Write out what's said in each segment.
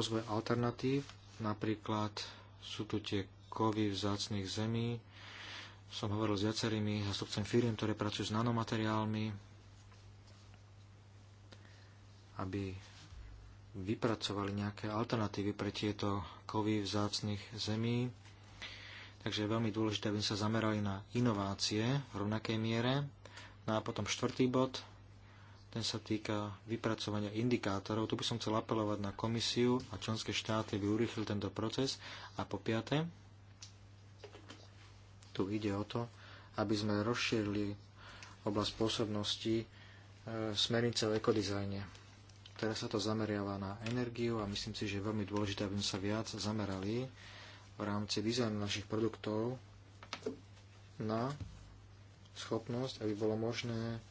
rozvoj alternatív, napríklad sú tu tie kovy vzácných zemí. Som hovoril s viacerými zastupcami firiem, ktoré pracujú s nanomateriálmi, aby vypracovali nejaké alternatívy pre tieto kovy vzácných zemí. Takže je veľmi dôležité, aby sa zamerali na inovácie v rovnakej miere. No a potom štvrtý bod, ten sa týka vypracovania indikátorov. Tu by som chcel apelovať na komisiu a členské štáty, aby urýchlil tento proces. A po piaté, tu ide o to, aby sme rozšírili oblasť pôsobnosti e, smernice o ekodizajne. Teraz sa to zameriava na energiu a myslím si, že je veľmi dôležité, aby sme sa viac zamerali v rámci dizajnu našich produktov na schopnosť, aby bolo možné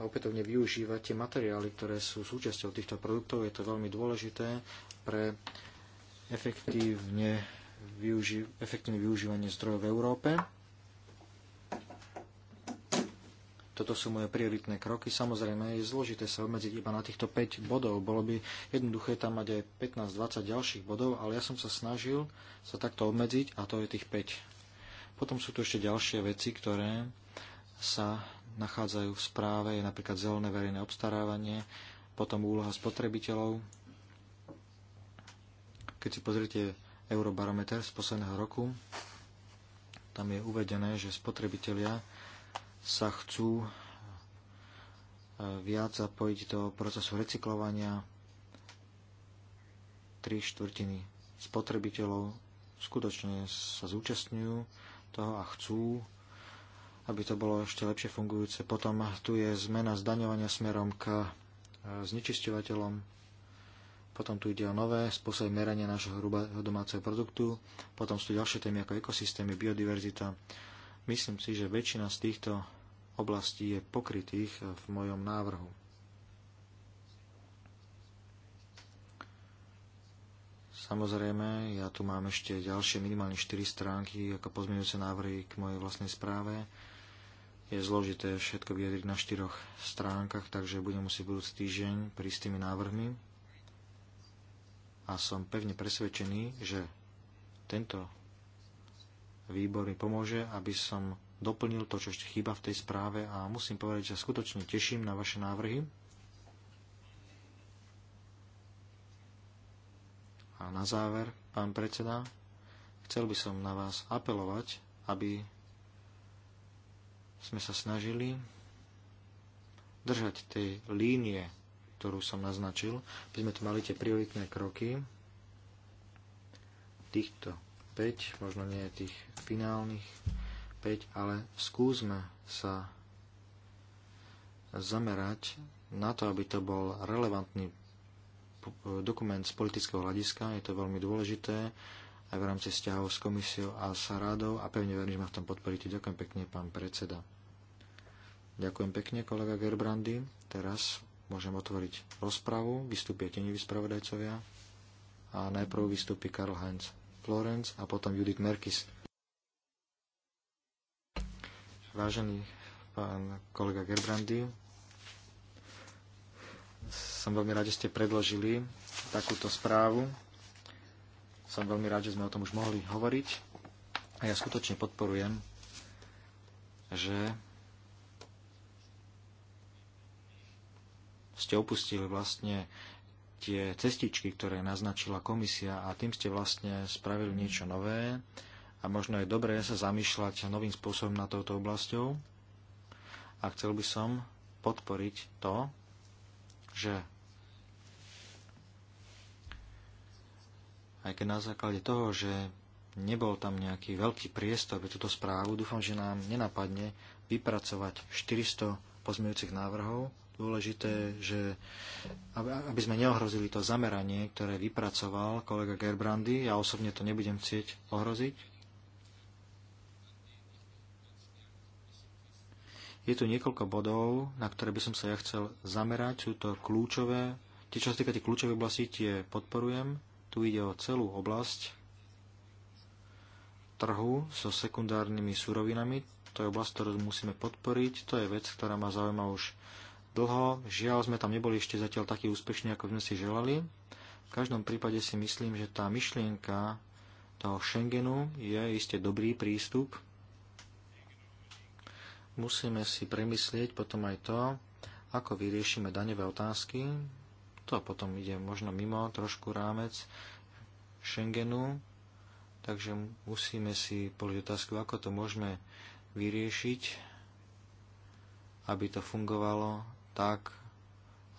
a opätovne využívať tie materiály, ktoré sú súčasťou týchto produktov. Je to veľmi dôležité pre efektívne využi- efektívne využívanie zdrojov v Európe. Toto sú moje prioritné kroky. Samozrejme, je zložité sa obmedziť iba na týchto 5 bodov. Bolo by jednoduché tam mať aj 15-20 ďalších bodov, ale ja som sa snažil sa takto obmedziť a to je tých 5. Potom sú tu ešte ďalšie veci, ktoré sa nachádzajú v správe, je napríklad zelené verejné obstarávanie, potom úloha spotrebiteľov. Keď si pozrite Eurobarometer z posledného roku, tam je uvedené, že spotrebitelia sa chcú e, viac zapojiť do procesu recyklovania. Tri štvrtiny spotrebiteľov skutočne sa zúčastňujú toho a chcú aby to bolo ešte lepšie fungujúce. Potom tu je zmena zdaňovania smerom k e, znečisťovateľom. Potom tu ide o nové spôsoby merania nášho hrubého domáceho produktu. Potom sú tu ďalšie témy ako ekosystémy, biodiverzita. Myslím si, že väčšina z týchto oblastí je pokrytých e, v mojom návrhu. Samozrejme, ja tu mám ešte ďalšie minimálne 4 stránky ako pozmeňujúce návrhy k mojej vlastnej správe je zložité všetko vyjadriť na štyroch stránkach, takže budem musieť budúci týždeň prísť tými návrhmi. A som pevne presvedčený, že tento výbor mi pomôže, aby som doplnil to, čo ešte chýba v tej správe a musím povedať, že sa skutočne teším na vaše návrhy. A na záver, pán predseda, chcel by som na vás apelovať, aby sme sa snažili držať tej línie, ktorú som naznačil, by sme tu mali tie prioritné kroky, týchto 5, možno nie tých finálnych 5, ale skúsme sa zamerať na to, aby to bol relevantný dokument z politického hľadiska, je to veľmi dôležité, aj v rámci vzťahov s komisiou a s radou a pevne verím, že ma v tom podporíte. Ďakujem pekne, pán predseda. Ďakujem pekne, kolega Gerbrandy. Teraz môžem otvoriť rozpravu. Vystúpia tieňoví spravodajcovia. A najprv vystúpi Karl Heinz Florence a potom Judith Merkis. Vážený pán kolega Gerbrandy, som veľmi rád, že ste predložili takúto správu. Som veľmi rád, že sme o tom už mohli hovoriť a ja skutočne podporujem, že ste opustili vlastne tie cestičky, ktoré naznačila komisia a tým ste vlastne spravili niečo nové a možno je dobré sa zamýšľať novým spôsobom na touto oblasťou. A chcel by som podporiť to, že aj keď na základe toho, že nebol tam nejaký veľký priestor pre túto správu, dúfam, že nám nenapadne vypracovať 400 pozmeňujúcich návrhov. Dôležité, že aby sme neohrozili to zameranie, ktoré vypracoval kolega Gerbrandy, ja osobne to nebudem chcieť ohroziť. Je tu niekoľko bodov, na ktoré by som sa ja chcel zamerať. Sú to kľúčové. Tie, čo sa týka tých kľúčových oblastí, tie podporujem tu ide o celú oblasť trhu so sekundárnymi surovinami. To je oblasť, ktorú musíme podporiť. To je vec, ktorá ma zaujíma už dlho. Žiaľ, sme tam neboli ešte zatiaľ takí úspešní, ako sme si želali. V každom prípade si myslím, že tá myšlienka toho Schengenu je iste dobrý prístup. Musíme si premyslieť potom aj to, ako vyriešime daňové otázky a potom ide možno mimo trošku rámec Schengenu, takže musíme si položiť otázku, ako to môžeme vyriešiť, aby to fungovalo tak,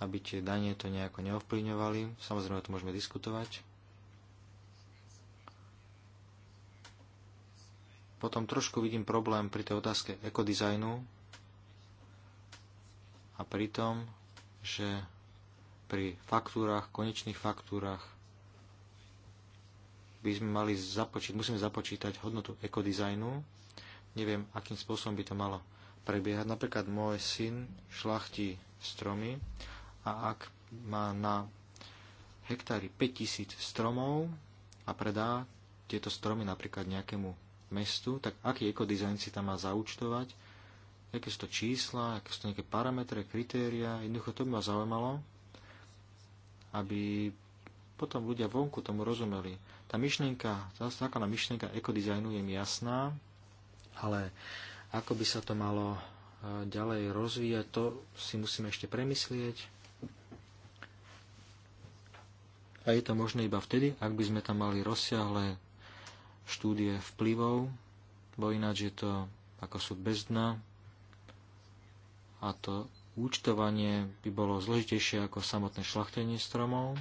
aby tie danie to nejako neovplyvňovali. Samozrejme, to môžeme diskutovať. Potom trošku vidím problém pri tej otázke ekodizajnu a pri tom, že pri faktúrach, konečných faktúrach by sme mali započítať, musíme započítať hodnotu ekodizajnu. Neviem, akým spôsobom by to malo prebiehať. Napríklad môj syn šlachtí stromy a ak má na hektári 5000 stromov a predá tieto stromy napríklad nejakému mestu, tak aký ekodizajn si tam má zaúčtovať, aké sú to čísla, aké sú to nejaké parametre, kritéria, jednoducho to by ma zaujímalo aby potom ľudia vonku tomu rozumeli. Tá myšlienka, tá základná myšlienka ekodizajnu je mi jasná, ale ako by sa to malo e, ďalej rozvíjať, to si musíme ešte premyslieť. A je to možné iba vtedy, ak by sme tam mali rozsiahle štúdie vplyvov, bo ináč je to ako sú bez dna a to účtovanie by bolo zložitejšie ako samotné šlachtenie stromov.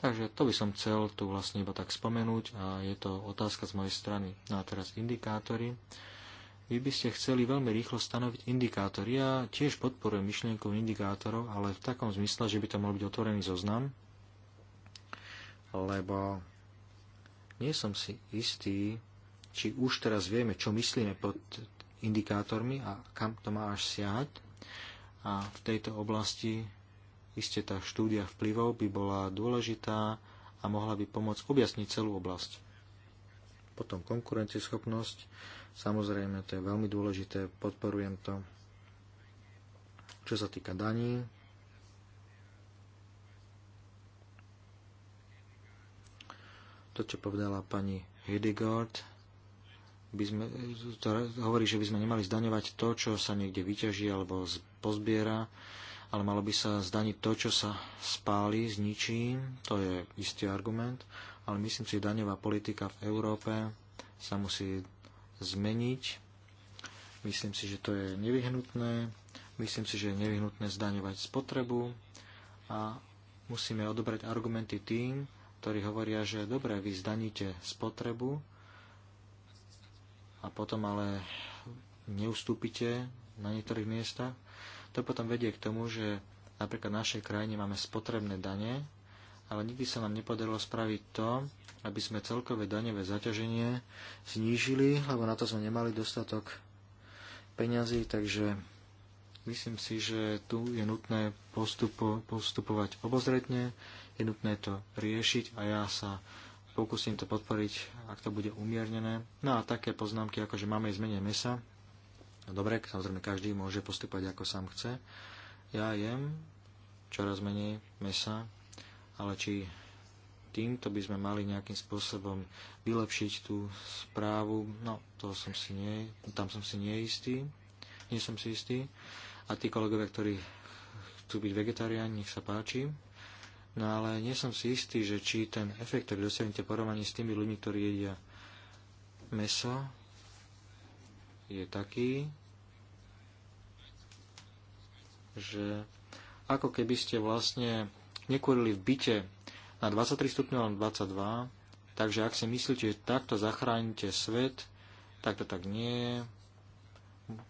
Takže to by som chcel tu vlastne iba tak spomenúť a je to otázka z mojej strany. No a teraz indikátory. Vy by ste chceli veľmi rýchlo stanoviť indikátor. Ja tiež podporujem myšlienku indikátorov, ale v takom zmysle, že by to mal byť otvorený zoznam, lebo nie som si istý, či už teraz vieme, čo myslíme pod indikátormi a kam to má až siahať, a v tejto oblasti iste tá štúdia vplyvov by bola dôležitá a mohla by pomôcť objasniť celú oblasť. Potom konkurencieschopnosť, samozrejme to je veľmi dôležité, podporujem to. Čo sa týka daní, to, čo povedala pani Hildegard, by sme, to hovorí, že by sme nemali zdaňovať to, čo sa niekde vyťaží alebo pozbiera, ale malo by sa zdaniť to, čo sa spáli, zničí. To je istý argument, ale myslím si, že daňová politika v Európe sa musí zmeniť. Myslím si, že to je nevyhnutné. Myslím si, že je nevyhnutné zdaňovať spotrebu a musíme odobrať argumenty tým, ktorí hovoria, že dobre, vy zdaníte spotrebu, a potom ale neustúpite na niektorých miestach, to potom vedie k tomu, že napríklad v našej krajine máme spotrebné dane, ale nikdy sa nám nepodarilo spraviť to, aby sme celkové daňové zaťaženie znížili, lebo na to sme nemali dostatok peňazí, takže myslím si, že tu je nutné postupo, postupovať obozretne, je nutné to riešiť a ja sa pokúsim to podporiť, ak to bude umiernené. No a také poznámky, ako že máme ísť menej mesa. No dobre, samozrejme každý môže postupovať ako sám chce. Ja jem čoraz menej mesa, ale či týmto by sme mali nejakým spôsobom vylepšiť tú správu, no to som si nie, tam som si neistý, nie som si istý. A tí kolegovia, ktorí chcú byť vegetariáni, nech sa páči. No ale nie som si istý, že či ten efekt, ktorý dosiahnete porovnaní s tými ľuďmi, ktorí jedia meso, je taký, že ako keby ste vlastne nekurili v byte na 23 stupňov, len 22, takže ak si myslíte, že takto zachránite svet, tak to tak nie je.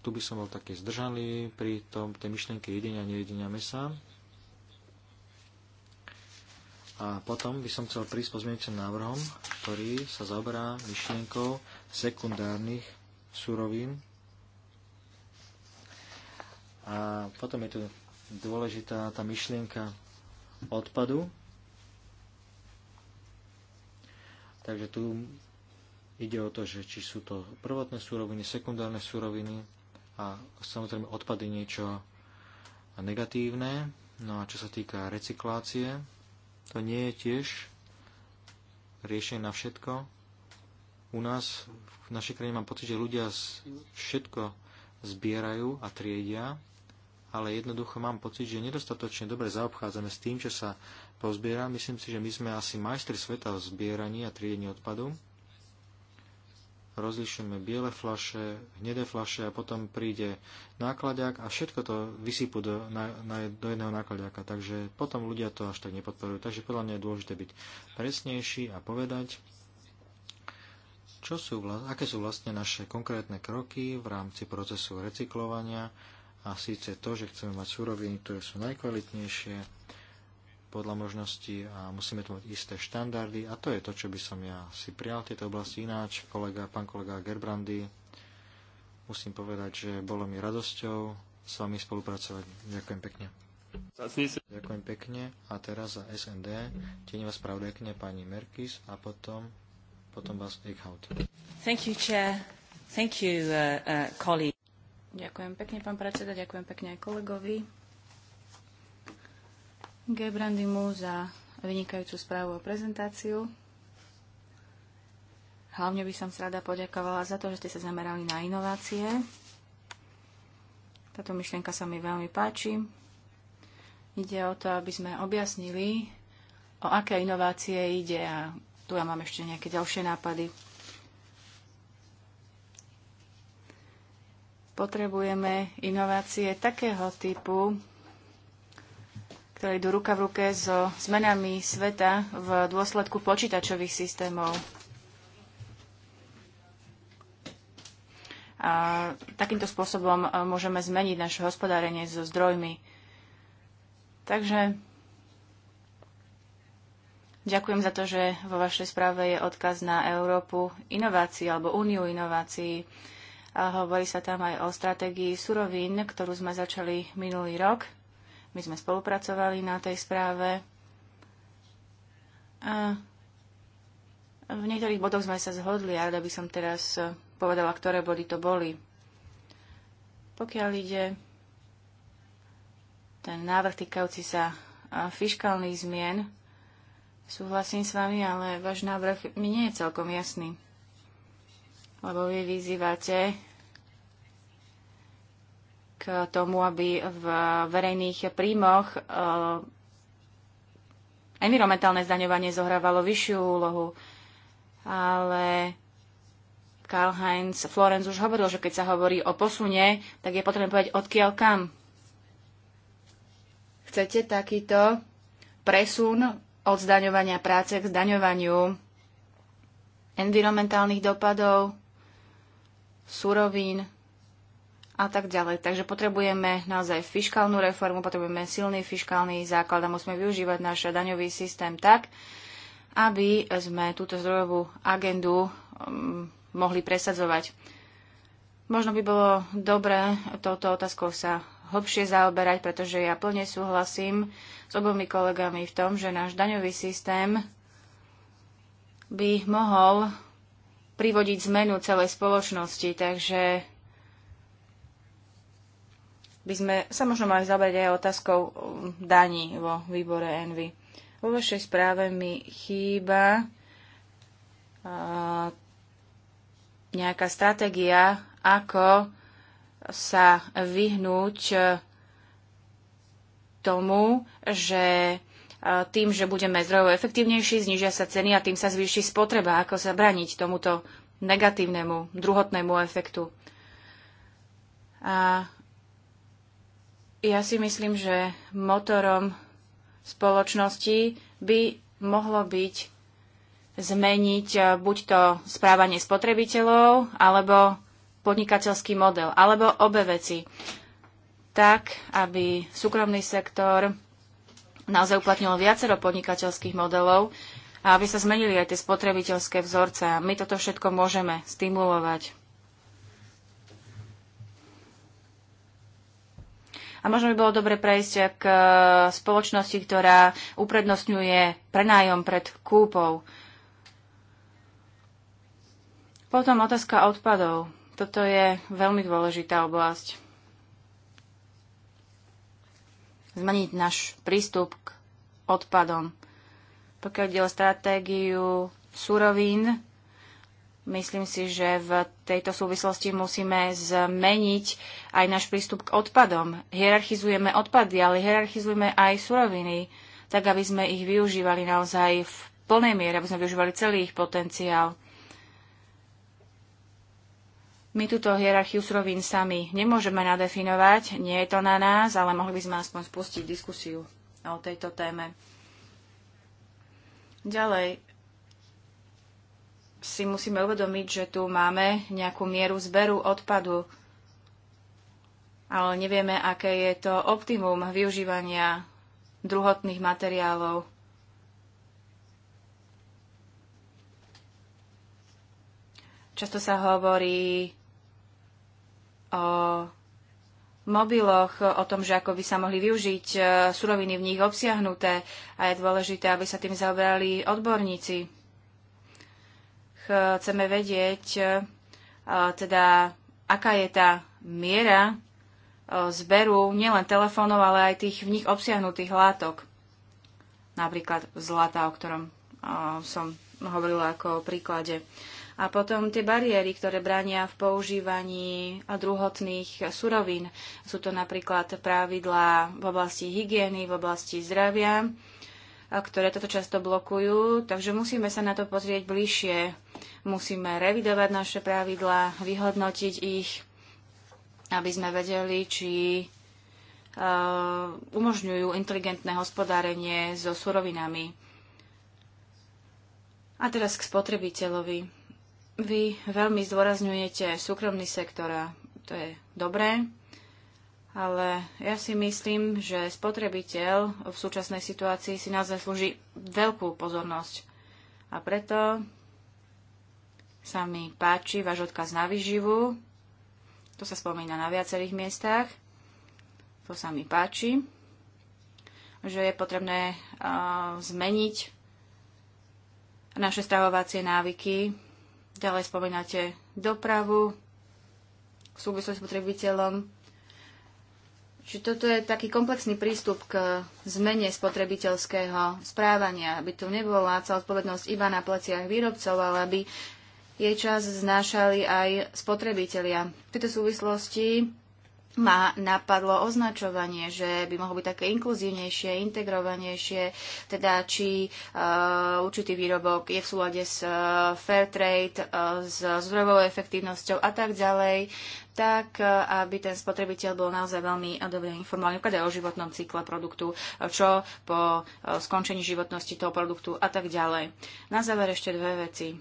Tu by som bol taký zdržaný pri tom, tej myšlienke jedenia a nejedenia mesa. A potom by som chcel prísť pozmeňujúcim návrhom, ktorý sa zaoberá myšlienkou sekundárnych surovín. A potom je tu dôležitá tá myšlienka odpadu. Takže tu ide o to, že či sú to prvotné súroviny, sekundárne súroviny a samozrejme odpady niečo negatívne. No a čo sa týka recyklácie, to nie je tiež riešenie na všetko. U nás, v našej krajine mám pocit, že ľudia všetko zbierajú a triedia, ale jednoducho mám pocit, že nedostatočne dobre zaobchádzame s tým, čo sa pozbiera. Myslím si, že my sme asi majstri sveta v zbieraní a triedení odpadu rozlišujeme biele flaše, hnedé flaše a potom príde nákladák a všetko to vysypú do, na, na, do jedného nákladáka. Takže potom ľudia to až tak nepodporujú. Takže podľa mňa je dôležité byť presnejší a povedať, čo sú, aké sú vlastne naše konkrétne kroky v rámci procesu recyklovania a síce to, že chceme mať súroviny, ktoré sú najkvalitnejšie, podľa možností a musíme tu mať isté štandardy a to je to, čo by som ja si prijal v tejto oblasti ináč. Kolega, pán kolega Gerbrandy, musím povedať, že bolo mi radosťou s vami spolupracovať. Ďakujem pekne. Ďakujem pekne a teraz za SND vás pravdekne pani Merkis a potom, potom vás Eichhout. Thank you, chair. Thank you, uh, uh, colleague. Ďakujem pekne, pán predseda, ďakujem pekne aj kolegovi. Gebrandimu za vynikajúcu správu a prezentáciu. Hlavne by som sa rada poďakovala za to, že ste sa zamerali na inovácie. Táto myšlienka sa mi veľmi páči. Ide o to, aby sme objasnili, o aké inovácie ide a tu ja mám ešte nejaké ďalšie nápady. Potrebujeme inovácie takého typu, ktoré idú ruka v ruke so zmenami sveta v dôsledku počítačových systémov. A takýmto spôsobom e, môžeme zmeniť naše hospodárenie so zdrojmi. Takže ďakujem za to, že vo vašej správe je odkaz na Európu inovácií alebo Úniu inovácií. A hovorí sa tam aj o stratégii surovín, ktorú sme začali minulý rok my sme spolupracovali na tej správe a v niektorých bodoch sme sa zhodli, ale aby som teraz e, povedala, ktoré body to boli. Pokiaľ ide ten návrh týkajúci sa e, fiškálnych zmien, súhlasím s vami, ale váš návrh mi nie je celkom jasný. Lebo vy vyzývate k tomu, aby v verejných príjmoch e, environmentálne zdaňovanie zohrávalo vyššiu úlohu. Ale Karl Heinz Florenz už hovoril, že keď sa hovorí o posune, tak je potrebné povedať odkiaľ kam. Chcete takýto presun od zdaňovania práce k zdaňovaniu environmentálnych dopadov, surovín, a tak ďalej. Takže potrebujeme naozaj fiskálnu reformu, potrebujeme silný fiskálny základ a musíme využívať náš daňový systém tak, aby sme túto zdrojovú agendu um, mohli presadzovať. Možno by bolo dobré touto otázkou sa hlbšie zaoberať, pretože ja plne súhlasím s obomi kolegami v tom, že náš daňový systém by mohol privodiť zmenu celej spoločnosti. Takže by sme sa možno mali zabrať aj otázkou um, daní vo výbore Envy. Vo vašej správe mi chýba nejaká stratégia, ako sa vyhnúť e, tomu, že e, tým, že budeme zdrojovo efektívnejší, znižia sa ceny a tým sa zvýši spotreba. Ako sa braniť tomuto negatívnemu, druhotnému efektu? A ja si myslím, že motorom spoločnosti by mohlo byť zmeniť e, buď to správanie spotrebiteľov, alebo podnikateľský model, alebo obe veci. Tak, aby súkromný sektor naozaj uplatnil viacero podnikateľských modelov a aby sa zmenili aj tie spotrebiteľské vzorce. My toto všetko môžeme stimulovať. A možno by bolo dobre prejsť k e, spoločnosti, ktorá uprednostňuje prenájom pred kúpou. Potom otázka odpadov. Toto je veľmi dôležitá oblasť. Zmeniť náš prístup k odpadom. Pokiaľ ide o stratégiu surovín, Myslím si, že v tejto súvislosti musíme zmeniť aj náš prístup k odpadom. Hierarchizujeme odpady, ale hierarchizujeme aj suroviny, tak aby sme ich využívali naozaj v plnej miere, aby sme využívali celý ich potenciál. My túto hierarchiu surovín sami nemôžeme nadefinovať, nie je to na nás, ale mohli by sme aspoň spustiť diskusiu o tejto téme. Ďalej, si musíme uvedomiť, že tu máme nejakú mieru zberu odpadu, ale nevieme, aké je to optimum využívania druhotných materiálov. Často sa hovorí o mobiloch, o tom, že ako by sa mohli využiť e, suroviny v nich obsiahnuté a je dôležité, aby sa tým zaoberali odborníci chceme vedieť, e, teda, aká je tá miera e, zberu nielen telefónov, ale aj tých v nich obsiahnutých látok. Napríklad zlata, o ktorom e, som hovorila ako o príklade. A potom tie bariéry, ktoré brania v používaní druhotných surovín. Sú to napríklad pravidlá v oblasti hygieny, v oblasti zdravia, ktoré toto často blokujú, takže musíme sa na to pozrieť bližšie. Musíme revidovať naše pravidlá, vyhodnotiť ich, aby sme vedeli, či e, umožňujú inteligentné hospodárenie so surovinami. A teraz k spotrebiteľovi. Vy veľmi zdôrazňujete súkromný sektor a to je dobré, ale ja si myslím, že spotrebiteľ v súčasnej situácii si naozaj slúži veľkú pozornosť. A preto sa mi páči váš odkaz na výživu. To sa spomína na viacerých miestach. To sa mi páči, že je potrebné uh, zmeniť naše stravovacie návyky. Ďalej spomínate dopravu v súvislosti s spotrebiteľom Čiže toto je taký komplexný prístup k zmene spotrebiteľského správania, aby tu nebola celá odpovednosť iba na pleciach výrobcov, ale aby jej čas znášali aj spotrebitelia. V tejto súvislosti ma napadlo označovanie, že by mohlo byť také inkluzívnejšie, integrovanejšie, teda či uh, určitý výrobok je v súlade s uh, fair trade, uh, s zdrojovou efektívnosťou a tak ďalej, tak uh, aby ten spotrebiteľ bol naozaj veľmi dobre informovaný napríklad o životnom cykle produktu, čo po uh, skončení životnosti toho produktu a tak ďalej. Na záver ešte dve veci.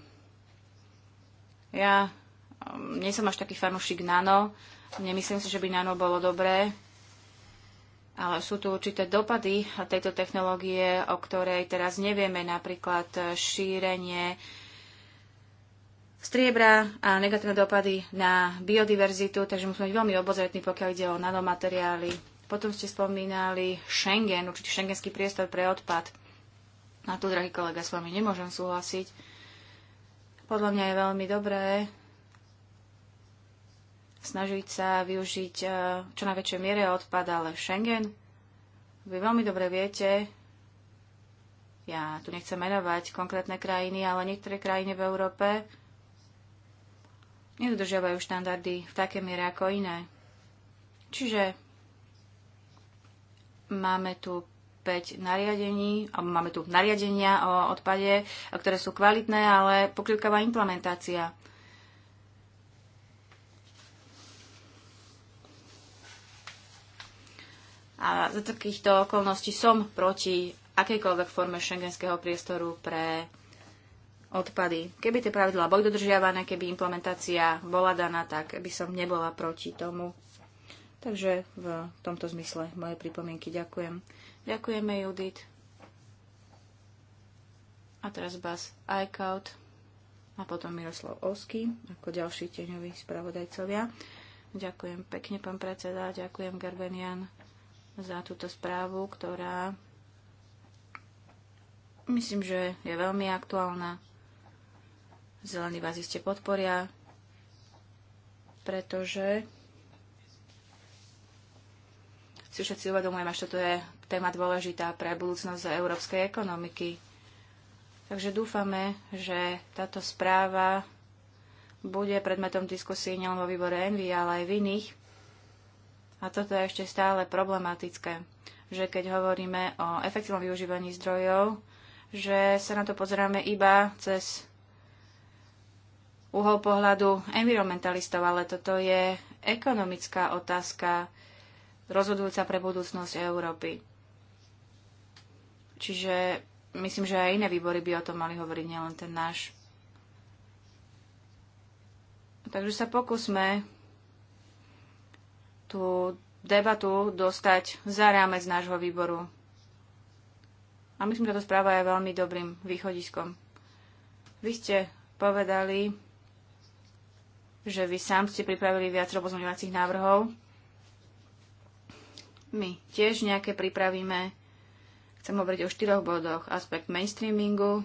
Ja um, nie som až taký fanúšik nano, Nemyslím si, že by nano bolo dobré, ale sú tu určité dopady tejto technológie, o ktorej teraz nevieme, napríklad šírenie striebra a negatívne dopady na biodiverzitu, takže musíme byť veľmi obozretní, pokiaľ ide o nanomateriály. Potom ste spomínali Schengen, určite šengenský priestor pre odpad. A tu, drahý kolega, s vami nemôžem súhlasiť. Podľa mňa je veľmi dobré, snažiť sa využiť e, čo na väčšej miere odpad, ale Schengen. Vy veľmi dobre viete, ja tu nechcem menovať konkrétne krajiny, ale niektoré krajiny v Európe nedodržiavajú štandardy v také miere ako iné. Čiže máme tu 5 nariadení, alebo máme tu nariadenia o odpade, ktoré sú kvalitné, ale pokrývková implementácia. A za takýchto okolností som proti akejkoľvek forme šengenského priestoru pre odpady. Keby tie pravidlá boli dodržiavané, keby implementácia bola daná, tak by som nebola proti tomu. Takže v tomto zmysle moje pripomienky ďakujem. Ďakujeme, Judith. A teraz Bas Eichhout a potom Miroslav Osky ako ďalší tieňoví spravodajcovia. Ďakujem pekne, pán predseda, ďakujem Gerbenian za túto správu, ktorá myslím, že je veľmi aktuálna. Zelení vás iste podporia, pretože si všetci uvedomujem, že toto je téma dôležitá pre budúcnosť európskej ekonomiky. Takže dúfame, že táto správa bude predmetom diskusí nielen vo výbore Envy, ale aj v iných a toto je ešte stále problematické, že keď hovoríme o efektívnom využívaní zdrojov, že sa na to pozeráme iba cez uhol pohľadu environmentalistov, ale toto je ekonomická otázka rozhodujúca pre budúcnosť Európy. Čiže myslím, že aj iné výbory by o tom mali hovoriť, nielen ten náš. Takže sa pokúsme tú debatu dostať za rámec nášho výboru. A myslím, že táto správa je veľmi dobrým východiskom. Vy ste povedali, že vy sám ste pripravili viac pozmeňovacích návrhov. My tiež nejaké pripravíme. Chcem hovoriť o štyroch bodoch. Aspekt mainstreamingu,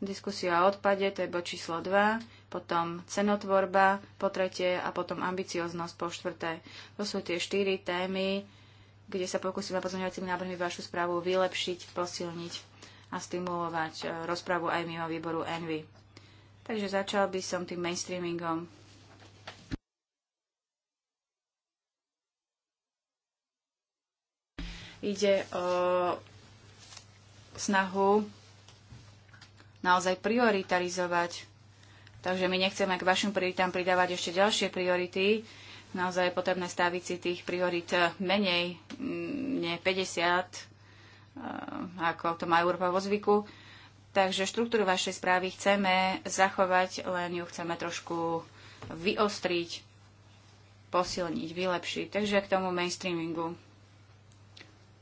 diskusia o odpade, to je bod číslo 2 potom cenotvorba po tretie a potom ambicioznosť po štvrté. To sú tie štyri témy, kde sa pokúsime pozmeňovacími návrhmi vašu správu vylepšiť, posilniť a stimulovať e, rozpravu aj mimo výboru Envy. Takže začal by som tým mainstreamingom. Ide o snahu naozaj prioritarizovať Takže my nechceme k vašim prioritám pridávať ešte ďalšie priority. Naozaj je potrebné staviť si tých priorit eh, menej, mm, nie 50, eh, ako to má Európa vo zvyku. Takže štruktúru vašej správy chceme zachovať, len ju chceme trošku vyostriť, posilniť, vylepšiť. Takže k tomu mainstreamingu.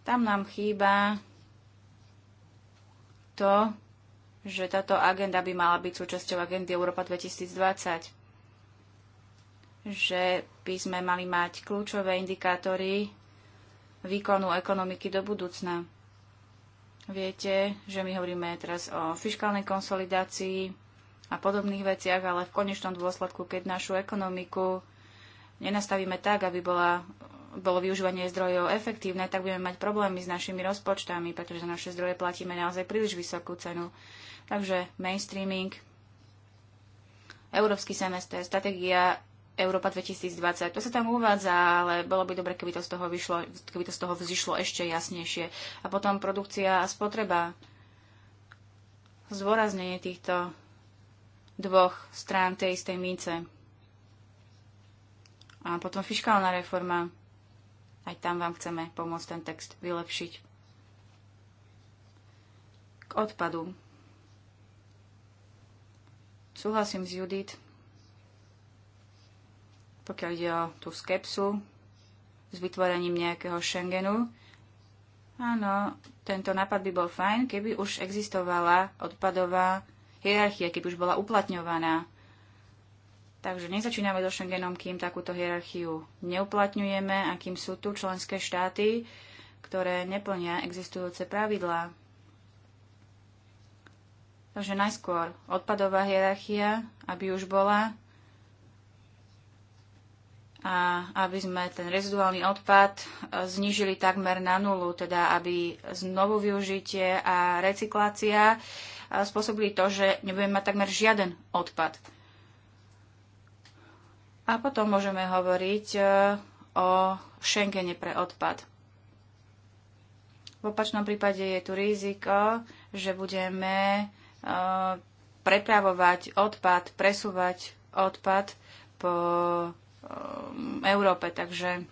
Tam nám chýba to, že táto agenda by mala byť súčasťou agendy Európa 2020 že by sme mali mať kľúčové indikátory výkonu ekonomiky do budúcna. Viete, že my hovoríme teraz o fiskálnej konsolidácii a podobných veciach, ale v konečnom dôsledku, keď našu ekonomiku nenastavíme tak, aby bola, bolo využívanie zdrojov efektívne, tak budeme mať problémy s našimi rozpočtami, pretože za naše zdroje platíme naozaj príliš vysokú cenu. Takže mainstreaming, európsky semester, stratégia Európa 2020. To sa tam uvádza, ale bolo by dobre, keby to z toho, vyšlo, keby to z toho vzýšlo ešte jasnejšie. A potom produkcia a spotreba. Zvoraznenie týchto dvoch strán tej istej mince. A potom fiskálna reforma. Aj tam vám chceme pomôcť ten text vylepšiť. K odpadu. Súhlasím s Judith, pokiaľ ide o tú skepsu s vytvorením nejakého Schengenu. Áno, tento nápad by bol fajn, keby už existovala odpadová hierarchia, keby už bola uplatňovaná. Takže nezačíname so Schengenom, kým takúto hierarchiu neuplatňujeme a kým sú tu členské štáty, ktoré neplnia existujúce pravidlá. Takže najskôr odpadová hierarchia, aby už bola a aby sme ten reziduálny odpad e, znížili takmer na nulu, teda aby znovu využitie a recyklácia e, spôsobili to, že nebudeme mať takmer žiaden odpad. A potom môžeme hovoriť e, o Schengene pre odpad. V opačnom prípade je tu riziko, že budeme prepravovať odpad, presúvať odpad po um, Európe. Takže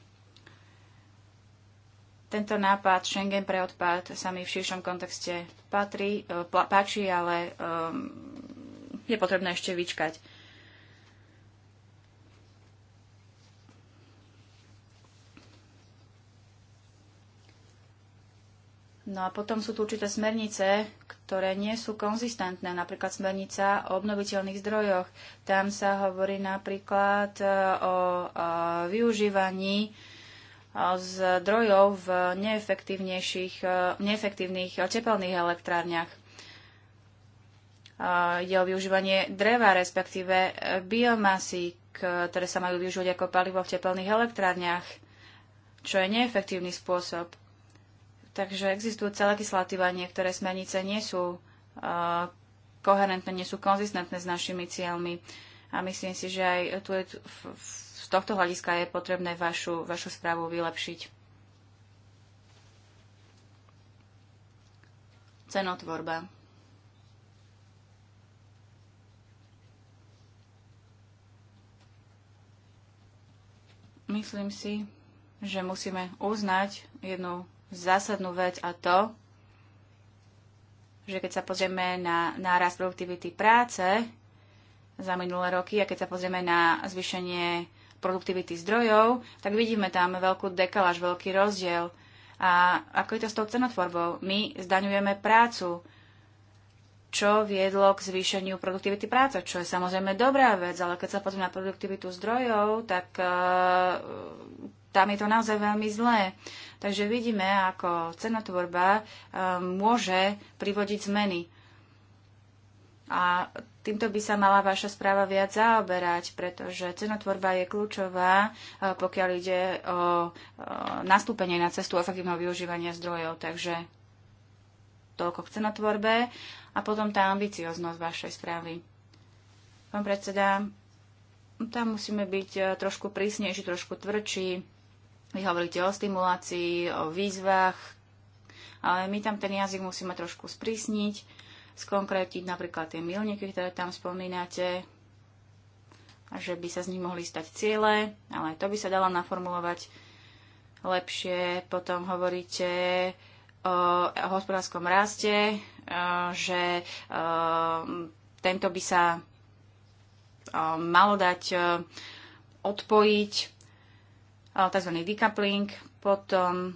tento nápad Schengen pre odpad sa mi v širšom kontexte patrí, e, páči, ale um, je potrebné ešte vyčkať. No a potom sú tu určité smernice, ktoré nie sú konzistentné, napríklad smernica o obnoviteľných zdrojoch. Tam sa hovorí napríklad e, o e, využívaní e, zdrojov v neefektívnejších, neefektívnych tepelných elektrárniach. Ide o využívanie dreva, respektíve biomasy, ktoré sa majú využívať ako palivo v tepelných elektrárniach, čo je neefektívny spôsob Takže celé legislatíva, niektoré smernice nie sú uh, koherentné, nie sú konzistentné s našimi cieľmi. A myslím si, že aj tu je, z tohto hľadiska je potrebné vašu, vašu správu vylepšiť. Cenotvorba. Myslím si, že musíme uznať jednu zásadnú vec a to, že keď sa pozrieme na nárast produktivity práce za minulé roky a keď sa pozrieme na zvýšenie produktivity zdrojov, tak vidíme tam veľkú dekalaž, veľký rozdiel. A ako je to s tou cenotvorbou? My zdaňujeme prácu, čo viedlo k zvýšeniu produktivity práce, čo je samozrejme dobrá vec, ale keď sa pozrieme na produktivitu zdrojov, tak eh, tam je to naozaj veľmi zlé. Takže vidíme, ako cenotvorba e, môže privodiť zmeny. A týmto by sa mala vaša správa viac zaoberať, pretože cenotvorba je kľúčová, e, pokiaľ ide o e, nastúpenie na cestu efektívneho využívania zdrojov. Takže toľko k cenotvorbe a potom tá ambicioznosť vašej správy. Pán predseda, tam musíme byť trošku prísnejší, trošku tvrdší vy hovoríte o stimulácii, o výzvach, ale my tam ten jazyk musíme trošku sprísniť, skonkrétiť napríklad tie milníky, ktoré tam spomínate, že by sa z nich mohli stať ciele, ale aj to by sa dalo naformulovať lepšie. Potom hovoríte o hospodárskom raste, e, že e, tento by sa e, malo dať odpojiť tzv. decoupling, potom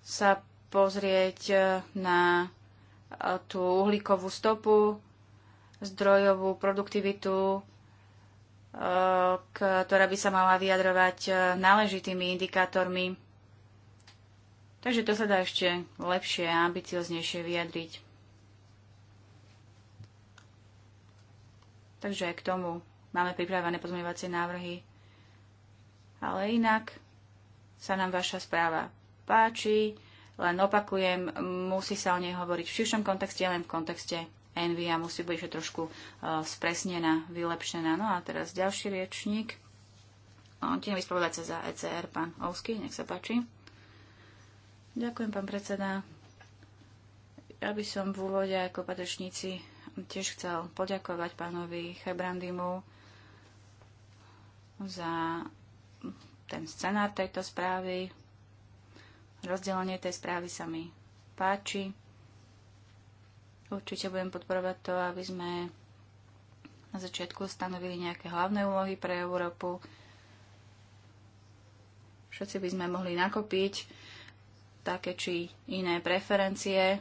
sa pozrieť e, na e, tú uhlíkovú stopu, zdrojovú produktivitu, e, ktorá by sa mala vyjadrovať náležitými indikátormi. Takže to sa dá ešte lepšie a ambicioznejšie vyjadriť. Takže k tomu máme pripravené pozmeňovacie návrhy. Ale inak sa nám vaša správa páči, len opakujem, musí sa o nej hovoriť v širšom kontexte, len v kontexte Envy a musí byť trošku uh, spresnená, vylepšená. No a teraz ďalší riečník. vyspovedať sa za ECR, pán Ovsky, nech sa páči. Ďakujem, pán predseda. Ja by som v úvode ako patečníci tiež chcel poďakovať pánovi Hebrandimu za ten scenár tejto správy. Rozdelenie tej správy sa mi páči. Určite budem podporovať to, aby sme na začiatku stanovili nejaké hlavné úlohy pre Európu. Všetci by sme mohli nakopiť také či iné preferencie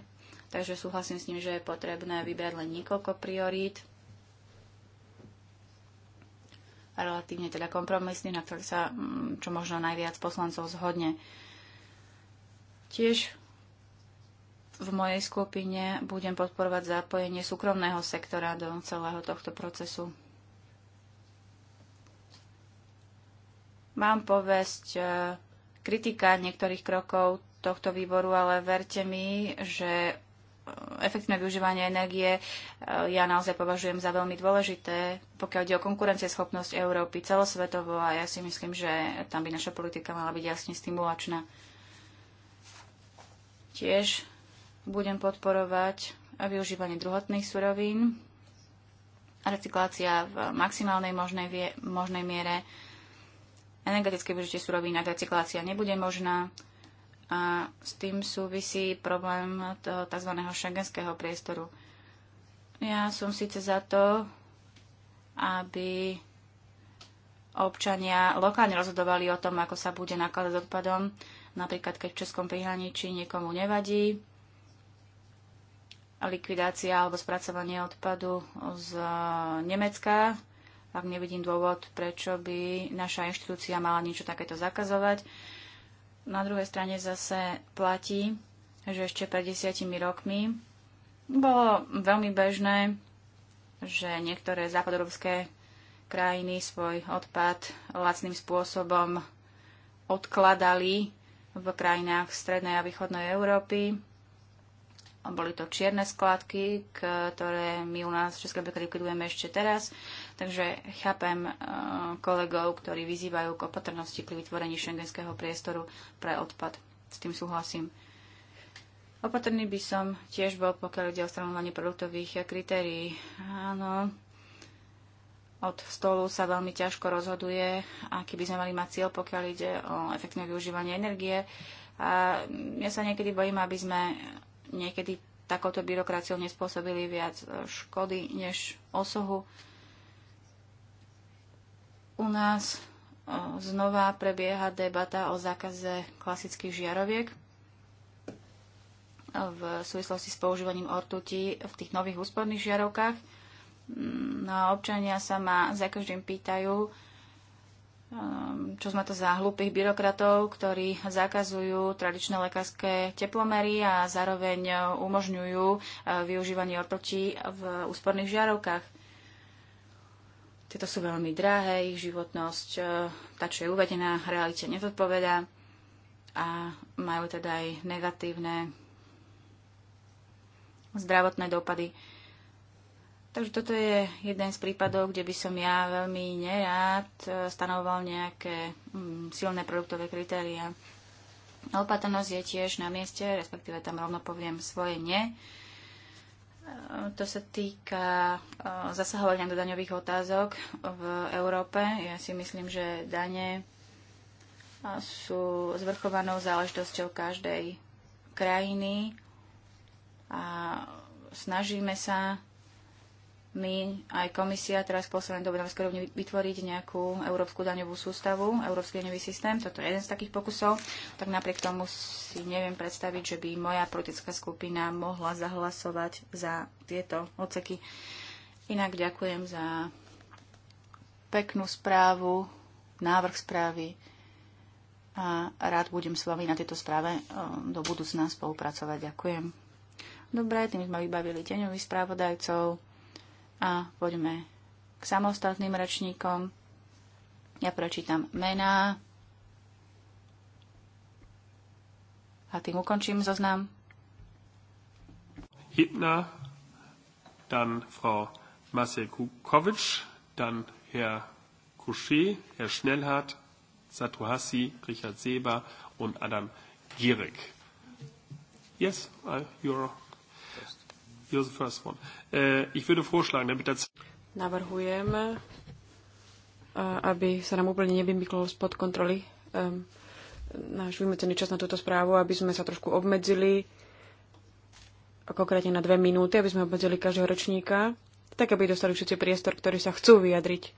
Takže súhlasím s ním, že je potrebné vybrať len niekoľko priorít, relatívne teda kompromisný, na ktorý sa mm, čo možno najviac poslancov zhodne. Tiež v mojej skupine budem podporovať zapojenie súkromného sektora do celého tohto procesu. Mám povesť e, kritika niektorých krokov tohto výboru, ale verte mi, že efektívne využívanie energie e, ja naozaj považujem za veľmi dôležité, pokiaľ ide o konkurencieschopnosť Európy celosvetovo a ja si myslím, že tam by naša politika mala byť jasne stimulačná. Tiež budem podporovať využívanie druhotných surovín, recyklácia v maximálnej možnej, vie, možnej miere, energetické využitie surovín a recyklácia nebude možná, a s tým súvisí problém toho tzv. šengenského priestoru. Ja som síce za to, aby občania lokálne rozhodovali o tom, ako sa bude nakladať s odpadom. Napríklad, keď v Českom prihraničí niekomu nevadí likvidácia alebo spracovanie odpadu z Nemecka, ak nevidím dôvod, prečo by naša inštitúcia mala niečo takéto zakazovať. Na druhej strane zase platí, že ešte pred desiatimi rokmi bolo veľmi bežné, že niektoré západorovské krajiny svoj odpad lacným spôsobom odkladali v krajinách strednej a východnej Európy. Boli to čierne skladky, ktoré my u nás v Českej republike ešte teraz. Takže chápem e, kolegov, ktorí vyzývajú k opatrnosti pri vytvorení šengenského priestoru pre odpad. S tým súhlasím. Opatrný by som tiež bol, pokiaľ ide o stanovovanie produktových kritérií. Áno, od stolu sa veľmi ťažko rozhoduje, aký by sme mali mať cieľ, pokiaľ ide o efektné využívanie energie. A ja sa niekedy bojím, aby sme niekedy takouto byrokraciou nespôsobili viac škody než osohu. U nás e, znova prebieha debata o zákaze klasických žiaroviek e, v súvislosti s používaním ortuti v tých nových úsporných žiarovkách. Mm, no a občania sa ma za každým pýtajú, e, čo sme to za hlúpych byrokratov, ktorí zakazujú tradičné lekárske teplomery a zároveň umožňujú využívanie ortuti v úsporných žiarovkách. Tieto sú veľmi drahé, ich životnosť, e, tá, čo je uvedená, realite nezodpovedá a majú teda aj negatívne zdravotné dopady. Takže toto je jeden z prípadov, kde by som ja veľmi nerád e, stanoval nejaké mm, silné produktové kritéria. Opatrnosť je tiež na mieste, respektíve tam rovno poviem svoje nie. Eh, to sa týka eh, zasahovania do daňových otázok v Európe. Ja si myslím, že dane eh, sú zvrchovanou záležitosťou každej krajiny a snažíme sa my, aj komisia, teraz v poslednej dobe na vytvoriť nejakú európsku daňovú sústavu, európsky daňový systém, toto je jeden z takých pokusov, tak napriek tomu si neviem predstaviť, že by moja politická skupina mohla zahlasovať za tieto oceky. Inak ďakujem za peknú správu, návrh správy a rád budem s vami na tejto správe eh, do budúcna spolupracovať. Ďakujem. Dobre, tým sme vybavili deňových správodajcov. A poďme k samostatným rečníkom. Ja prečítam mená a tým ukončím zoznam. Hitner, dann Frau Masekukovic, dann Herr Kouché, Herr Schnellhardt, Satuhassi, Richard Seber und Adam Gierig. Yes, you're You're the first one. Uh, ich würde vorschlagen, damit das... Navrhujem, uh, aby sa nám úplne nevymyklo spod kontroly um, náš vymedzený čas na túto správu, aby sme sa trošku obmedzili, konkrétne na dve minúty, aby sme obmedzili každého ročníka, tak aby dostali všetci priestor, ktorí sa chcú vyjadriť.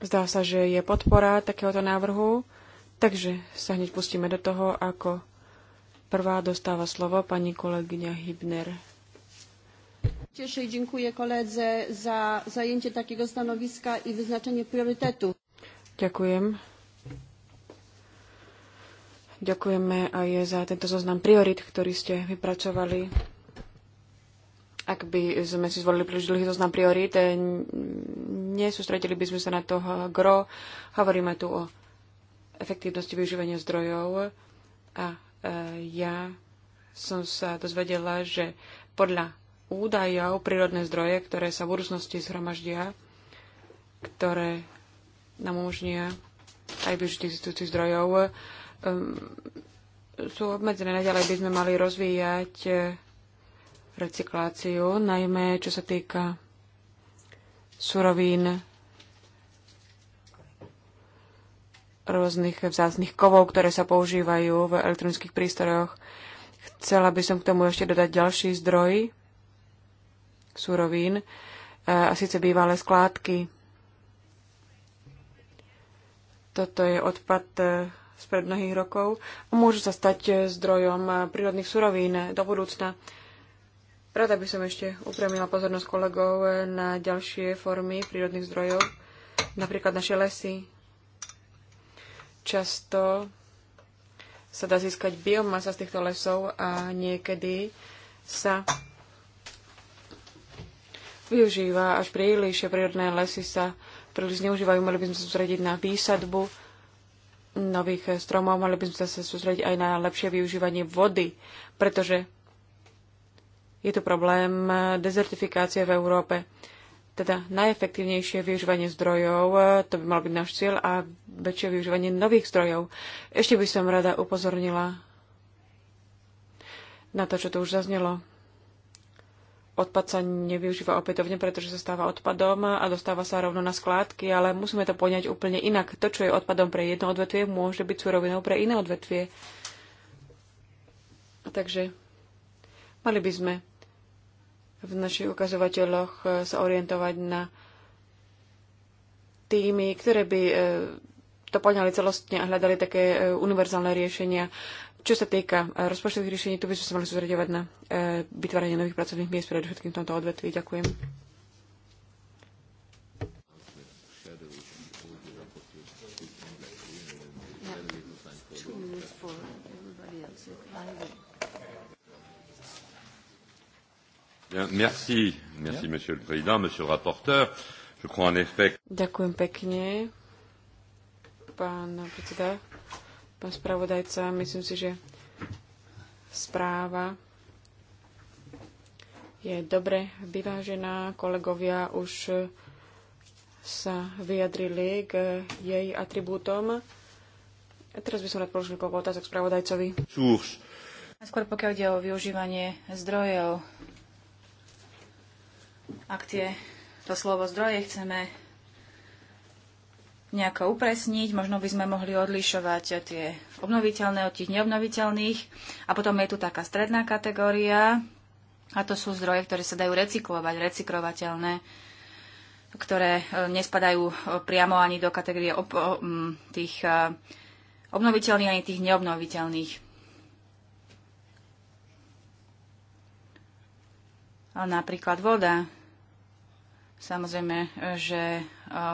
Zdá sa, že je podpora takéhoto návrhu, takže sa hneď pustíme do toho, ako Prvá dostáva slovo pani kolegyňa Hibner. Cieszę i dziękuję koledze za zajęcie takiego stanowiska i wyznaczenie priorytetu. Ďakujem. Ďakujeme aj za tento zoznam priorit, ktorý ste vypracovali. Ak by sme si zvolili príliš dlhý zoznam priorit, eh, nesústredili by sme sa na toho gro. Hovoríme tu o efektívnosti využívania zdrojov a Eh, ja som sa dozvedela, že podľa údajov prírodné zdroje, ktoré sa v budúcnosti zhromaždia, ktoré nám umožnia aj využiť existujúcich zdrojov, um, sú obmedzené. Naďalej by sme mali rozvíjať eh, recykláciu, najmä čo sa týka surovín rôznych vzácných kovov, ktoré sa používajú v elektronických prístrojoch. Chcela by som k tomu ešte dodať ďalší zdroj surovín, e, a síce bývalé skládky. Toto je odpad spred e, mnohých rokov a môžu sa stať e, zdrojom prírodných surovín do budúcna. Rada by som ešte upremila pozornosť kolegov na ďalšie formy prírodných zdrojov, napríklad naše lesy, Často sa dá získať biomasa z týchto lesov a niekedy sa využíva až príliš a prírodné lesy sa príliš neužívajú, Mali by sme sa sústrediť na výsadbu nových stromov, mali by sme sa sústrediť aj na lepšie využívanie vody, pretože je tu problém dezertifikácie v Európe. Teda najefektívnejšie využívanie zdrojov, e, to by mal byť náš cieľ, a väčšie využívanie nových zdrojov. Ešte by som rada upozornila na to, čo tu už zaznelo. Odpad sa nevyužíva opätovne, pretože sa stáva odpadom a dostáva sa rovno na skládky, ale musíme to poňať úplne inak. To, čo je odpadom pre jedno odvetvie, môže byť surovinou pre iné odvetvie. Takže mali by sme v našich ukazovateľoch e, sa orientovať na týmy, ktoré by e, to poňali celostne a hľadali také e, univerzálne riešenia. Čo sa týka rozpočtových riešení, tu by sme sa mali sústredovať na vytváranie nových pracovných miest, predovšetkým v tomto odvetví. Ďakujem. Bien, merci, merci, monsieur le président, monsieur le rapporteur. Je crois en effet... Ďakujem pekne, pán predseda, pán spravodajca. Myslím si, že správa je dobre vyvážená. Kolegovia už sa vyjadrili k jej atribútom. A teraz by som rád položil niekoľko otázok spravodajcovi. Súš. Skôr pokiaľ ide o využívanie zdrojov, ak tie, to slovo zdroje chceme nejako upresniť, možno by sme mohli odlišovať tie obnoviteľné od tých neobnoviteľných. A potom je tu taká stredná kategória, a to sú zdroje, ktoré sa dajú recyklovať, recyklovateľné, ktoré e, nespadajú e, priamo ani do kategórie ob, tých e, obnoviteľných, ani tých neobnoviteľných. napríklad voda, Samozrejme, že e,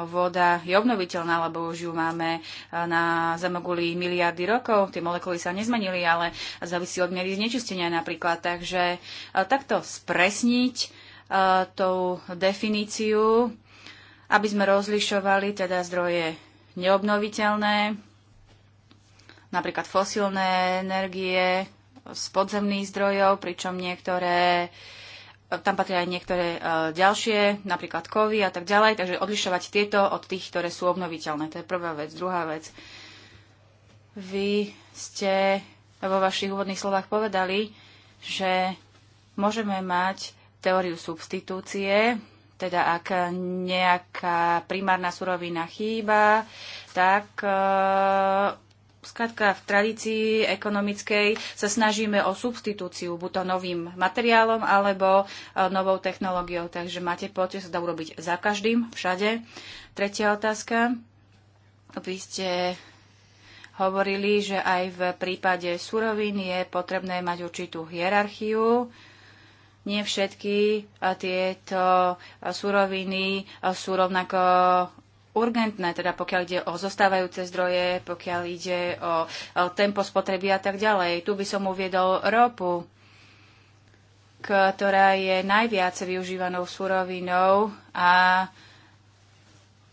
voda je obnoviteľná, lebo už ju máme e, na Zemoguli miliardy rokov. Tie molekuly sa nezmenili, ale závisí od miery znečistenia napríklad. Takže e, takto spresniť tú definíciu, aby sme rozlišovali teda zdroje neobnoviteľné, napríklad fosílne energie z podzemných zdrojov, pričom niektoré uh, tam patria aj niektoré e, ďalšie, napríklad kovy a tak ďalej, takže odlišovať tieto od tých, ktoré sú obnoviteľné. To je prvá vec. Druhá vec. Vy ste vo vašich úvodných slovách povedali, že môžeme mať teóriu substitúcie, teda ak nejaká primárna surovina chýba, tak e, Skladka v tradícii ekonomickej sa snažíme o substitúciu buď to novým materiálom alebo e, novou technológiou. Takže máte pocit, sa dá urobiť za každým, všade. Tretia otázka. Vy ste hovorili, že aj v prípade surovín je potrebné mať určitú hierarchiu nie všetky e, tieto e, suroviny sú rovnako urgentné, teda pokiaľ ide o zostávajúce zdroje, pokiaľ ide o tempo spotreby a tak ďalej. Tu by som uviedol ropu, ktorá je najviac využívanou surovinou a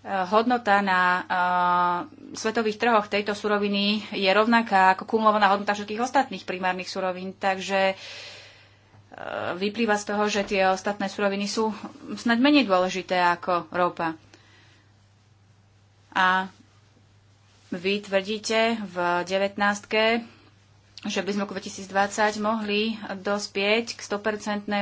hodnota na uh, svetových trhoch tejto suroviny je rovnaká ako kumulovaná hodnota všetkých ostatných primárnych surovín, takže uh, vyplýva z toho, že tie ostatné suroviny sú snad menej dôležité ako ropa. A vy tvrdíte v 19 že by sme roku 2020 mohli dospieť k 100% e,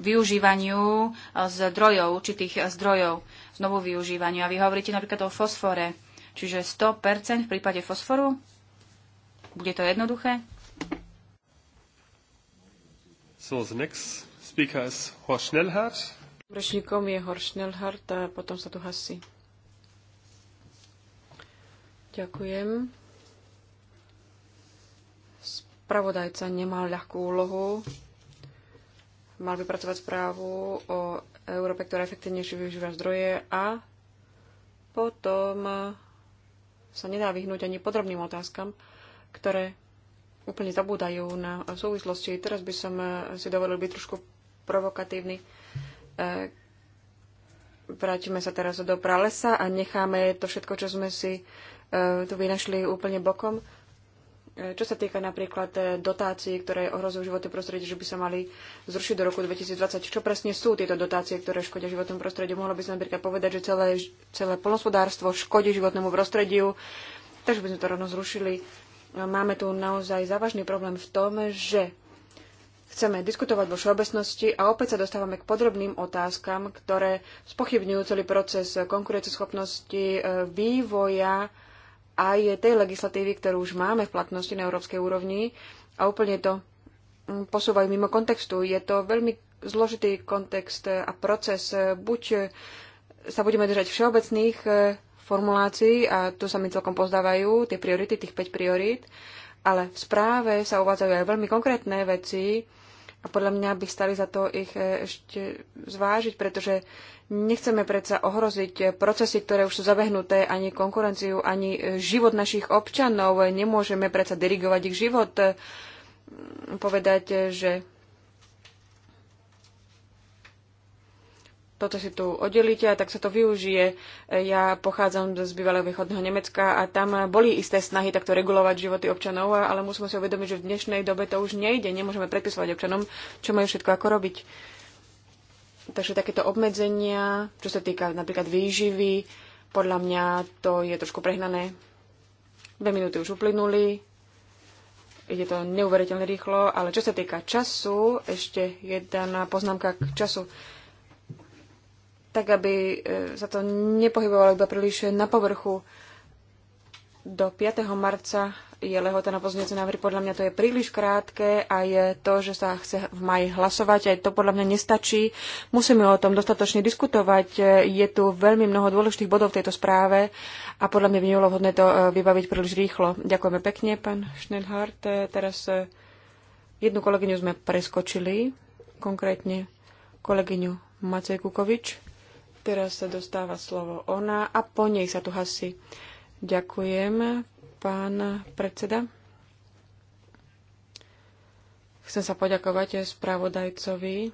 využívaniu e, zdrojov, určitých zdrojov, znovu využívaniu. A vy hovoríte napríklad o fosfore. Čiže 100% v prípade fosforu? Bude to jednoduché? So the next speaker is Horst Schnellhardt. Rečníkom je Horst Schnellhardt a potom sa tu hasí. Ďakujem. Spravodajca nemal ľahkú úlohu. Mal vypracovať správu o Európe, ktorá efektívnejšie využíva zdroje a potom sa nedá vyhnúť ani podrobným otázkam, ktoré úplne zabúdajú na súvislosti. Teraz by som si dovolil byť trošku provokatívny. E, Vrátime sa teraz do pralesa a necháme to všetko, čo sme si E, tu vynašli úplne bokom. E, čo sa týka napríklad e, dotácií, ktoré ohrozujú životné prostredie, že by sa mali zrušiť do roku 2020, čo presne sú tieto dotácie, ktoré škodia životnému prostrediu? Mohlo by sa napríklad povedať, že celé, celé polnospodárstvo škodí životnému prostrediu, takže by sme to rovno zrušili. Máme tu naozaj závažný problém v tom, že chceme diskutovať vo všeobecnosti a opäť sa dostávame k podrobným otázkam, ktoré spochybňujú celý proces konkurenceschopnosti, vývoja aj tej legislatívy, ktorú už máme v platnosti na európskej úrovni a úplne to mm, posúvajú mimo kontextu. Je to veľmi zložitý kontext a proces. Buď sa budeme držať všeobecných e, formulácií a tu sa mi celkom pozdávajú tie priority, tých 5 priorít, ale v správe sa uvádzajú aj veľmi konkrétne veci, a podľa mňa by stali za to ich e, ešte zvážiť, pretože nechceme predsa ohroziť procesy, ktoré už sú zabehnuté, ani konkurenciu, ani e, život našich občanov. Nemôžeme predsa dirigovať ich život, e, povedať, že toto si tu oddelíte a tak sa to využije. Ja pochádzam z bývalého východného Nemecka a tam boli isté snahy takto regulovať životy občanov, ale musíme si uvedomiť, že v dnešnej dobe to už nejde. Nemôžeme predpisovať občanom, čo majú všetko ako robiť. Takže takéto obmedzenia, čo sa týka napríklad výživy, podľa mňa to je trošku prehnané. Dve minúty už uplynuli, ide to neuveriteľne rýchlo, ale čo sa týka času, ešte jedna poznámka k času tak aby e, sa to nepohybovalo iba príliš na povrchu. Do 5. marca je lehota na pozniece návrhy. Podľa mňa to je príliš krátke a je to, že sa chce v maji hlasovať. Aj to podľa mňa nestačí. Musíme o tom dostatočne diskutovať. E, je tu veľmi mnoho dôležitých bodov v tejto správe a podľa mňa by nebolo vhodné to e, vybaviť príliš rýchlo. Ďakujeme pekne, pán Schnellhardt. Teraz jednu kolegyňu sme preskočili, konkrétne kolegyňu Macej Kukovič. Teraz sa dostáva slovo ona a po nej sa tu hasi. Ďakujem, pán predseda. Chcem sa poďakovať spravodajcovi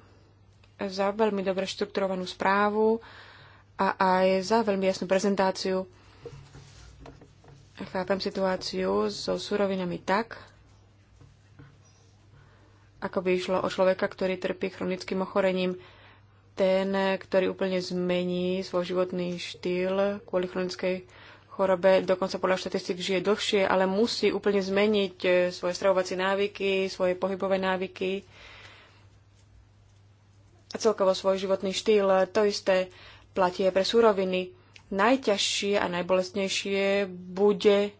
za veľmi dobre štrukturovanú správu a aj za veľmi jasnú prezentáciu. Chápem situáciu so surovinami tak, ako by išlo o človeka, ktorý trpí chronickým ochorením ten, ktorý úplne zmení svoj životný štýl kvôli chronickej chorobe, dokonca podľa štatistik žije dlhšie, ale musí úplne zmeniť eh, svoje stravovacie návyky, svoje pohybové návyky a celkovo svoj životný štýl. To isté platí aj pre súroviny. Najťažšie a najbolestnejšie bude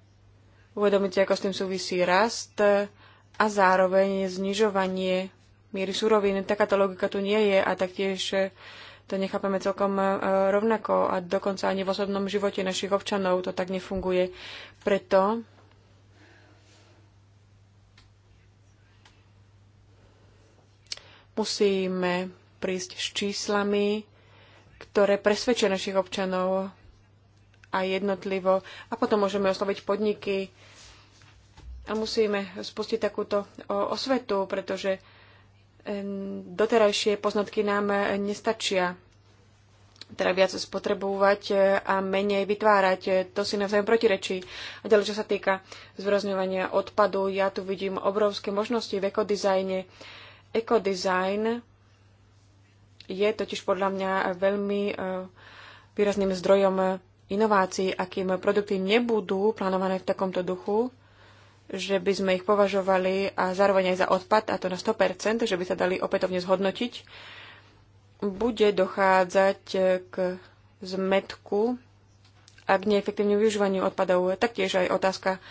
uvedomiť ako s tým súvisí rast a zároveň znižovanie miery surovín. Takáto logika tu nie je a taktiež eh, to nechápeme celkom eh, rovnako a dokonca ani v osobnom živote našich občanov to tak nefunguje. Preto musíme prísť s číslami, ktoré presvedčia našich občanov a jednotlivo. A potom môžeme osloviť podniky a musíme spustiť takúto osvetu, pretože doterajšie poznatky nám eh, nestačia. Teda viac spotrebovať eh, a menej vytvárať. Eh, to si navzájom protirečí. A ďalej, čo sa týka zvrozňovania odpadu, ja tu vidím obrovské možnosti v ekodizajne. Ekodizajn je totiž podľa mňa veľmi výrazným zdrojom inovácií, akým produkty nebudú plánované v takomto duchu, že by sme ich považovali a zároveň aj za odpad, a to na 100%, že by sa dali opätovne zhodnotiť, bude dochádzať k zmetku a k neefektívnemu využívaniu odpadov. Taktiež aj otázka e,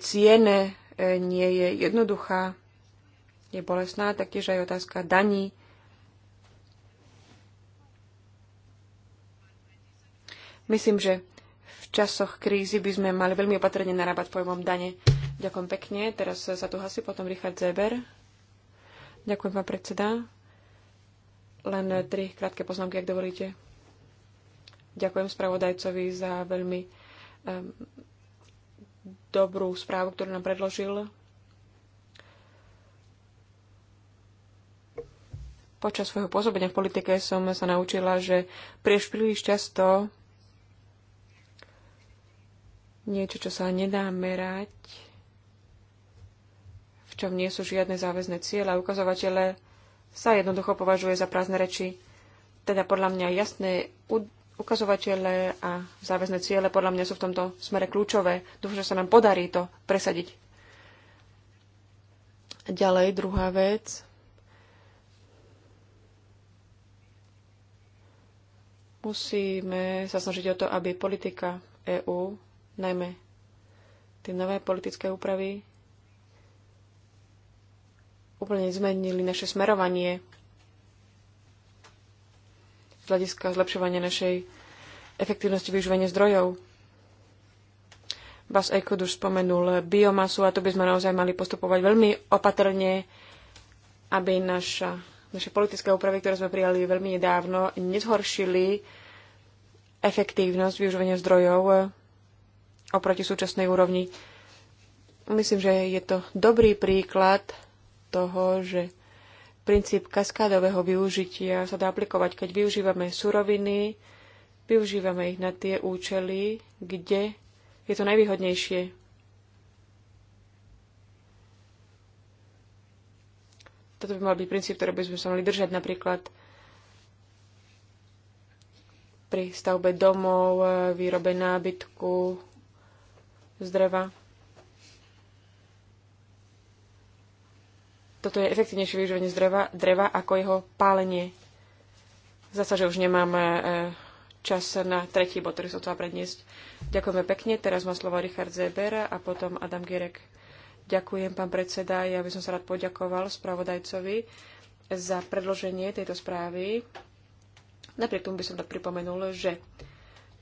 ciene nie je jednoduchá, je bolesná, taktiež aj otázka daní. Myslím, že v časoch krízy by sme mali veľmi opatrne narábať pojmom dane. Ďakujem pekne. Teraz sa tu hasi, potom Richard Zeber. Ďakujem, pán predseda. Len tri krátke poznámky, ak dovolíte. Ďakujem spravodajcovi za veľmi um, dobrú správu, ktorú nám predložil. Počas svojho pôsobenia v politike som sa naučila, že príliš príliš často niečo, čo sa nedá merať, pričom nie sú žiadne záväzné a Ukazovatele sa jednoducho považuje za prázdne reči. Teda podľa mňa jasné ukazovatele a záväzné ciele podľa mňa sú v tomto smere kľúčové. Dúfam, že sa nám podarí to presadiť. Ďalej, druhá vec. Musíme sa snažiť o to, aby politika EÚ, najmä tie nové politické úpravy, úplne zmenili naše smerovanie z hľadiska zlepšovania našej efektívnosti využívania zdrojov. Bas Eikut už spomenul biomasu a tu by sme naozaj mali postupovať veľmi opatrne, aby naša, naše politické úpravy, ktoré sme prijali veľmi nedávno, nezhoršili efektívnosť využívania zdrojov oproti súčasnej úrovni. Myslím, že je to dobrý príklad toho, že princíp kaskádového využitia sa dá aplikovať, keď využívame suroviny, využívame ich na tie účely, kde je to najvýhodnejšie. Toto by mal byť princíp, ktorý by sme sa mali držať napríklad pri stavbe domov, výrobe nábytku z dreva. toto je efektívnejšie využívanie dreva, dreva ako jeho pálenie. Zasa, že už nemám e, čas na tretí bod, ktorý som chcela predniesť. Ďakujeme pekne. Teraz má slovo Richard Zeber a potom Adam Girek. Ďakujem, pán predseda. Ja by som sa rád poďakoval spravodajcovi za predloženie tejto správy. Napriek tomu by som tak pripomenul, že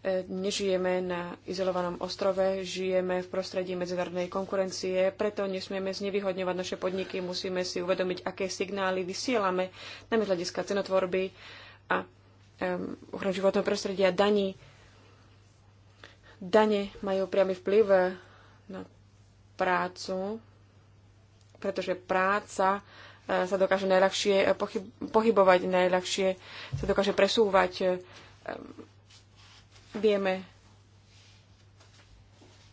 E, nežijeme na izolovanom ostrove, žijeme v prostredí medzinárodnej konkurencie, preto nesmieme znevýhodňovať naše podniky, musíme si uvedomiť, aké signály vysielame na hľadiska cenotvorby a ochrany životného prostredia, daní. Dane majú priamy vplyv na prácu, pretože práca e, sa dokáže najľahšie pochybovať, najľahšie sa dokáže presúvať e, Vieme,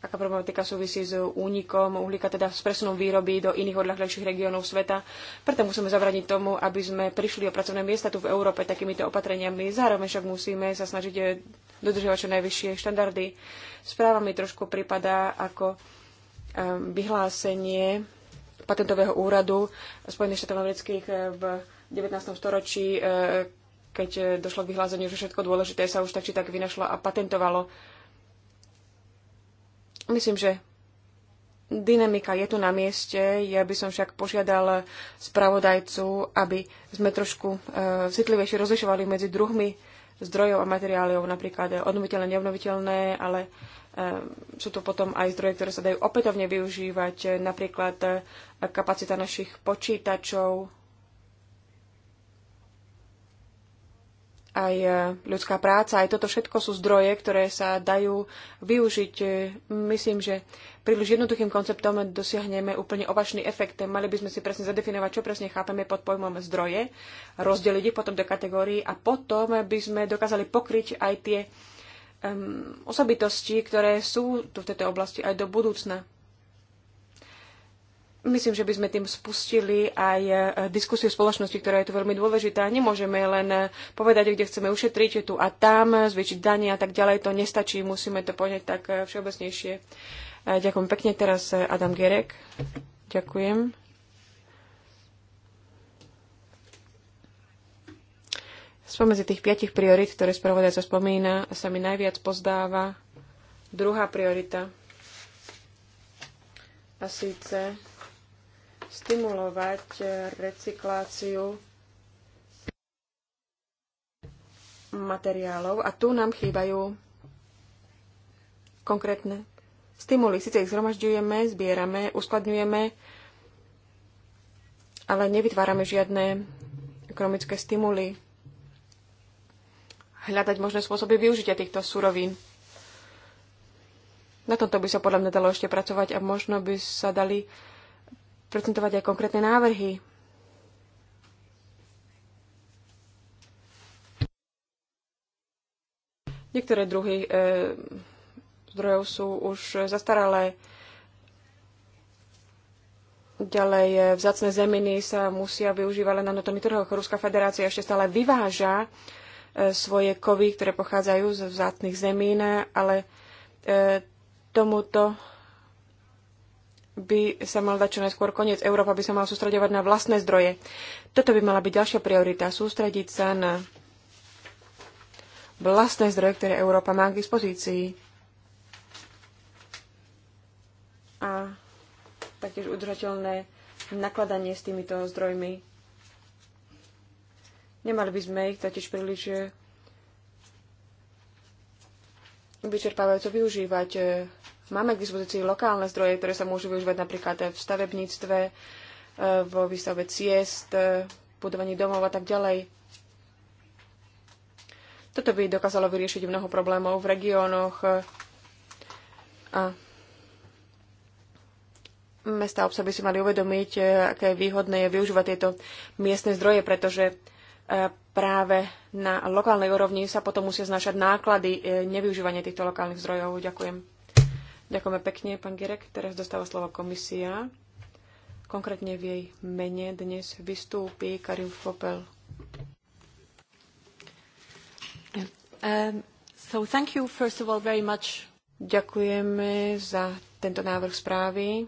aká problematika súvisí s únikom uhlíka, teda s presunom výroby do iných odľahlejších regiónov sveta. Preto musíme zabraniť tomu, aby sme prišli o pracovné miesta tu v Európe takýmito opatreniami. Zároveň však musíme sa snažiť eh, dodržiavať čo najvyššie štandardy. Správa mi trošku pripadá ako eh, vyhlásenie patentového úradu Spojených štátov amerických eh, v 19. storočí, keď e, došlo k vyhláseniu, že všetko dôležité sa už tak či tak vynašlo a patentovalo. Myslím, že dynamika je tu na mieste. Ja by som však požiadal spravodajcu, aby sme trošku uh, citlivejšie rozlišovali medzi druhmi zdrojov a materiálov, napríklad odnoviteľné neobnoviteľné, ale e, sú tu potom aj zdroje, ktoré sa dajú opätovne využívať, napríklad kapacita našich počítačov, aj e, ľudská práca, aj toto všetko sú zdroje, ktoré sa dajú využiť. E, myslím, že príliš jednoduchým konceptom dosiahneme úplne ovačný efekt. Mali by sme si presne zadefinovať, čo presne chápeme pod pojmom zdroje, rozdeliť ich potom do kategórií a potom by sme dokázali pokryť aj tie um, osobitosti, ktoré sú tu v tejto oblasti aj do budúcna. Myslím, že by sme tým spustili aj e, diskusiu spoločnosti, ktorá je tu veľmi dôležitá. Nemôžeme len e, povedať, kde chceme ušetriť, je tu a tam, e, zväčšiť dania a tak ďalej. To nestačí, musíme to poňať tak všeobecnejšie. Ďakujem pekne. Teraz Adam Gerek. Ďakujem. Spomedzi tých piatich priorit, ktoré spravodajca spomína, sa mi najviac pozdáva druhá priorita. A síce stimulovať eh, recykláciu materiálov a tu nám chýbajú konkrétne stimuly. Sice ich zhromažďujeme, zbierame, uskladňujeme, ale nevytvárame žiadne ekonomické stimuly. Hľadať možné spôsoby využitia týchto surovín. Na tomto by sa podľa mňa dalo ešte pracovať a možno by sa dali prezentovať aj konkrétne návrhy. Niektoré druhy e, zdrojov sú už zastaralé. Ďalej, e, vzácne zeminy sa musia využívať len na vnútorných trhoch. Ruská federácia ešte stále vyváža e, svoje kovy, ktoré pochádzajú z vzácných zemín, ale e, tomuto by sa mal dať čo najskôr koniec. Európa by sa mala sústredovať na vlastné zdroje. Toto by mala byť ďalšia priorita, sústrediť sa na vlastné zdroje, ktoré Európa má k dispozícii. A taktiež udržateľné nakladanie s týmito zdrojmi. Nemali by sme ich totiž príliš vyčerpávajúco využívať Máme k dispozícii lokálne zdroje, ktoré sa môžu využívať napríklad v stavebníctve, e, vo výstave ciest, e, budovaní domov a tak ďalej. Toto by dokázalo vyriešiť mnoho problémov v regiónoch e, a mesta obce by si mali uvedomiť, aké výhodné je využívať tieto miestne zdroje, pretože práve na lokálnej úrovni sa potom musia znašať náklady nevyužívania týchto lokálnych zdrojov. Ďakujem. Ďakujeme pekne, pán Girek. Teraz dostáva slovo komisia. Konkrétne v jej mene dnes vystúpi Karim Fopel. Um, Ďakujeme za tento návrh správy.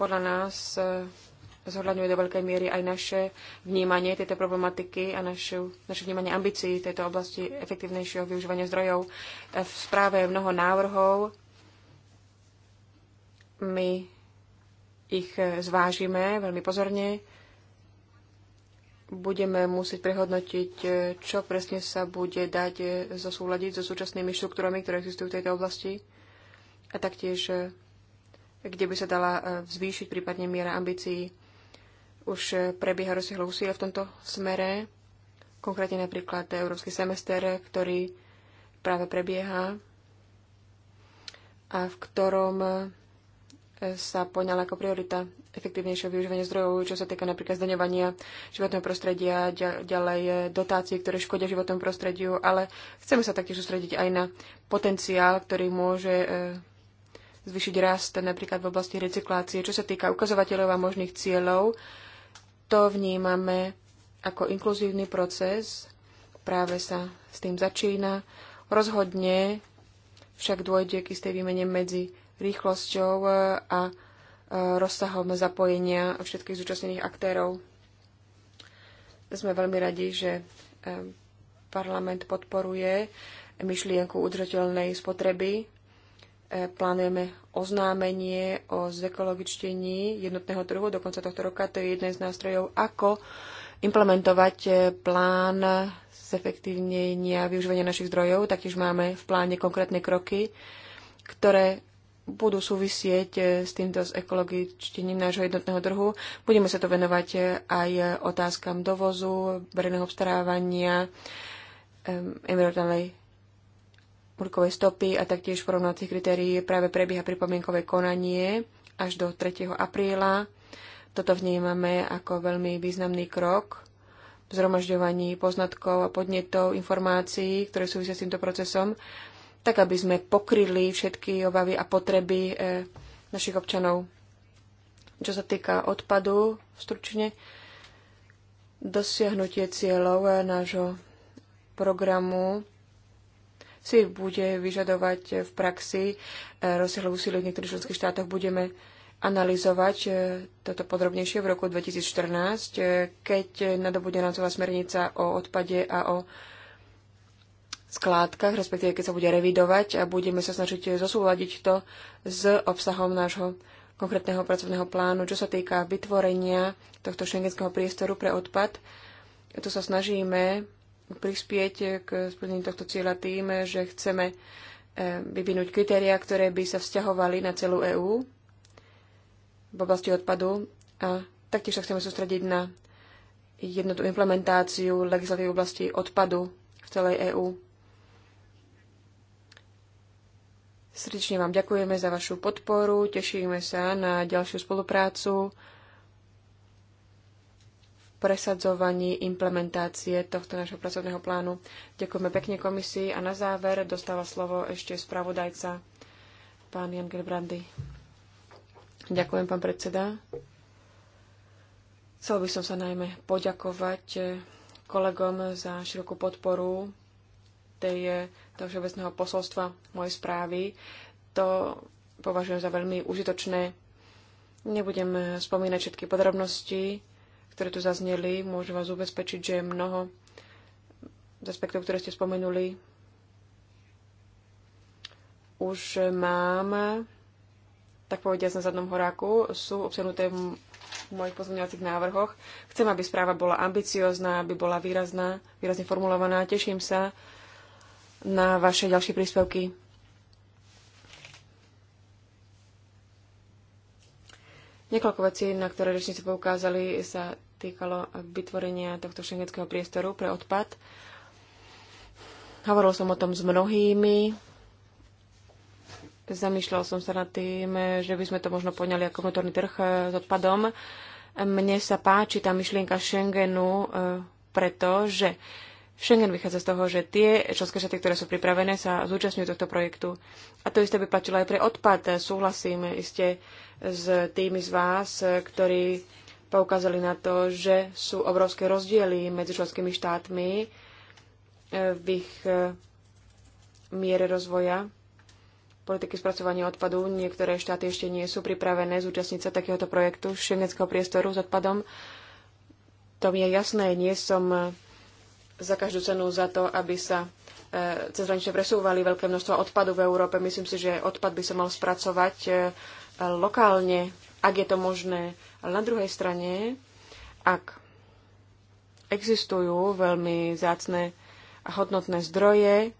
Podľa nás zohľadňuje do veľkej miery aj naše vnímanie tejto problematiky a našu, naše vnímanie ambícií tejto oblasti efektívnejšieho využívania zdrojov. E, v správe je mnoho návrhov. My ich e, zvážime veľmi pozorne. Budeme musieť prehodnotiť, e, čo presne sa bude dať zosúľadiť so súčasnými štruktúrami, ktoré existujú v tejto oblasti. A taktiež kde by sa dala zvýšiť prípadne miera ambícií. Už eh, prebieha rozsiehlo úsilie v tomto smere, konkrétne napríklad Európsky semester, ktorý práve prebieha a v ktorom eh, sa poňala ako priorita efektívnejšie využívanie zdrojov, čo sa týka napríklad zdaňovania životného prostredia, ďalej eh, dotácií, ktoré škodia životnému prostrediu, ale chceme sa taktiež sústrediť aj na potenciál, ktorý môže zvýšiť rast napríklad v oblasti recyklácie. Čo sa týka ukazovateľov a možných cieľov, to vnímame ako inkluzívny proces, práve sa s tým začína. Rozhodne však dôjde k istej výmene medzi rýchlosťou e, a e, rozsahom zapojenia všetkých zúčastnených aktérov. Sme veľmi radi, že e, parlament podporuje myšlienku udržateľnej spotreby E, plánujeme oznámenie o zekologičtení jednotného trhu do konca tohto roka. To je jeden z nástrojov, ako implementovať e, plán zefektívnenia využívania našich zdrojov. Taktiež máme v pláne konkrétne kroky, ktoré budú súvisieť e, s týmto s ekologičtením nášho jednotného trhu. Budeme sa to venovať aj otázkam dovozu, verejného obstarávania, environmentálnej uhlíkovej stopy a taktiež porovnacích kritérií práve prebieha pripomienkové konanie až do 3. apríla. Toto vnímame ako veľmi významný krok v zhromažďovaní poznatkov a podnetov, informácií, ktoré súvisia s týmto procesom, tak aby sme pokryli všetky obavy a potreby e, našich občanov. Čo sa týka odpadu, stručne, dosiahnutie cieľov e, nášho programu si bude vyžadovať v praxi e, rozsiahle úsilie v niektorých členských štátoch. Budeme analyzovať e, toto podrobnejšie v roku 2014, e, keď nadobude rámcová smernica o odpade a o skládkach, respektíve keď sa bude revidovať a budeme sa snažiť zosúľadiť to s obsahom nášho konkrétneho pracovného plánu, čo sa týka vytvorenia tohto šengenského priestoru pre odpad. Tu sa snažíme prispieť k splneniu tohto cieľa tým, že chceme eh, vyvinúť kritériá, ktoré by sa vzťahovali na celú EÚ v oblasti odpadu a taktiež sa chceme sústrediť na jednotnú implementáciu legislatívy v oblasti odpadu v celej EÚ. Srdečne vám ďakujeme za vašu podporu, tešíme sa na ďalšiu spoluprácu presadzovaní implementácie tohto našho pracovného plánu. Ďakujeme pekne komisii a na záver dostáva slovo ešte spravodajca pán Jan Gerbrandy. Ďakujem, pán predseda. Chcel by som sa najmä poďakovať kolegom za širokú podporu tej, toho všeobecného posolstva mojej správy. To považujem za veľmi užitočné. Nebudem spomínať všetky podrobnosti, ktoré tu zazneli, môžem vás ubezpečiť, že mnoho z aspektov, ktoré ste spomenuli, už mám, tak povediať, na zadnom horáku, sú obsahnuté v mojich pozmeňovacích návrhoch. Chcem, aby správa bola ambiciozná, aby bola výrazná, výrazne formulovaná. Teším sa na vaše ďalšie príspevky. Niekoľko vecí, na ktoré rečníci poukázali, sa týkalo vytvorenia tohto šengenského priestoru pre odpad. Hovoril som o tom s mnohými. Zamýšľal som sa nad tým, že by sme to možno poňali ako motorný trh eh, s odpadom. Mne sa páči tá myšlienka Schengenu, eh, pretože Schengen vychádza z toho, že tie členské štáty, ktoré sú pripravené, sa zúčastňujú tohto projektu. A to isté by platilo aj pre odpad. Súhlasím iste s tými z vás, eh, ktorí poukázali na to, že sú obrovské rozdiely medzi členskými štátmi e, v ich e, miere rozvoja politiky spracovania odpadu. Niektoré štáty ešte nie sú pripravené zúčastniť sa takéhoto projektu šengenského priestoru s odpadom. To mi je jasné, nie som e, za každú cenu za to, aby sa cezhranične presúvali veľké množstvo odpadu v Európe. Myslím si, že odpad by sa mal spracovať lokálne, ak je to možné ale na druhej strane, ak existujú veľmi zácne a hodnotné zdroje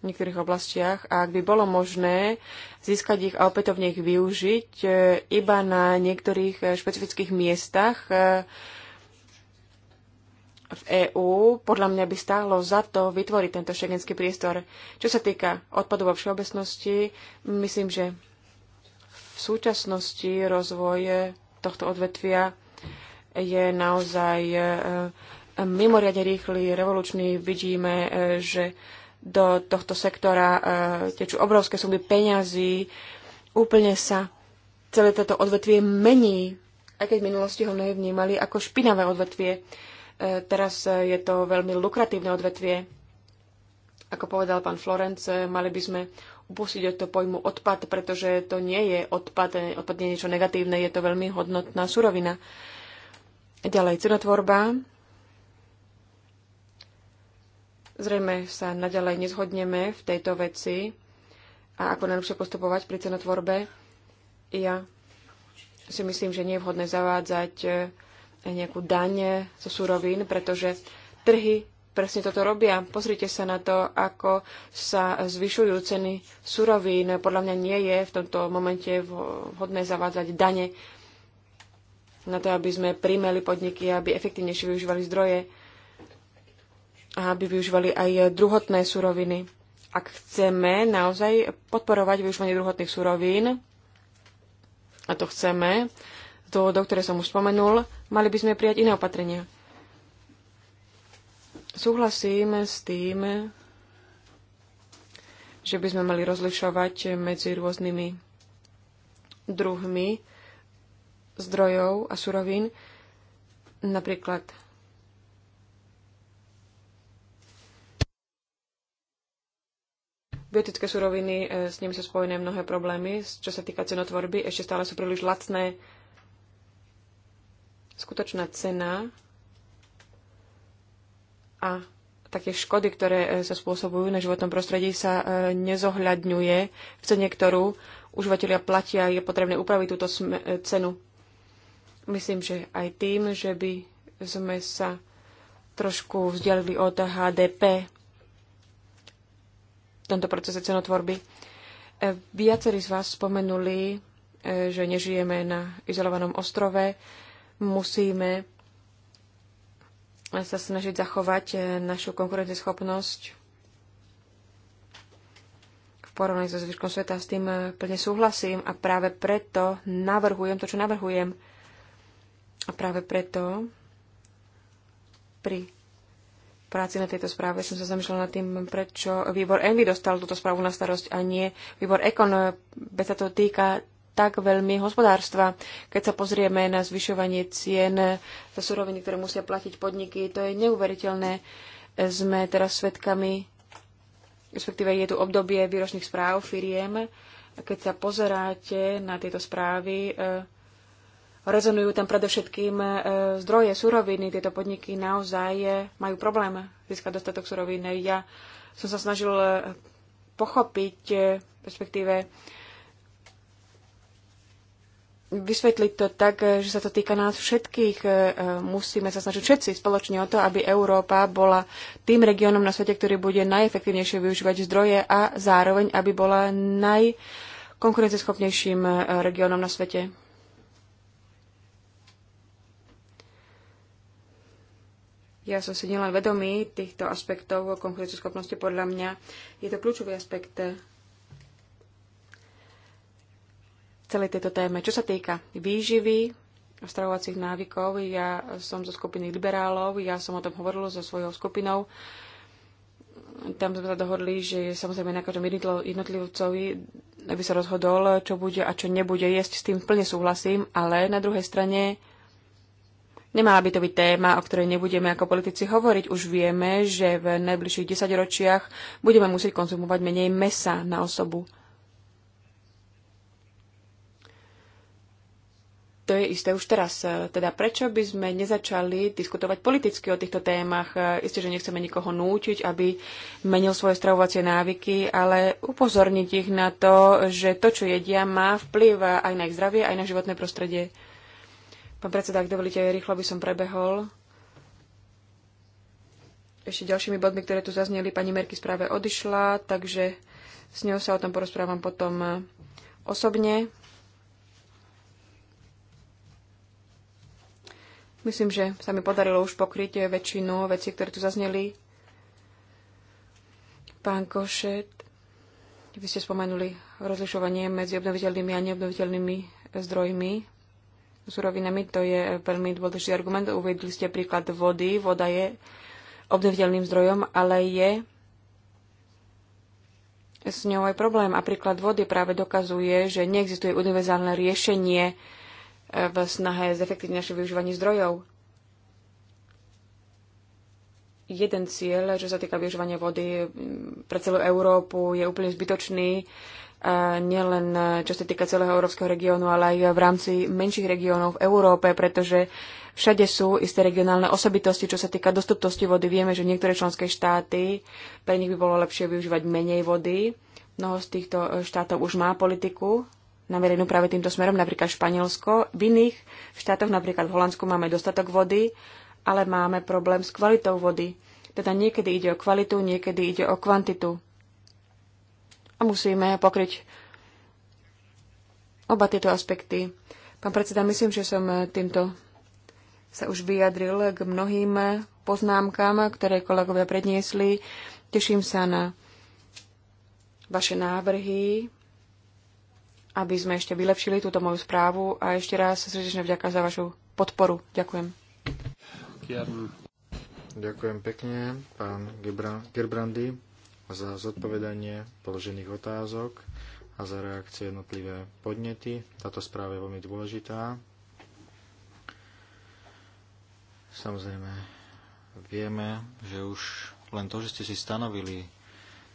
v niektorých oblastiach a ak by bolo možné získať ich a opätovne ich využiť e, iba na niektorých e, špecifických miestach e, v EÚ, podľa mňa by stálo za to vytvoriť tento šengenský priestor. Čo sa týka odpadu vo všeobecnosti, myslím, že v súčasnosti rozvoj tohto odvetvia je naozaj e, mimoriadne rýchly, revolučný. Vidíme, e, že do tohto sektora e, tečú obrovské sumy peňazí. Úplne sa celé toto odvetvie mení, aj keď v minulosti ho mnohí vnímali ako špinavé odvetvie. Teraz je to veľmi lukratívne odvetvie. Ako povedal pán Florence, mali by sme upustiť od to pojmu odpad, pretože to nie je odpad, odpad nie je niečo negatívne, je to veľmi hodnotná surovina. Ďalej, cenotvorba. Zrejme sa naďalej nezhodneme v tejto veci a ako najlepšie postupovať pri cenotvorbe. Ja si myslím, že nie je vhodné zavádzať eh, nejakú dane eh, zo surovín, pretože trhy presne toto robia. Pozrite sa na to, ako sa zvyšujú ceny surovín. Podľa mňa nie je v tomto momente vhodné zavádzať dane na to, aby sme primeli podniky, aby efektívnejšie využívali zdroje a aby využívali aj druhotné suroviny. Ak chceme naozaj podporovať využívanie druhotných surovín, a to chceme, z dôvodov, ktoré som už spomenul, mali by sme prijať iné opatrenia. Súhlasím s tým, že by sme mali rozlišovať medzi rôznymi druhmi zdrojov a surovín, napríklad biotické suroviny, e, s nimi sú spojené mnohé problémy, čo sa týka cenotvorby, ešte stále sú príliš lacné. Skutočná cena a také škody, ktoré e, sa spôsobujú na životnom prostredí, sa e, nezohľadňuje v cene, ktorú užívateľia platia, je potrebné upraviť túto e, cenu. Myslím, že aj tým, že by sme sa trošku vzdialili od HDP v tomto procese cenotvorby. Viacerí z vás spomenuli, že nežijeme na izolovanom ostrove, musíme sa snažiť zachovať e, našu konkurenceschopnosť v porovnaní so zvyškom sveta. S tým e, plne súhlasím a práve preto navrhujem to, čo navrhujem. A práve preto pri práci na tejto správe som sa zamýšľala nad tým, prečo výbor Envy dostal túto správu na starosť a nie výbor Ekon. E, veď sa to týka tak veľmi hospodárstva. Keď sa pozrieme na zvyšovanie cien za suroviny, ktoré musia platiť podniky, to je neuveriteľné. Sme teraz svedkami, respektíve je tu obdobie výročných správ firiem. Keď sa pozeráte na tieto správy, eh, rezonujú tam predovšetkým eh, zdroje, suroviny. Tieto podniky naozaj eh, majú problém získať dostatok suroviny. Ja som sa snažil pochopiť, respektíve vysvetliť to tak, eh, že sa to týka nás všetkých. Eh, eh, Musíme sa snažiť všetci spoločne o to, aby Európa bola tým regiónom na svete, ktorý bude najefektívnejšie využívať zdroje a zároveň, aby bola najkonkurenceschopnejším regiónom na svete. Ja som si nielen vedomý týchto aspektov konkurenceschopnosti. Podľa mňa je to kľúčový aspekt celej tejto téme. Čo sa týka výživy, stravovacích návykov, ja som zo skupiny liberálov, ja som o tom hovorila so svojou skupinou. Tam sme sa dohodli, že je samozrejme na každom jednotlivcovi, aby sa rozhodol, čo bude a čo nebude jesť. S tým plne súhlasím, ale na druhej strane nemala by to byť téma, o ktorej nebudeme ako politici hovoriť. Už vieme, že v najbližších desaťročiach budeme musieť konzumovať menej mesa na osobu. to je isté už teraz. E, teda prečo by sme nezačali diskutovať politicky o týchto témach? E, isté, že nechceme nikoho núčiť, aby menil svoje stravovacie návyky, ale upozorniť ich na to, že to, čo jedia, má vplyv aj na ich zdravie, aj na životné prostredie. Pán predseda, ak dovolíte, rýchlo by som prebehol. Ešte ďalšími bodmi, ktoré tu zazneli, pani Merky správe odišla, takže s ňou sa o tom porozprávam potom e, osobne. Myslím, že sa mi podarilo už pokryť väčšinu vecí, ktoré tu zazneli. Pán Košet, vy ste spomenuli rozlišovanie medzi obnoviteľnými a neobnoviteľnými zdrojmi, surovinami. To je veľmi dôležitý argument. Uvedli ste príklad vody. Voda je obnoviteľným zdrojom, ale je s ňou aj problém. A príklad vody práve dokazuje, že neexistuje univerzálne riešenie v snahe zefektívne naše využívanie zdrojov. Jeden cieľ, čo sa týka využívania vody mm, pre celú Európu, je úplne zbytočný e, nielen e, čo sa týka celého európskeho regiónu, ale aj v rámci menších regiónov v Európe, pretože všade sú isté regionálne osobitosti, čo sa týka dostupnosti vody. Vieme, že niektoré členské štáty, pre nich by bolo lepšie využívať menej vody. Mnoho z týchto e, štátov už má politiku namerenú práve týmto smerom, napríklad Španielsko. V iných štátoch, napríklad v Holandsku, máme dostatok vody, ale máme problém s kvalitou vody. Teda niekedy ide o kvalitu, niekedy ide o kvantitu. A musíme pokryť oba tieto aspekty. Pán predseda, myslím, že som týmto sa už vyjadril k mnohým poznámkam, ktoré kolegovia predniesli. Teším sa na vaše návrhy aby sme ešte vylepšili túto moju správu a ešte raz srdečne vďaka za vašu podporu. Ďakujem. Ďakujem pekne, pán Gerbrandy, za zodpovedanie položených otázok a za reakcie jednotlivé podnety. Táto správa je veľmi dôležitá. Samozrejme, vieme, že už len to, že ste si stanovili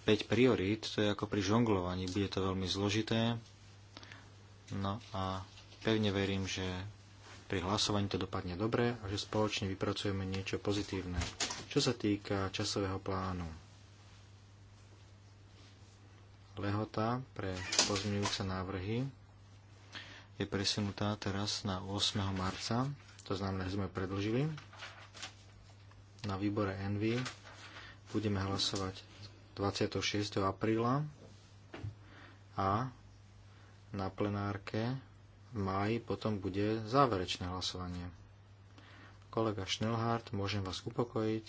5 priorít, to je ako pri žonglovaní, bude to veľmi zložité. No a pevne verím, že pri hlasovaní to dopadne dobre a že spoločne vypracujeme niečo pozitívne. Čo sa týka časového plánu, lehota pre pozmeňujúce návrhy je presunutá teraz na 8. marca, to znamená, že sme predlžili. Na výbore Envy budeme hlasovať 26. apríla a na plenárke v máji potom bude záverečné hlasovanie. Kolega Schnellhardt, môžem vás upokojiť.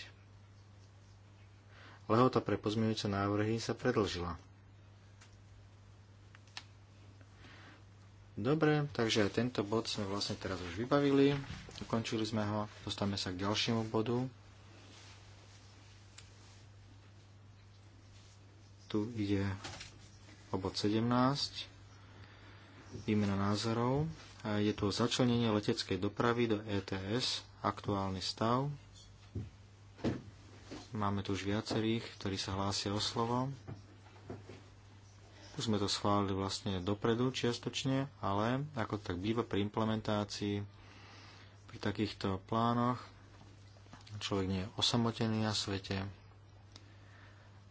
Lehota pre pozmeňujúce návrhy sa predlžila. Dobre, takže aj tento bod sme vlastne teraz už vybavili. Ukončili sme ho. dostaneme sa k ďalšiemu bodu. Tu ide o bod 17 výmena názorov. Je tu začlenenie leteckej dopravy do ETS, aktuálny stav. Máme tu už viacerých, ktorí sa hlásia o slovo. Už sme to schválili vlastne dopredu čiastočne, ale ako to tak býva pri implementácii, pri takýchto plánoch, človek nie je osamotený na svete.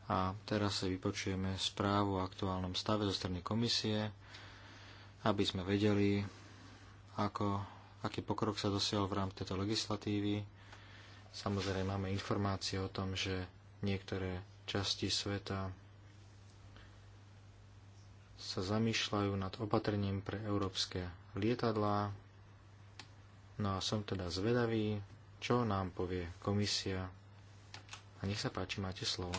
A teraz si vypočujeme správu o aktuálnom stave zo strany komisie aby sme vedeli, ako, aký pokrok sa dosiahol v rámci tejto legislatívy. Samozrejme máme informácie o tom, že niektoré časti sveta sa zamýšľajú nad opatrením pre európske lietadlá. No a som teda zvedavý, čo nám povie komisia. A nech sa páči, máte slovo.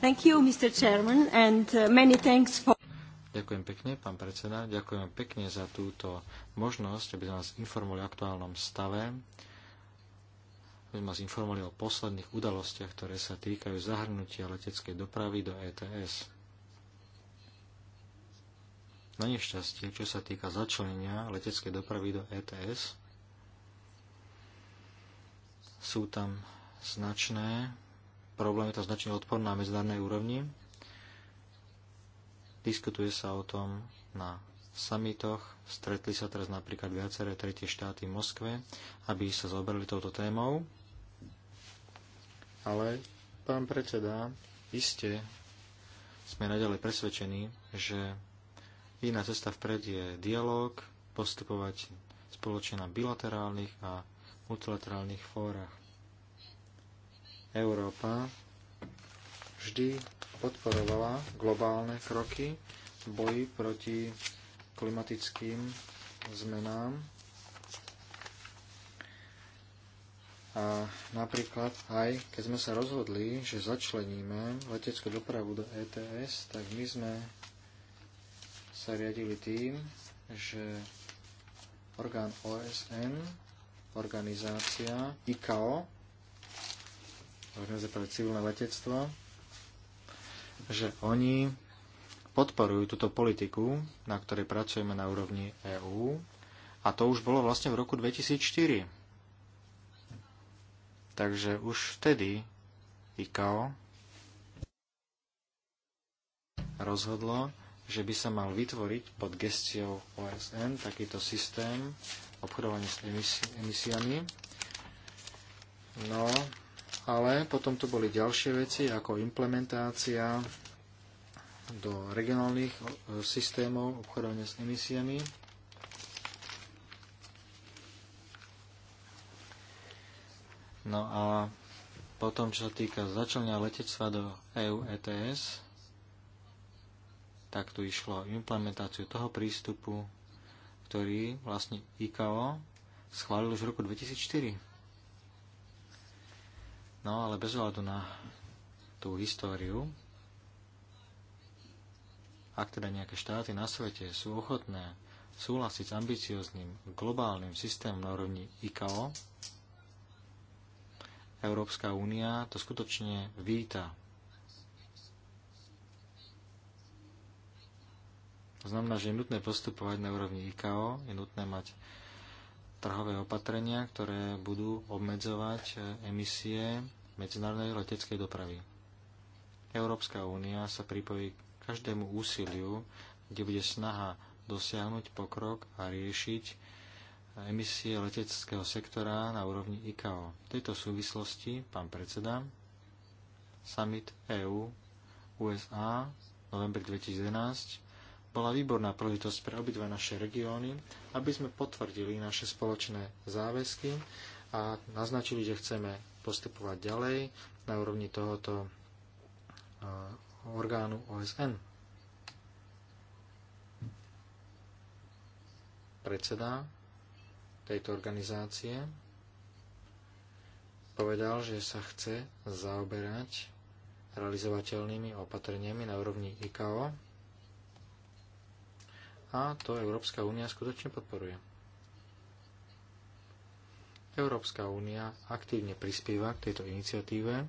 Thank you, Mr. Chairman, and uh, many thanks for... Ďakujem pekne, pán predseda. Ďakujem pekne za túto možnosť, aby sme vás informovali o aktuálnom stave, aby sme vás informovali o posledných udalostiach, ktoré sa týkajú zahrnutia leteckej dopravy do ETS. Na nešťastie, čo sa týka začlenenia leteckej dopravy do ETS, sú tam značné problém je to značne odpor na medzinárodnej úrovni. Diskutuje sa o tom na samitoch. Stretli sa teraz napríklad viaceré tretie štáty v Moskve, aby sa zobrali touto témou. Ale, pán predseda, iste sme naďalej presvedčení, že iná cesta vpred je dialog, postupovať spoločne na bilaterálnych a multilaterálnych fórach. Európa vždy podporovala globálne kroky v boji proti klimatickým zmenám. A napríklad aj keď sme sa rozhodli, že začleníme leteckú dopravu do ETS, tak my sme sa riadili tým, že orgán OSN, organizácia ICAO, Organizácie pre civilné letectvo, že oni podporujú túto politiku, na ktorej pracujeme na úrovni EÚ a to už bolo vlastne v roku 2004. Takže už vtedy ICAO rozhodlo, že by sa mal vytvoriť pod gestiou OSN takýto systém obchodovania s emisiami. No, ale potom tu boli ďalšie veci, ako implementácia do regionálnych e, systémov obchodovania s emisiami. No a potom, čo sa týka začlenia letectva do EU ETS, tak tu išlo implementáciu toho prístupu, ktorý vlastne ICAO schválil už v roku 2004. No ale bez ohľadu na tú históriu, ak teda nejaké štáty na svete sú ochotné súhlasiť s ambiciozným globálnym systémom na úrovni ICAO, Európska únia to skutočne víta. To znamená, že je nutné postupovať na úrovni ICAO, je nutné mať trhové opatrenia, ktoré budú obmedzovať e, emisie medzinárodnej leteckej dopravy. Európska únia sa pripojí k každému úsiliu, kde bude snaha dosiahnuť pokrok a riešiť e, emisie leteckého sektora na úrovni ICAO. V tejto súvislosti, pán predseda, summit EU USA novembri 2011 bola výborná príležitosť pre obidva naše regióny, aby sme potvrdili naše spoločné záväzky a naznačili, že chceme postupovať ďalej na úrovni tohoto e, orgánu OSN. Predseda tejto organizácie povedal, že sa chce zaoberať realizovateľnými opatreniami na úrovni ICAO a to Európska únia skutočne podporuje. Európska únia aktívne prispieva k tejto iniciatíve.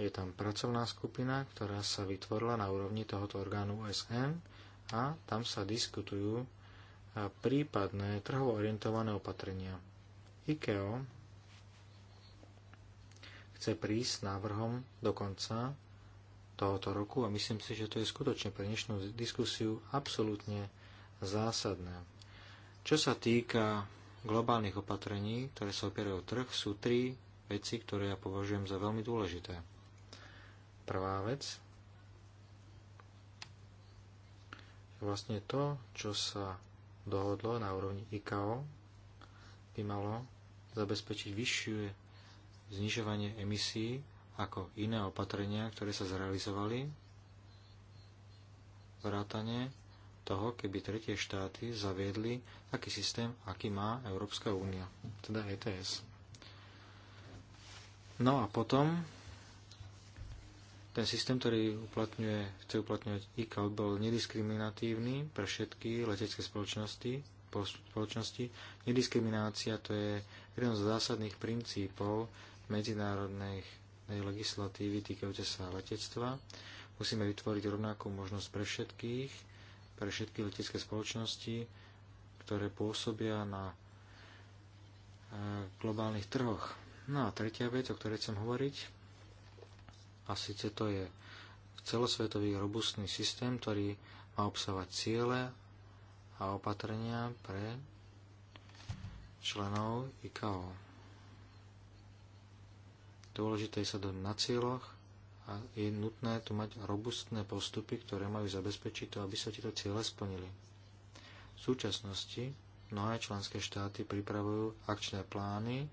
Je tam pracovná skupina, ktorá sa vytvorila na úrovni tohoto orgánu OSN a tam sa diskutujú prípadné trhovo orientované opatrenia. IKEO chce prísť návrhom do konca tohoto roku a myslím si, že to je skutočne pre dnešnú diskusiu absolútne zásadné. Čo sa týka globálnych opatrení, ktoré sa opierajú trh, sú tri veci, ktoré ja považujem za veľmi dôležité. Prvá vec je vlastne to, čo sa dohodlo na úrovni ICAO, by malo zabezpečiť vyššie znižovanie emisí ako iné opatrenia, ktoré sa zrealizovali, vrátane toho, keby tretie štáty zaviedli taký systém, aký má Európska únia, teda ETS. No a potom ten systém, ktorý uplatňuje, chce uplatňovať ICAO, bol nediskriminatívny pre všetky letecké spoločnosti. spoločnosti. Nediskriminácia to je jeden z zásadných princípov medzinárodných legislatívy týkajúce sa letectva. Musíme vytvoriť rovnakú možnosť pre všetkých, pre všetky letecké spoločnosti, ktoré pôsobia na e, globálnych trhoch. No a tretia vec, o ktorej chcem hovoriť, a síce to je celosvetový robustný systém, ktorý má obsahovať ciele a opatrenia pre členov IKO. Dôležité je sa dať na cieľoch a je nutné tu mať robustné postupy, ktoré majú zabezpečiť to, aby sa tieto ciele splnili. V súčasnosti mnohé členské štáty pripravujú akčné plány,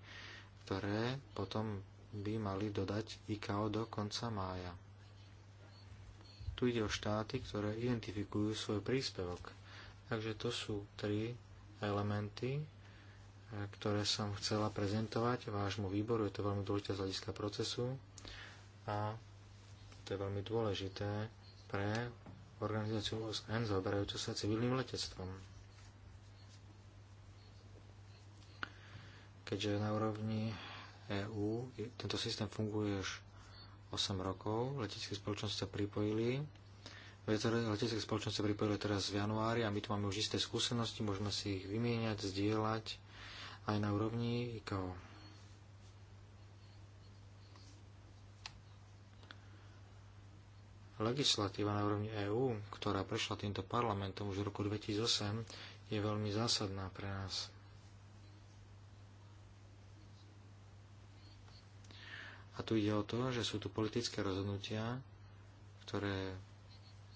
ktoré potom by mali dodať IKO do konca mája. Tu ide o štáty, ktoré identifikujú svoj príspevok. Takže to sú tri elementy, ktoré som chcela prezentovať vášmu výboru. Je to veľmi dôležité z hľadiska procesu a to je veľmi dôležité pre organizáciu OSN zaoberajúcu sa civilným letectvom. Keďže na úrovni EÚ tento systém funguje už 8 rokov, letecké spoločnosti sa pripojili. Letecké spoločnosti sa pripojili teraz v januári a my tu máme už isté skúsenosti, môžeme si ich vymieňať, zdieľať aj na úrovni IKO. Legislatíva na úrovni EÚ, ktorá prešla týmto parlamentom už v roku 2008, je veľmi zásadná pre nás. A tu ide o to, že sú tu politické rozhodnutia, ktoré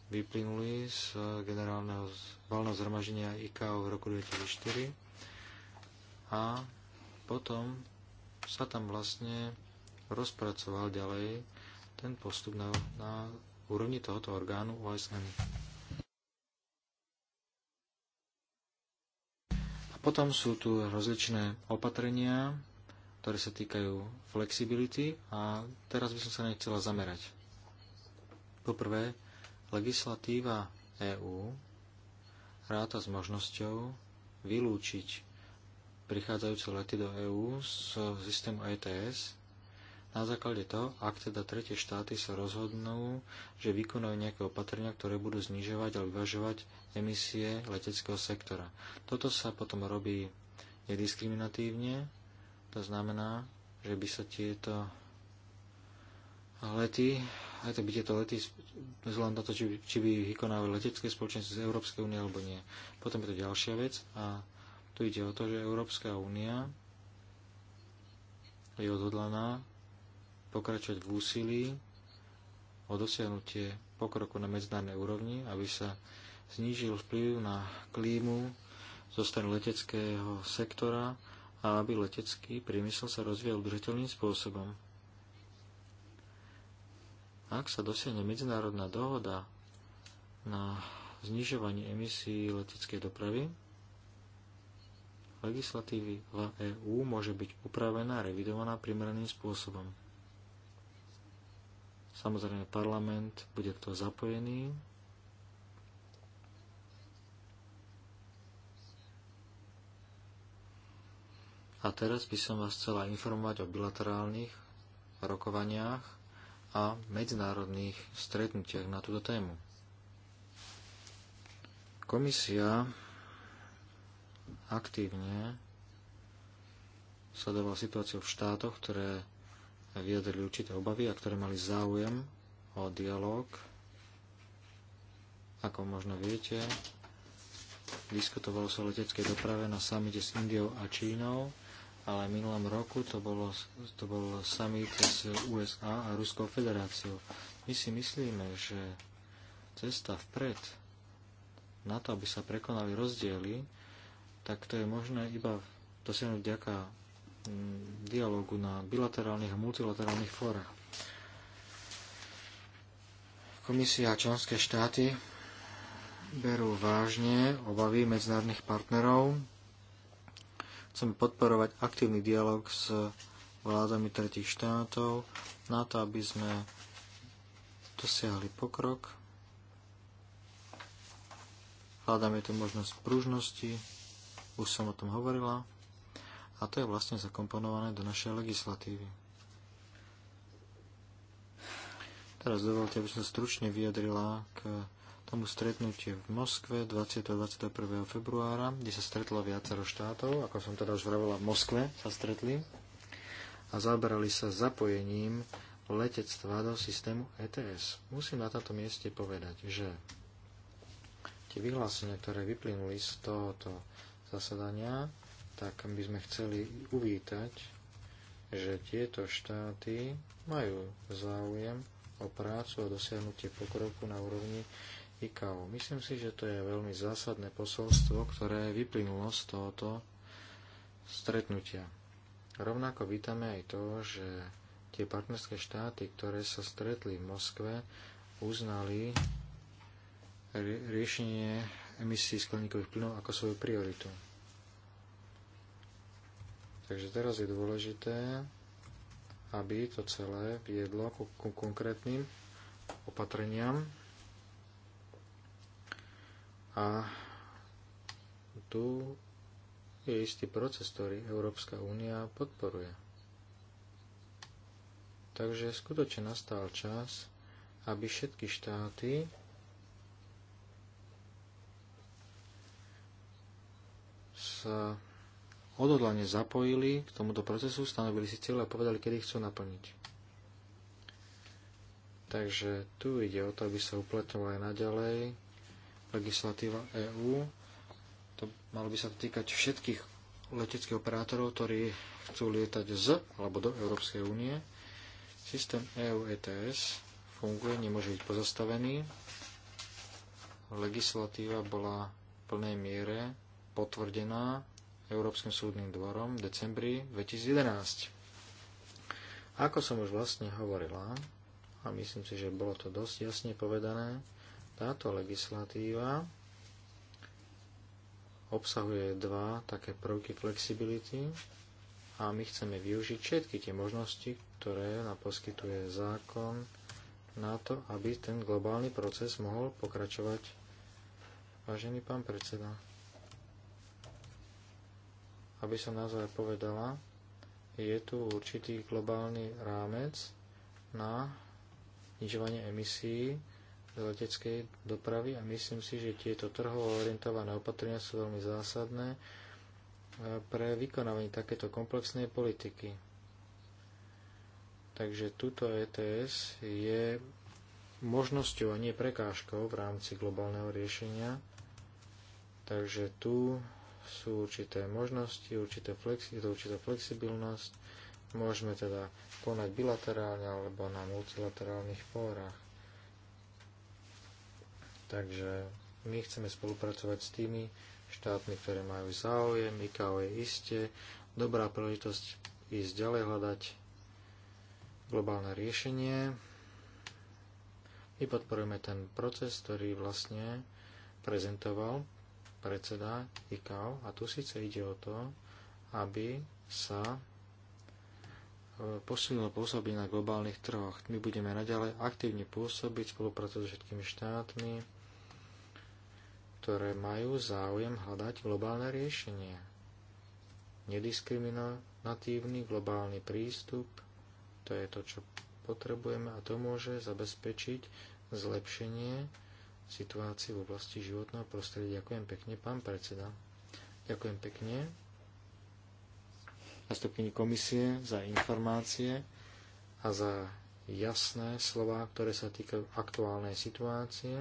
vyplynuli z generálneho valného zhromaždenia IKO v roku 2004 a potom sa tam vlastne rozpracoval ďalej ten postup na, na úrovni tohoto orgánu OSN. A potom sú tu rozličné opatrenia, ktoré sa týkajú flexibility a teraz by som sa na ne chcela zamerať. Poprvé, legislatíva EÚ ráta s možnosťou vylúčiť prichádzajúce lety do EÚ z systému ETS na základe toho, ak teda tretie štáty sa rozhodnú, že vykonajú nejaké opatrenia, ktoré budú znižovať a vyvažovať emisie leteckého sektora. Toto sa potom robí nediskriminatívne, to znamená, že by sa tieto lety, aj to by tieto lety, vzhľadom na to, či by, či by vykonávali letecké spoločenstvo z Európskej únie alebo nie. Potom je to ďalšia vec a tu ide o to, že Európska únia je odhodlaná pokračovať v úsilí o dosiahnutie pokroku na medzinárodnej úrovni, aby sa znížil vplyv na klímu zo strany leteckého sektora a aby letecký priemysel sa rozvíjal udržateľným spôsobom. Ak sa dosiahne medzinárodná dohoda na znižovanie emisí leteckej dopravy, legislatívy v EÚ môže byť upravená a revidovaná primeraným spôsobom. Samozrejme, parlament bude to zapojený. A teraz by som vás chcela informovať o bilaterálnych rokovaniach a medzinárodných stretnutiach na túto tému. Komisia aktívne sledoval situáciu v štátoch, ktoré vyjadrili určité obavy a ktoré mali záujem o dialog. Ako možno viete, diskutovalo sa o leteckej doprave na samite s Indiou a Čínou, ale v minulom roku to, bolo, to bol summit s USA a Ruskou federáciou. My si myslíme, že cesta vpred na to, aby sa prekonali rozdiely, tak to je možné iba dosiahnuť vďaka mm, dialogu na bilaterálnych a multilaterálnych fórach. Komisia a členské štáty berú vážne obavy medzinárodných partnerov. Chceme podporovať aktívny dialog s vládami tretich štátov na to, aby sme dosiahli pokrok. Hľadáme tu možnosť pružnosti, už som o tom hovorila, a to je vlastne zakomponované do našej legislatívy. Teraz dovolte, aby som stručne vyjadrila k tomu stretnutie v Moskve 20. 21. februára, kde sa stretlo viacero štátov, ako som teda už vravela, v Moskve sa stretli a zaoberali sa zapojením letectva do systému ETS. Musím na tomto mieste povedať, že tie vyhlásenia, ktoré vyplynuli z tohoto zasadania, tak by sme chceli uvítať, že tieto štáty majú záujem o prácu a dosiahnutie pokroku na úrovni ICAO. Myslím si, že to je veľmi zásadné posolstvo, ktoré vyplynulo z tohoto stretnutia. Rovnako vítame aj to, že tie partnerské štáty, ktoré sa stretli v Moskve, uznali riešenie emisí skleníkových plynov ako svoju prioritu. Takže teraz je dôležité, aby to celé viedlo ku, ku konkrétnym opatreniam a tu je istý proces, ktorý Európska únia podporuje. Takže skutočne nastal čas, aby všetky štáty sa odhodlane zapojili k tomuto procesu, stanovili si cieľ a povedali, kedy chcú naplniť. Takže tu ide o to, aby sa upletovala aj naďalej legislatíva EÚ. To, malo by sa týkať všetkých leteckých operátorov, ktorí chcú lietať z alebo do Európskej únie. Systém EU ETS funguje, nemôže byť pozastavený. Legislatíva bola v plnej miere potvrdená Európskym súdnym dvorom v decembri 2011. Ako som už vlastne hovorila, a myslím si, že bolo to dosť jasne povedané, táto legislatíva obsahuje dva také prvky flexibility a my chceme využiť všetky tie možnosti, ktoré nám poskytuje zákon na to, aby ten globálny proces mohol pokračovať. Vážený pán predseda aby som naozaj povedala, je tu určitý globálny rámec na znižovanie emisí z leteckej dopravy a myslím si, že tieto trhovo orientované opatrenia sú veľmi zásadné e, pre vykonávanie takéto komplexnej politiky. Takže túto ETS je možnosťou a nie prekážkou v rámci globálneho riešenia. Takže tu sú určité možnosti, určité flexi, určitá flexibilnosť. Môžeme teda konať bilaterálne alebo na multilaterálnych fórach. Takže my chceme spolupracovať s tými štátmi, ktoré majú záujem. IKO je isté dobrá príležitosť ísť ďalej hľadať globálne riešenie. My podporujeme ten proces, ktorý vlastne prezentoval predseda ICAO a tu síce ide o to, aby sa e, posunulo pôsobenie na globálnych trhoch. My budeme naďalej aktívne pôsobiť, spolupracovať so všetkými štátmi, ktoré majú záujem hľadať globálne riešenie. Nediskriminatívny globálny prístup, to je to, čo potrebujeme a to môže zabezpečiť zlepšenie situácii v oblasti životného prostredia. Ďakujem pekne, pán predseda. Ďakujem pekne zastupkyni komisie za informácie a za jasné slova, ktoré sa týkajú aktuálnej situácie,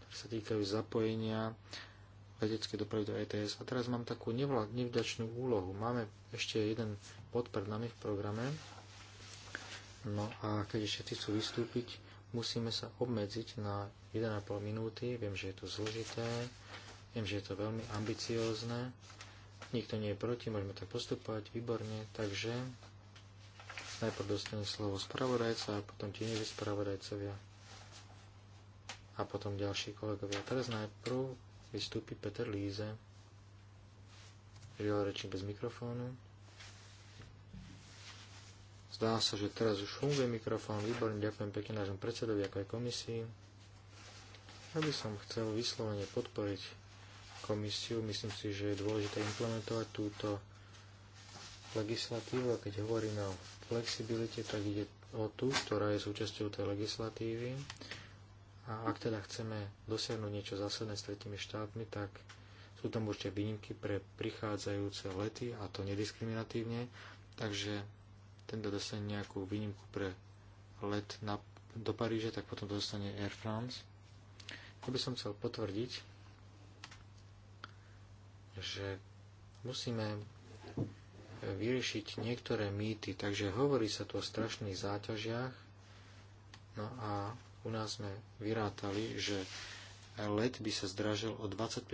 ktoré sa týkajú zapojenia vedeckej dopravy do ETS. A teraz mám takú nevďačnú úlohu. Máme ešte jeden bod pred nami v programe. No a keď ešte chcú vystúpiť, musíme sa obmedziť na 1,5 minúty. Viem, že je to zložité, viem, že je to veľmi ambiciózne. Nikto nie je proti, môžeme tak postupovať, výborne. Takže najprv dostanem slovo spravodajca a potom tieňoví spravodajcovia a potom ďalší kolegovia. Teraz najprv vystúpi Peter Líze, žiaľ rečník bez mikrofónu. Zdá sa, že teraz už funguje mikrofón. Výborne, ďakujem pekne nášom predsedovi, ako aj komisii. Ja by som chcel vyslovene podporiť komisiu. Myslím si, že je dôležité implementovať túto legislatívu a keď hovoríme o flexibilite, tak ide o tú, ktorá je súčasťou tej legislatívy. A ak teda chceme dosiahnuť niečo zásadné s tretími štátmi, tak sú tam určite výnimky pre prichádzajúce lety a to nediskriminatívne. Takže tento dostane nejakú výnimku pre let na, do Paríže, tak potom to dostane Air France. Ja by som chcel potvrdiť, že musíme vyriešiť niektoré mýty. Takže hovorí sa tu o strašných záťažiach. No a u nás sme vyrátali, že let by sa zdražil o 25,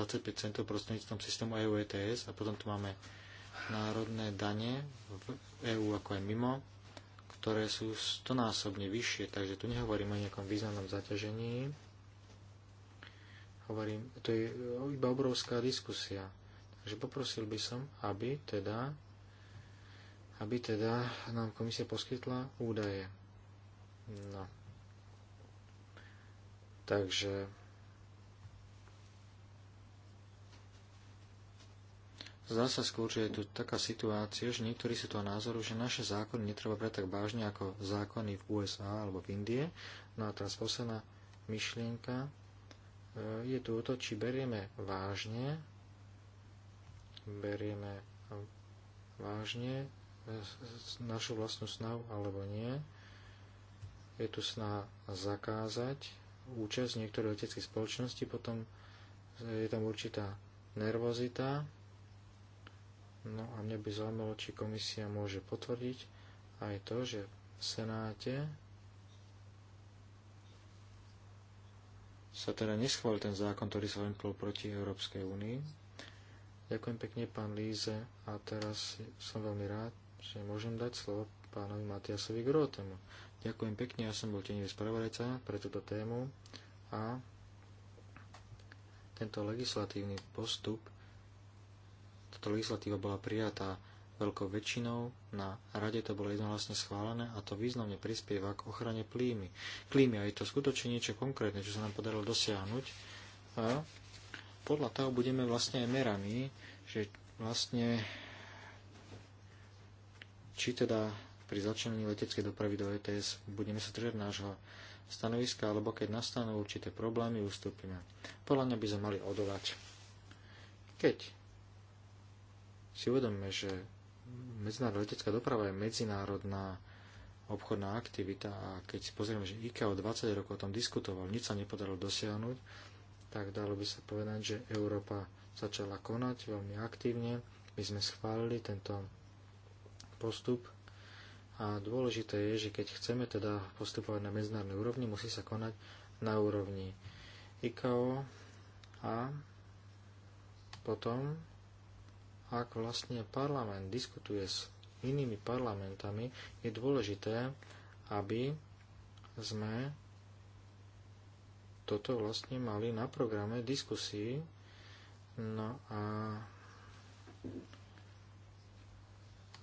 25 centov prostredníctvom systému EU ETS a potom tu máme národné dane v EÚ ako aj mimo, ktoré sú stonásobne vyššie, takže tu nehovorím o nejakom významnom zaťažení. Hovorím, to je iba obrovská diskusia. Takže poprosil by som, aby teda, aby teda nám komisia poskytla údaje. No. Takže Zdá sa skôr, že je tu taká situácia, že niektorí sú toho názoru, že naše zákony netreba brať tak vážne ako zákony v USA alebo v Indie. No a teraz posledná myšlienka e, je tu o to, či berieme vážne, berieme vážne e, našu vlastnú snahu alebo nie. Je tu snaha zakázať účasť niektorých leteckých spoločností, potom e, je tam určitá nervozita, No a mňa by zaujímalo, či komisia môže potvrdiť aj to, že v Senáte sa teda neschválil ten zákon, ktorý sa len proti Európskej únii. Ďakujem pekne, pán Líze, a teraz som veľmi rád, že môžem dať slovo pánovi Matiasovi Grótemu. Ďakujem pekne, ja som bol tenivý spravodajca pre túto tému a tento legislatívny postup táto legislatíva bola prijatá veľkou väčšinou, na rade to bolo jednohlasne schválené a to významne prispieva k ochrane klímy. Klímy a je to skutočne niečo konkrétne, čo sa nám podarilo dosiahnuť a podľa toho budeme vlastne aj merami, že vlastne či teda pri začlení leteckej dopravy do ETS budeme sa držať nášho stanoviska, alebo keď nastanú určité problémy, ustúpime. Podľa mňa by sme mali odolať. Keď si uvedomme, že medzinárodná letecká doprava je medzinárodná obchodná aktivita a keď si pozrieme, že IKEA o 20 rokov o tom diskutoval, nič sa nepodarilo dosiahnuť, tak dalo by sa povedať, že Európa začala konať veľmi aktívne. My sme schválili tento postup a dôležité je, že keď chceme teda postupovať na medzinárodnej úrovni, musí sa konať na úrovni IKO a potom ak vlastne parlament diskutuje s inými parlamentami, je dôležité, aby sme toto vlastne mali na programe diskusí. No a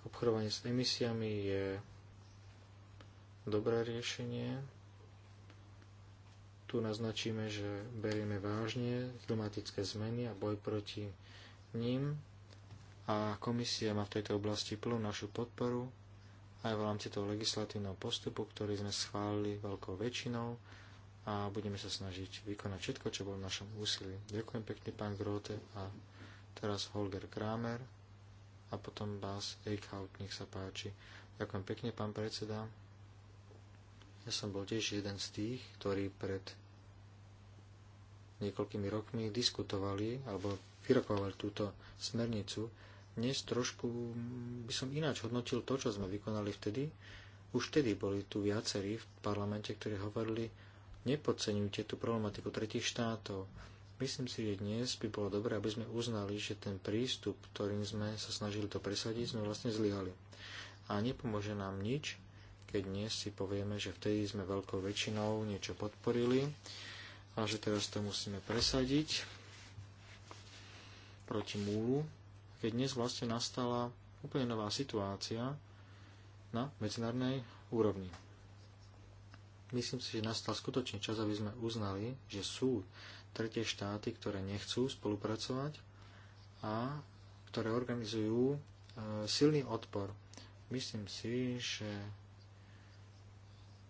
obchodovanie s emisiami je dobré riešenie. Tu naznačíme, že berieme vážne klimatické zmeny a boj proti ním a komisia má v tejto oblasti plnú našu podporu aj v rámci toho legislatívneho postupu, ktorý sme schválili veľkou väčšinou a budeme sa snažiť vykonať všetko, čo bolo v našom úsilí. Ďakujem pekne, pán Grote a teraz Holger Kramer a potom vás Eichhout, nech sa páči. Ďakujem pekne, pán predseda. Ja som bol tiež jeden z tých, ktorí pred niekoľkými rokmi diskutovali alebo vyrokovali túto smernicu dnes trošku by som ináč hodnotil to, čo sme vykonali vtedy. Už vtedy boli tu viacerí v parlamente, ktorí hovorili, nepodceňujte tú problematiku tretich štátov. Myslím si, že dnes by bolo dobré, aby sme uznali, že ten prístup, ktorým sme sa snažili to presadiť, sme vlastne zlyhali. A nepomôže nám nič, keď dnes si povieme, že vtedy sme veľkou väčšinou niečo podporili a že teraz to musíme presadiť proti múlu, keď dnes vlastne nastala úplne nová situácia na medzinárodnej úrovni. Myslím si, že nastal skutočný čas, aby sme uznali, že sú tretie štáty, ktoré nechcú spolupracovať a ktoré organizujú e, silný odpor. Myslím si, že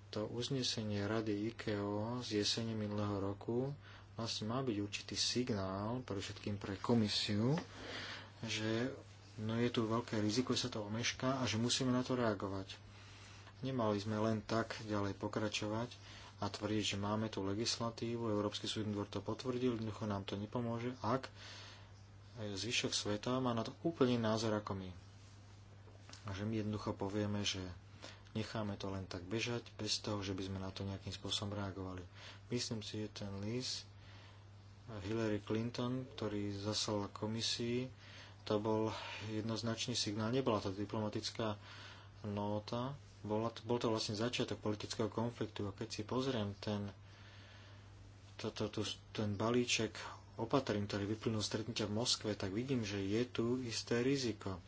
to uznesenie Rady IKEO z jesene minulého roku vlastne má byť určitý signál pre všetkým pre komisiu, že no je tu veľké riziko, že sa to omešká a že musíme na to reagovať. Nemali sme len tak ďalej pokračovať a tvrdiť, že máme tú legislatívu, Európsky súdny dvor to potvrdil, jednoducho nám to nepomôže, ak zvyšok sveta má na to úplne názor ako my. A že my jednoducho povieme, že necháme to len tak bežať, bez toho, že by sme na to nejakým spôsobom reagovali. Myslím si, že ten list Hillary Clinton, ktorý zaslal komisii, to bol jednoznačný signál, nebola to diplomatická nota, bola to, bol to vlastne začiatok politického konfliktu a keď si pozriem ten, to, to, to, ten balíček opatrím, ktorý vyplynul stretnutia v Moskve, tak vidím, že je tu isté riziko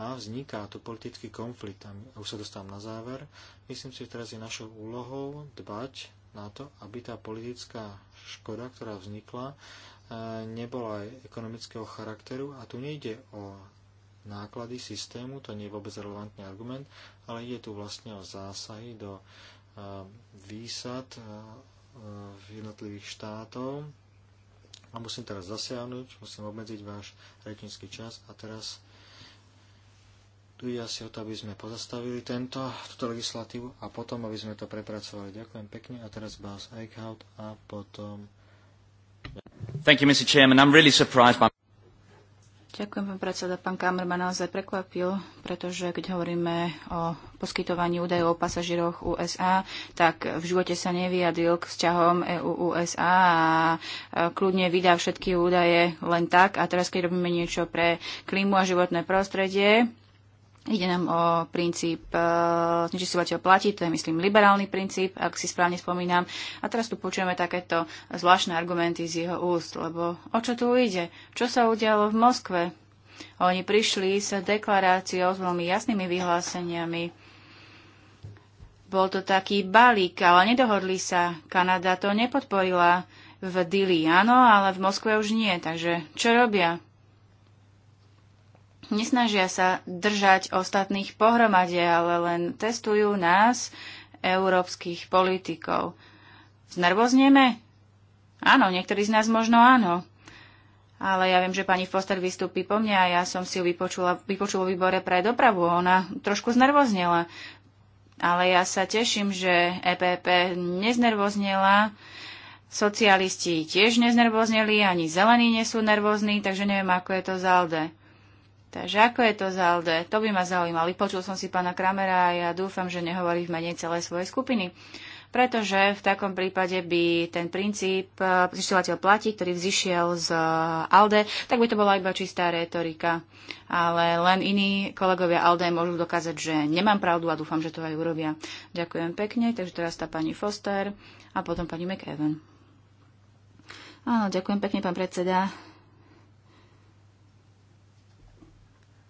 a vzniká tu politický konflikt. A už sa dostávam na záver. Myslím si, že teraz je našou úlohou dbať na to, aby tá politická škoda, ktorá vznikla, E, nebola aj ekonomického charakteru a tu nejde o náklady systému, to nie je vôbec relevantný argument, ale ide tu vlastne o zásahy do e, výsad e, v jednotlivých štátov. A musím teraz zasiahnuť, musím obmedziť váš rečnícky čas a teraz tu ide asi o to, aby sme pozastavili tento, túto legislatívu a potom, aby sme to prepracovali. Ďakujem pekne a teraz Bas Eichhout a potom Thank you, Mr. Chairman. I'm really surprised by... Ďakujem, pán predseda. Pán Kamer ma naozaj prekvapil, pretože keď hovoríme o poskytovaní údajov o pasažiroch USA, tak v živote sa nevyjadil k vzťahom EU-USA a kľudne vydá všetky údaje len tak. A teraz, keď robíme niečo pre klímu a životné prostredie, Ide nám o princíp e, znečistovateľ platí, to je myslím liberálny princíp, ak si správne spomínam. A teraz tu počujeme takéto zvláštne argumenty z jeho úst, lebo o čo tu ide? Čo sa udialo v Moskve? Oni prišli s deklaráciou s veľmi jasnými vyhláseniami. Bol to taký balík, ale nedohodli sa. Kanada to nepodporila v Dili, áno, ale v Moskve už nie. Takže čo robia? nesnažia sa držať ostatných pohromade, ale len testujú nás, európskych politikov. Znervoznieme? Áno, niektorí z nás možno áno. Ale ja viem, že pani Foster vystúpi po mňa a ja som si ju vypočula, vypočula výbore pre dopravu. Ona trošku znervoznela. Ale ja sa teším, že EPP neznervoznela, socialisti tiež neznervozneli, ani zelení nie sú nervózni, takže neviem, ako je to z ALDE. Takže ako je to za LD? To by ma zaujímalo. Počul som si pána Kramera a ja dúfam, že nehovorí v mene celej svojej skupiny. Pretože v takom prípade by ten princíp e, zišťovateľ platí, ktorý vzýšiel z ALDE, tak by to bola iba čistá retorika. Ale len iní kolegovia ALDE môžu dokázať, že nemám pravdu a dúfam, že to aj urobia. Ďakujem pekne. Takže teraz tá pani Foster a potom pani McEwen. Áno, ďakujem pekne, pán predseda.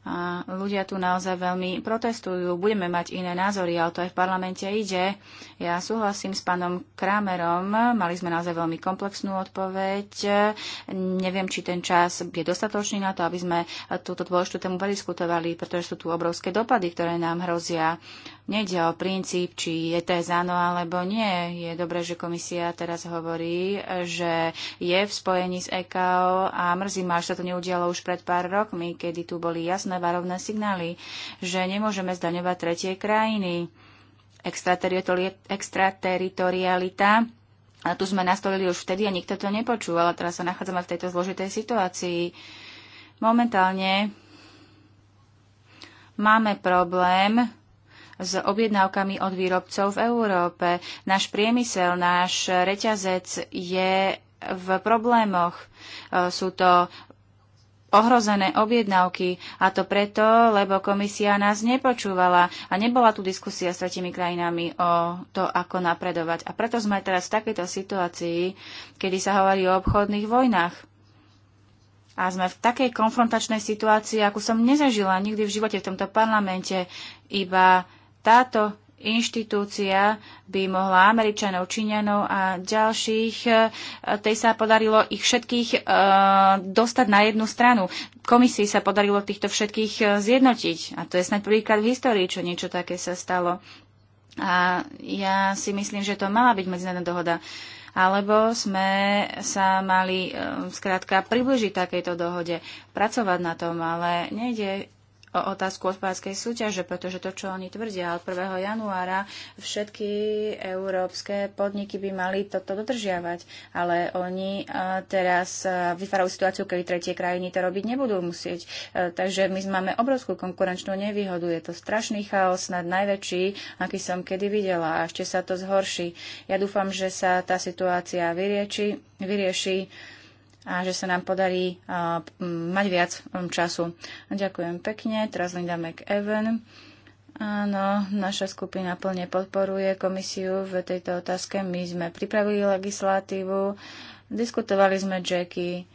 A ľudia tu naozaj veľmi protestujú. Budeme mať iné názory, ale to aj v parlamente ide. Ja súhlasím s pánom Kramerom. Mali sme naozaj veľmi komplexnú odpoveď. Neviem, či ten čas je dostatočný na to, aby sme túto dôležitú tému prediskutovali, pretože sú tu obrovské dopady, ktoré nám hrozia. Nejde o princíp, či je TES áno alebo nie. Je dobré, že komisia teraz hovorí, že je v spojení s EKO a mrzí ma, až sa to neudialo už pred pár rokmi, kedy tu boli jasné varovné signály, že nemôžeme zdaňovať tretie krajiny. Extrateritorialita a tu sme nastolili už vtedy a nikto to nepočú, ale teraz sa nachádzame v tejto zložitej situácii. Momentálne máme problém s objednávkami od výrobcov v Európe. Náš priemysel, náš reťazec je v problémoch. E, sú to ohrozené objednávky a to preto, lebo komisia nás nepočúvala a nebola tu diskusia s tretimi krajinami o to, ako napredovať. A preto sme teraz v takejto situácii, kedy sa hovorí o obchodných vojnách. A sme v takej konfrontačnej situácii, akú som nezažila nikdy v živote v tomto parlamente, iba táto inštitúcia by mohla Američanov, Číňanov a ďalších, e, tej sa podarilo ich všetkých e, dostať na jednu stranu. Komisii sa podarilo týchto všetkých e, zjednotiť. A to je snáď prvýkrát v histórii, čo niečo také sa stalo. A ja si myslím, že to mala byť medzinárodná dohoda. Alebo sme sa mali e, skrátka približiť takejto dohode, pracovať na tom, ale nejde o otázku hospodárskej súťaže, pretože to, čo oni tvrdia od 1. januára, všetky európske podniky by mali toto dodržiavať. Ale oni e, teraz e, vytvárajú situáciu, kedy tretie krajiny to robiť nebudú musieť. E, takže my máme obrovskú konkurenčnú nevýhodu. Je to strašný chaos, snad najväčší, aký som kedy videla. A ešte sa to zhorší. Ja dúfam, že sa tá situácia vyrieči, vyrieši a že sa nám podarí mať viac času. Ďakujem pekne. Teraz Linda McEwen. Áno, naša skupina plne podporuje komisiu v tejto otázke. My sme pripravili legislatívu, diskutovali sme Jackie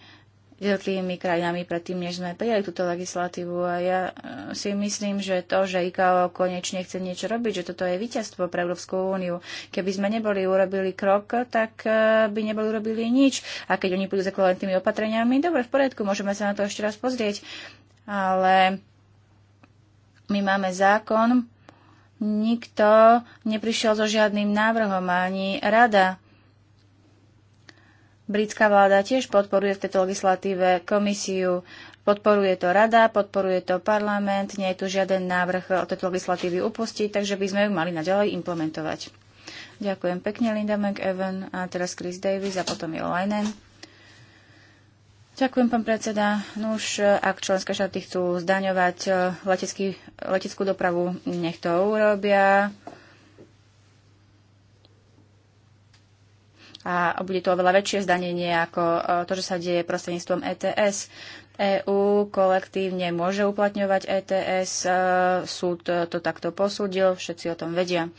jednotlivými krajinami predtým, než sme prijali túto legislatívu. A ja e, si myslím, že to, že IKO konečne chce niečo robiť, že toto je víťazstvo pre Európsku úniu. Keby sme neboli urobili krok, tak e, by neboli urobili nič. A keď oni budú tými opatreniami, dobre, v poriadku, môžeme sa na to ešte raz pozrieť. Ale my máme zákon, nikto neprišiel so žiadnym návrhom, ani rada Britská vláda tiež podporuje v tejto legislatíve komisiu, podporuje to rada, podporuje to parlament, nie je tu žiaden návrh o tejto legislatívy upustiť, takže by sme ju mali naďalej implementovať. Ďakujem pekne Linda McEwen a teraz Chris Davis a potom je Olainen. Ďakujem, pán predseda. No už, ak členské štáty chcú zdaňovať eh, letecký, leteckú dopravu, nech to urobia. a bude to oveľa väčšie zdanenie ako e, to, že sa deje prostredníctvom ETS. EÚ kolektívne môže uplatňovať ETS, e, súd e, to takto posúdil, všetci o tom vedia.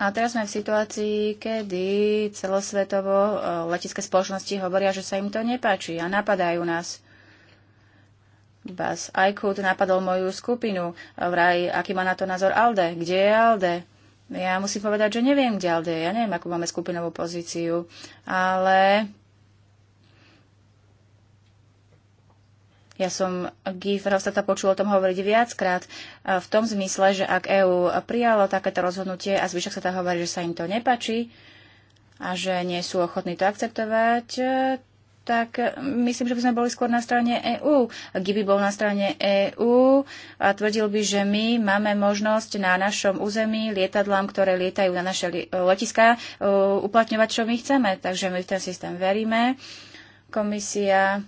A teraz sme v situácii, kedy celosvetovo letecké spoločnosti hovoria, že sa im to nepáči a napadajú nás. Bas Aykut napadol moju skupinu. Vraj, aký má na to názor Alde? Kde je Alde? Ja musím povedať, že neviem, kde ale. je. Ja neviem, akú máme skupinovú pozíciu. Ale Ja som Guy Verhofstadta počul o tom hovoriť viackrát e, v tom zmysle, že ak EÚ prijalo takéto rozhodnutie a zvyšok sa tá hovorí, že sa im to nepačí a že nie sú ochotní to akceptovať, e, tak myslím, že by sme boli skôr na strane EÚ. Kdyby bol na strane EÚ a tvrdil by, že my máme možnosť na našom území lietadlám, ktoré lietajú na naše letiská, uh, uplatňovať, čo my chceme. Takže my v ten systém veríme. Komisia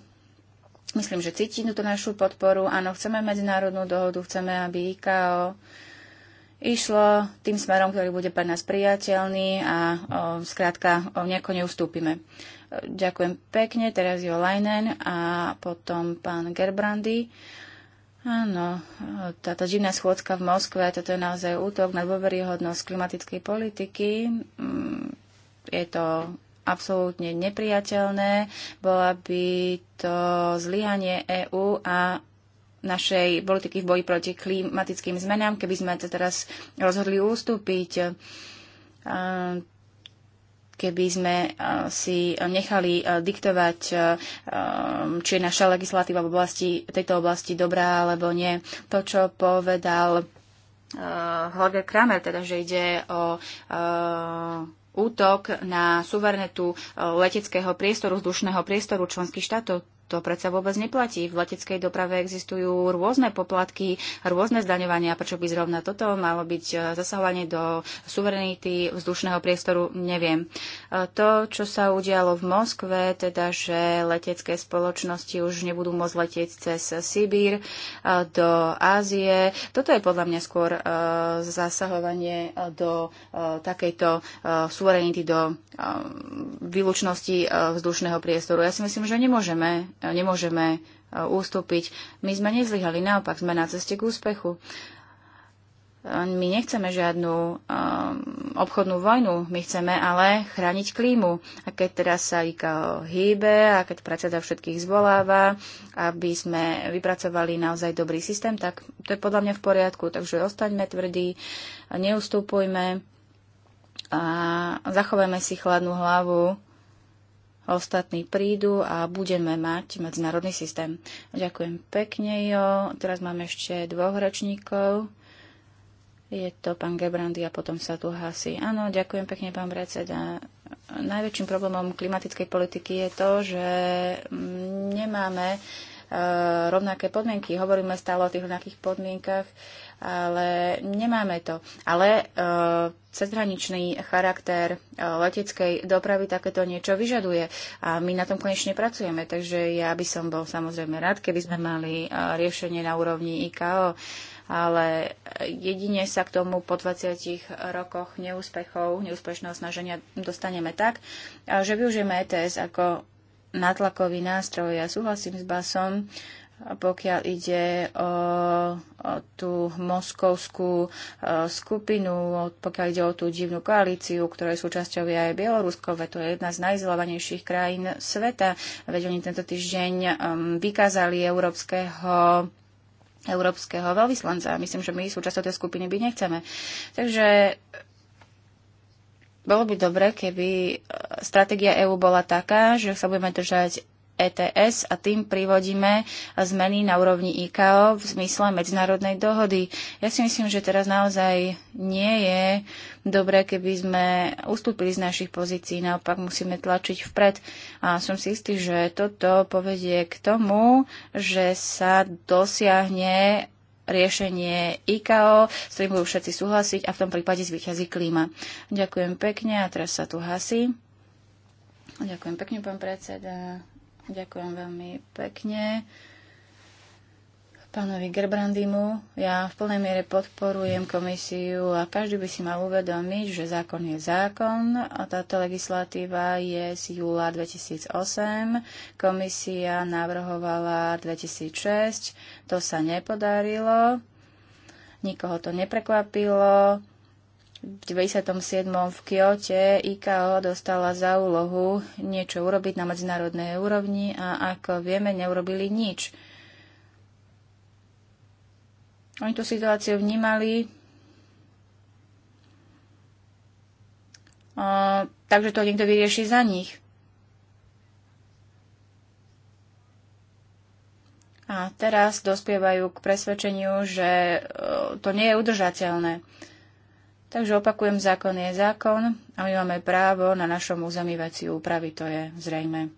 myslím, že cíti túto našu podporu. Áno, chceme medzinárodnú dohodu, chceme, aby IKO išlo tým smerom, ktorý bude pre nás priateľný a o, skrátka o, nejako neustúpime. Ďakujem pekne, teraz Jo Leinen a potom pán Gerbrandy. Áno, táto živná schôdzka v Moskve, toto je naozaj útok na dôveryhodnosť klimatickej politiky. Mm, je to absolútne nepriateľné. Bola by to zlyhanie EÚ a našej politiky v boji proti klimatickým zmenám, keby sme to teraz rozhodli ustúpiť. Ehm, keby sme eh, si eh, nechali eh, diktovať, či je naša legislatíva v oblasti, tejto oblasti dobrá alebo nie. To, čo povedal Holger Kramer, teda, že ide o útok na suverenitu leteckého priestoru, vzdušného priestoru členských štátov to predsa vôbec neplatí. V leteckej doprave existujú rôzne poplatky, rôzne zdaňovania. Prečo by zrovna toto malo byť e, zasahovanie do suverenity vzdušného priestoru, neviem. E, to, čo sa udialo v Moskve, teda, že letecké spoločnosti už nebudú môcť letieť cez Sibír e, do Ázie, toto je podľa mňa skôr zasahovanie do takejto suverenity, do výlučnosti vzdušného priestoru. Ja si myslím, že nemôžeme nemôžeme ústupiť. E, my sme nezlyhali, naopak sme na ceste k úspechu. E, my nechceme žiadnu um, obchodnú vojnu, my chceme ale chrániť klímu. A keď teraz sa IKO hýbe a keď predseda všetkých zvoláva, aby sme vypracovali naozaj dobrý systém, tak to je podľa mňa v poriadku. Takže ostaňme tvrdí, neustupujme a zachovajme si chladnú hlavu ostatní prídu a budeme mať medzinárodný systém. Ďakujem pekne, Jo. Teraz máme ešte dvoch ročníkov, Je to pán Gebrandy a potom sa tu hasi. Áno, ďakujem pekne, pán predseda. Najväčším problémom klimatickej politiky je to, že nemáme eh, rovnaké podmienky. Hovoríme stále o tých rovnakých podmienkach ale nemáme to. Ale e, cezhraničný charakter e, leteckej dopravy takéto niečo vyžaduje a my na tom konečne pracujeme, takže ja by som bol samozrejme rád, keby sme mali e, riešenie na úrovni IKO, ale jedine sa k tomu po 20 rokoch neúspechov, neúspešného snaženia dostaneme tak, e, že využijeme ETS ako natlakový nástroj. Ja súhlasím s Basom, pokiaľ ide o, o tú moskovskú e, skupinu, pokiaľ ide o tú divnú koalíciu, ktorej súčasťou je aj Bielorusko, veď to je jedna z najizolovanejších krajín sveta. Veď oni tento týždeň um, vykázali európskeho európskeho veľvyslanca. Myslím, že my súčasťou tej skupiny by nechceme. Takže bolo by dobre, keby e, stratégia EÚ bola taká, že sa budeme držať ETS a tým privodíme zmeny na úrovni IKO v zmysle medzinárodnej dohody. Ja si myslím, že teraz naozaj nie je dobré, keby sme ustúpili z našich pozícií, naopak musíme tlačiť vpred. A som si istý, že toto povedie k tomu, že sa dosiahne riešenie IKO, s ktorým budú všetci súhlasiť a v tom prípade zvyťazí klíma. Ďakujem pekne a teraz sa tu hasí. Ďakujem pekne, pán predseda. Ďakujem veľmi pekne. Pánovi Gerbrandimu, ja v plnej miere podporujem komisiu a každý by si mal uvedomiť, že zákon je zákon a táto legislatíva je z júla 2008. Komisia navrhovala 2006, to sa nepodarilo, nikoho to neprekvapilo 97. v Kyote IKO dostala za úlohu niečo urobiť na medzinárodnej úrovni a ako vieme, neurobili nič. Oni tú situáciu vnímali, uh, takže to niekto vyrieši za nich. A teraz dospievajú k presvedčeniu, že e, to nie je udržateľné. Takže opakujem, zákon je zákon a my máme právo na našom území veci úpravy, to je zrejme.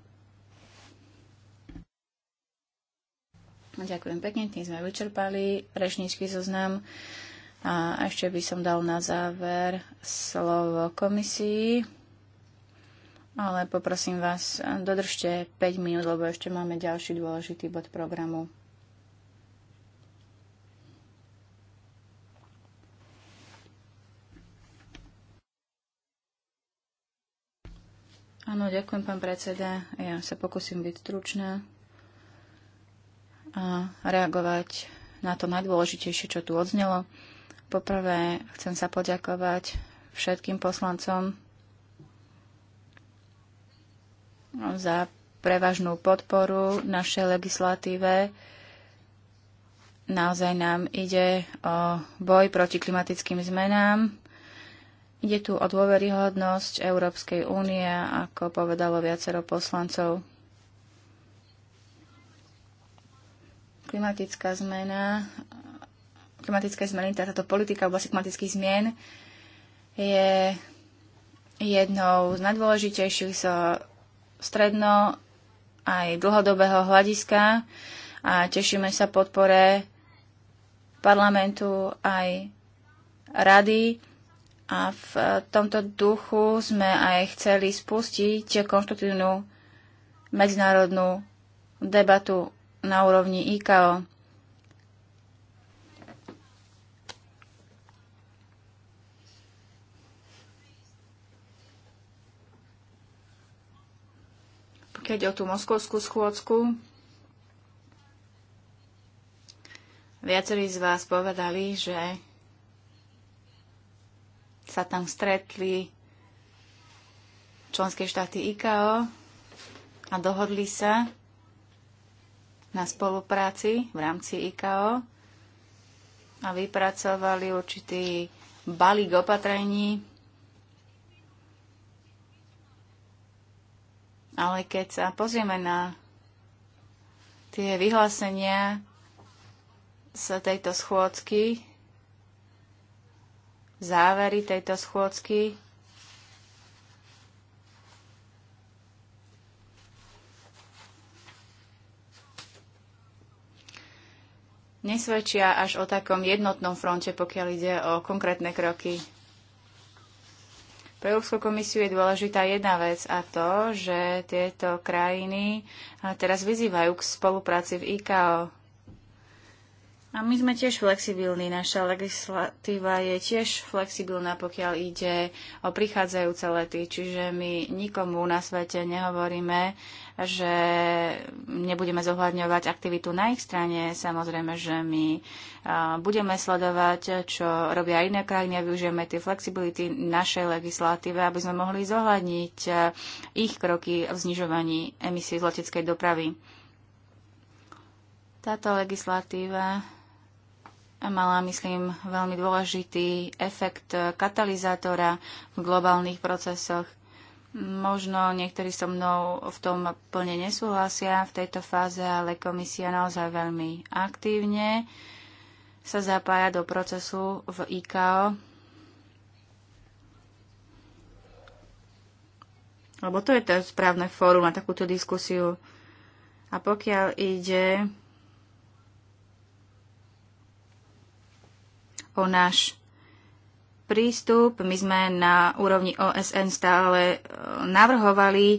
Ďakujem pekne, tým sme vyčerpali rečnícky zoznam. A ešte by som dal na záver slovo komisii, ale poprosím vás, dodržte 5 minút, lebo ešte máme ďalší dôležitý bod programu. Áno, ďakujem, pán predseda. Ja sa pokúsim byť stručná a reagovať na to najdôležitejšie, čo tu odznelo. Poprvé chcem sa poďakovať všetkým poslancom za prevažnú podporu našej legislatíve. Naozaj nám ide o boj proti klimatickým zmenám Ide tu o dôveryhodnosť Európskej únie, ako povedalo viacero poslancov. Klimatická zmena, klimatické zmeny, teda táto politika v oblasti klimatických zmien je jednou z najdôležitejších zo stredno aj dlhodobého hľadiska a tešíme sa podpore parlamentu aj rady a v tomto duchu sme aj chceli spustiť konštruktívnu medzinárodnú debatu na úrovni IKO. Keď o tú moskovskú schôdzku, viacerí z vás povedali, že sa tam stretli členské štáty IKO a dohodli sa na spolupráci v rámci IKO a vypracovali určitý balík opatrení, ale keď sa pozrieme na tie vyhlásenia z tejto schôdzky, závery tejto schôdzky. nesvedčia až o takom jednotnom fronte, pokiaľ ide o konkrétne kroky. Pre Európsku komisiu je dôležitá jedna vec a to, že tieto krajiny teraz vyzývajú k spolupráci v IKO. A my sme tiež flexibilní. Naša legislatíva je tiež flexibilná, pokiaľ ide o prichádzajúce lety. Čiže my nikomu na svete nehovoríme, že nebudeme zohľadňovať aktivitu na ich strane. Samozrejme, že my budeme sledovať, čo robia iné krajiny a využijeme tie flexibility našej legislatíve, aby sme mohli zohľadniť ich kroky v znižovaní emisí z leteckej dopravy. Táto legislatíva mala, myslím, veľmi dôležitý efekt katalizátora v globálnych procesoch. Možno niektorí so mnou v tom plne nesúhlasia v tejto fáze, ale komisia naozaj veľmi aktívne sa zapája do procesu v IKO. Lebo to je to správne fórum na takúto diskusiu. A pokiaľ ide Po náš prístup. My sme na úrovni OSN stále e, navrhovali e,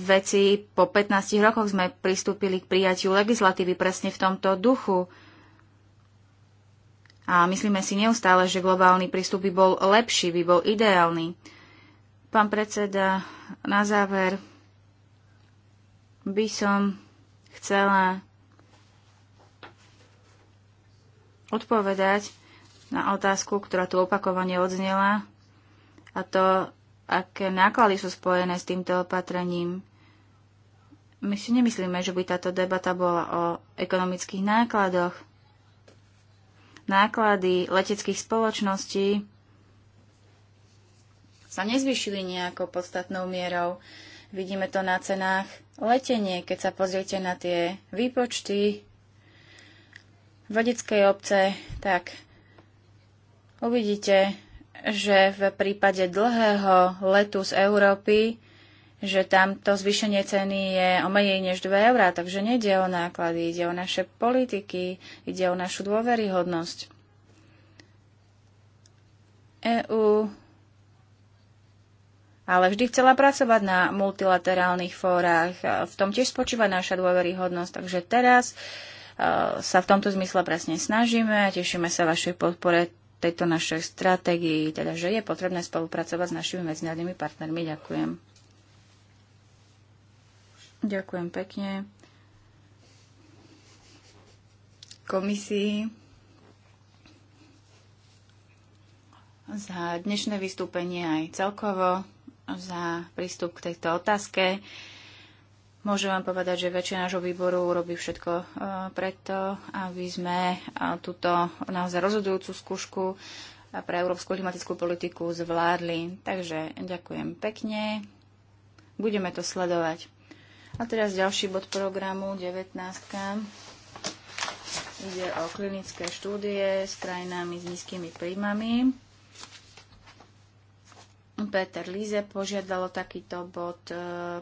veci. Po 15 rokoch sme pristúpili k prijatiu legislatívy presne v tomto duchu. A myslíme si neustále, že globálny prístup by bol lepší, by bol ideálny. Pán predseda, na záver by som chcela odpovedať na otázku, ktorá tu opakovane odznela, a to, aké náklady sú spojené s týmto opatrením. My si nemyslíme, že by táto debata bola o ekonomických nákladoch. Náklady leteckých spoločností sa nezvyšili nejakou podstatnou mierou. Vidíme to na cenách letenie, keď sa pozriete na tie výpočty, vedeckej obce, tak uvidíte, že v prípade dlhého letu z Európy, že tam to zvýšenie ceny je o menej než 2 eurá, takže nejde o náklady, ide o naše politiky, ide o našu dôveryhodnosť. EU ale vždy chcela pracovať na multilaterálnych fórach. V tom tiež spočíva naša dôveryhodnosť. Takže teraz uh, E, sa v tomto zmysle presne snažíme a tešíme sa vašej podpore tejto našej stratégii, teda že je potrebné spolupracovať s našimi medzinárodnými partnermi. Ďakujem. Ďakujem pekne. Komisii za dnešné vystúpenie aj celkovo za prístup k tejto otázke. Môžem vám povedať, že väčšina nášho výboru robí všetko e, preto, aby sme e, túto naozaj rozhodujúcu skúšku e, pre európsku klimatickú politiku zvládli. Takže ďakujem pekne. Budeme to sledovať. A teraz ďalší bod programu, 19. Ide o klinické štúdie s krajinami s nízkymi príjmami. Peter Líze požiadalo takýto bod e,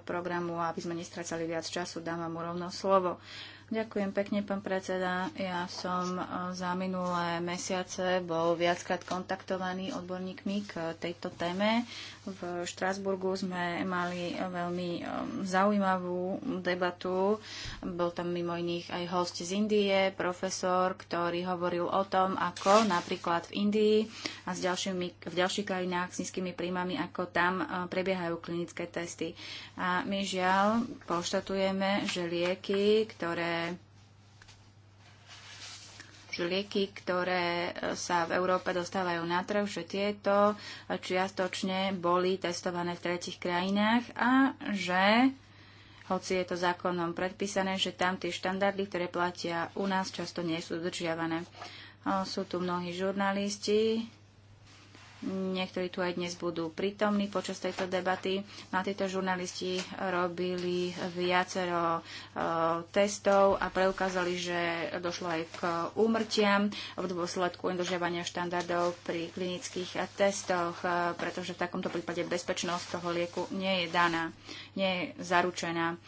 programu, aby sme nestracali viac času, dám mu rovno slovo. Ďakujem pekne, pán predseda. Ja som e, za minulé mesiace bol viackrát kontaktovaný odborníkmi k tejto téme. V Štrásburgu sme mali veľmi um, zaujímavú debatu. Bol tam mimo iných aj host z Indie, profesor, ktorý hovoril o tom, ako napríklad v Indii a s ďalšími, v ďalších krajinách s nízkymi príjmami, ako tam uh, prebiehajú klinické testy. A my žiaľ poštatujeme, že lieky, ktoré že lieky, ktoré e, sa v Európe dostávajú na trh, že tieto čiastočne boli testované v tretich krajinách a že hoci je to zákonom predpísané, že tam tie štandardy, ktoré platia u nás, často nie sú dodržiavané. Sú tu mnohí žurnalisti, Niektorí tu aj dnes budú prítomní počas tejto debaty. Na tieto žurnalisti robili viacero e, testov a preukázali, že došlo aj k úmrtiam v dôsledku nedržiavania štandardov pri klinických testoch, e, pretože v takomto prípade bezpečnosť toho lieku nie je daná, nie je zaručená.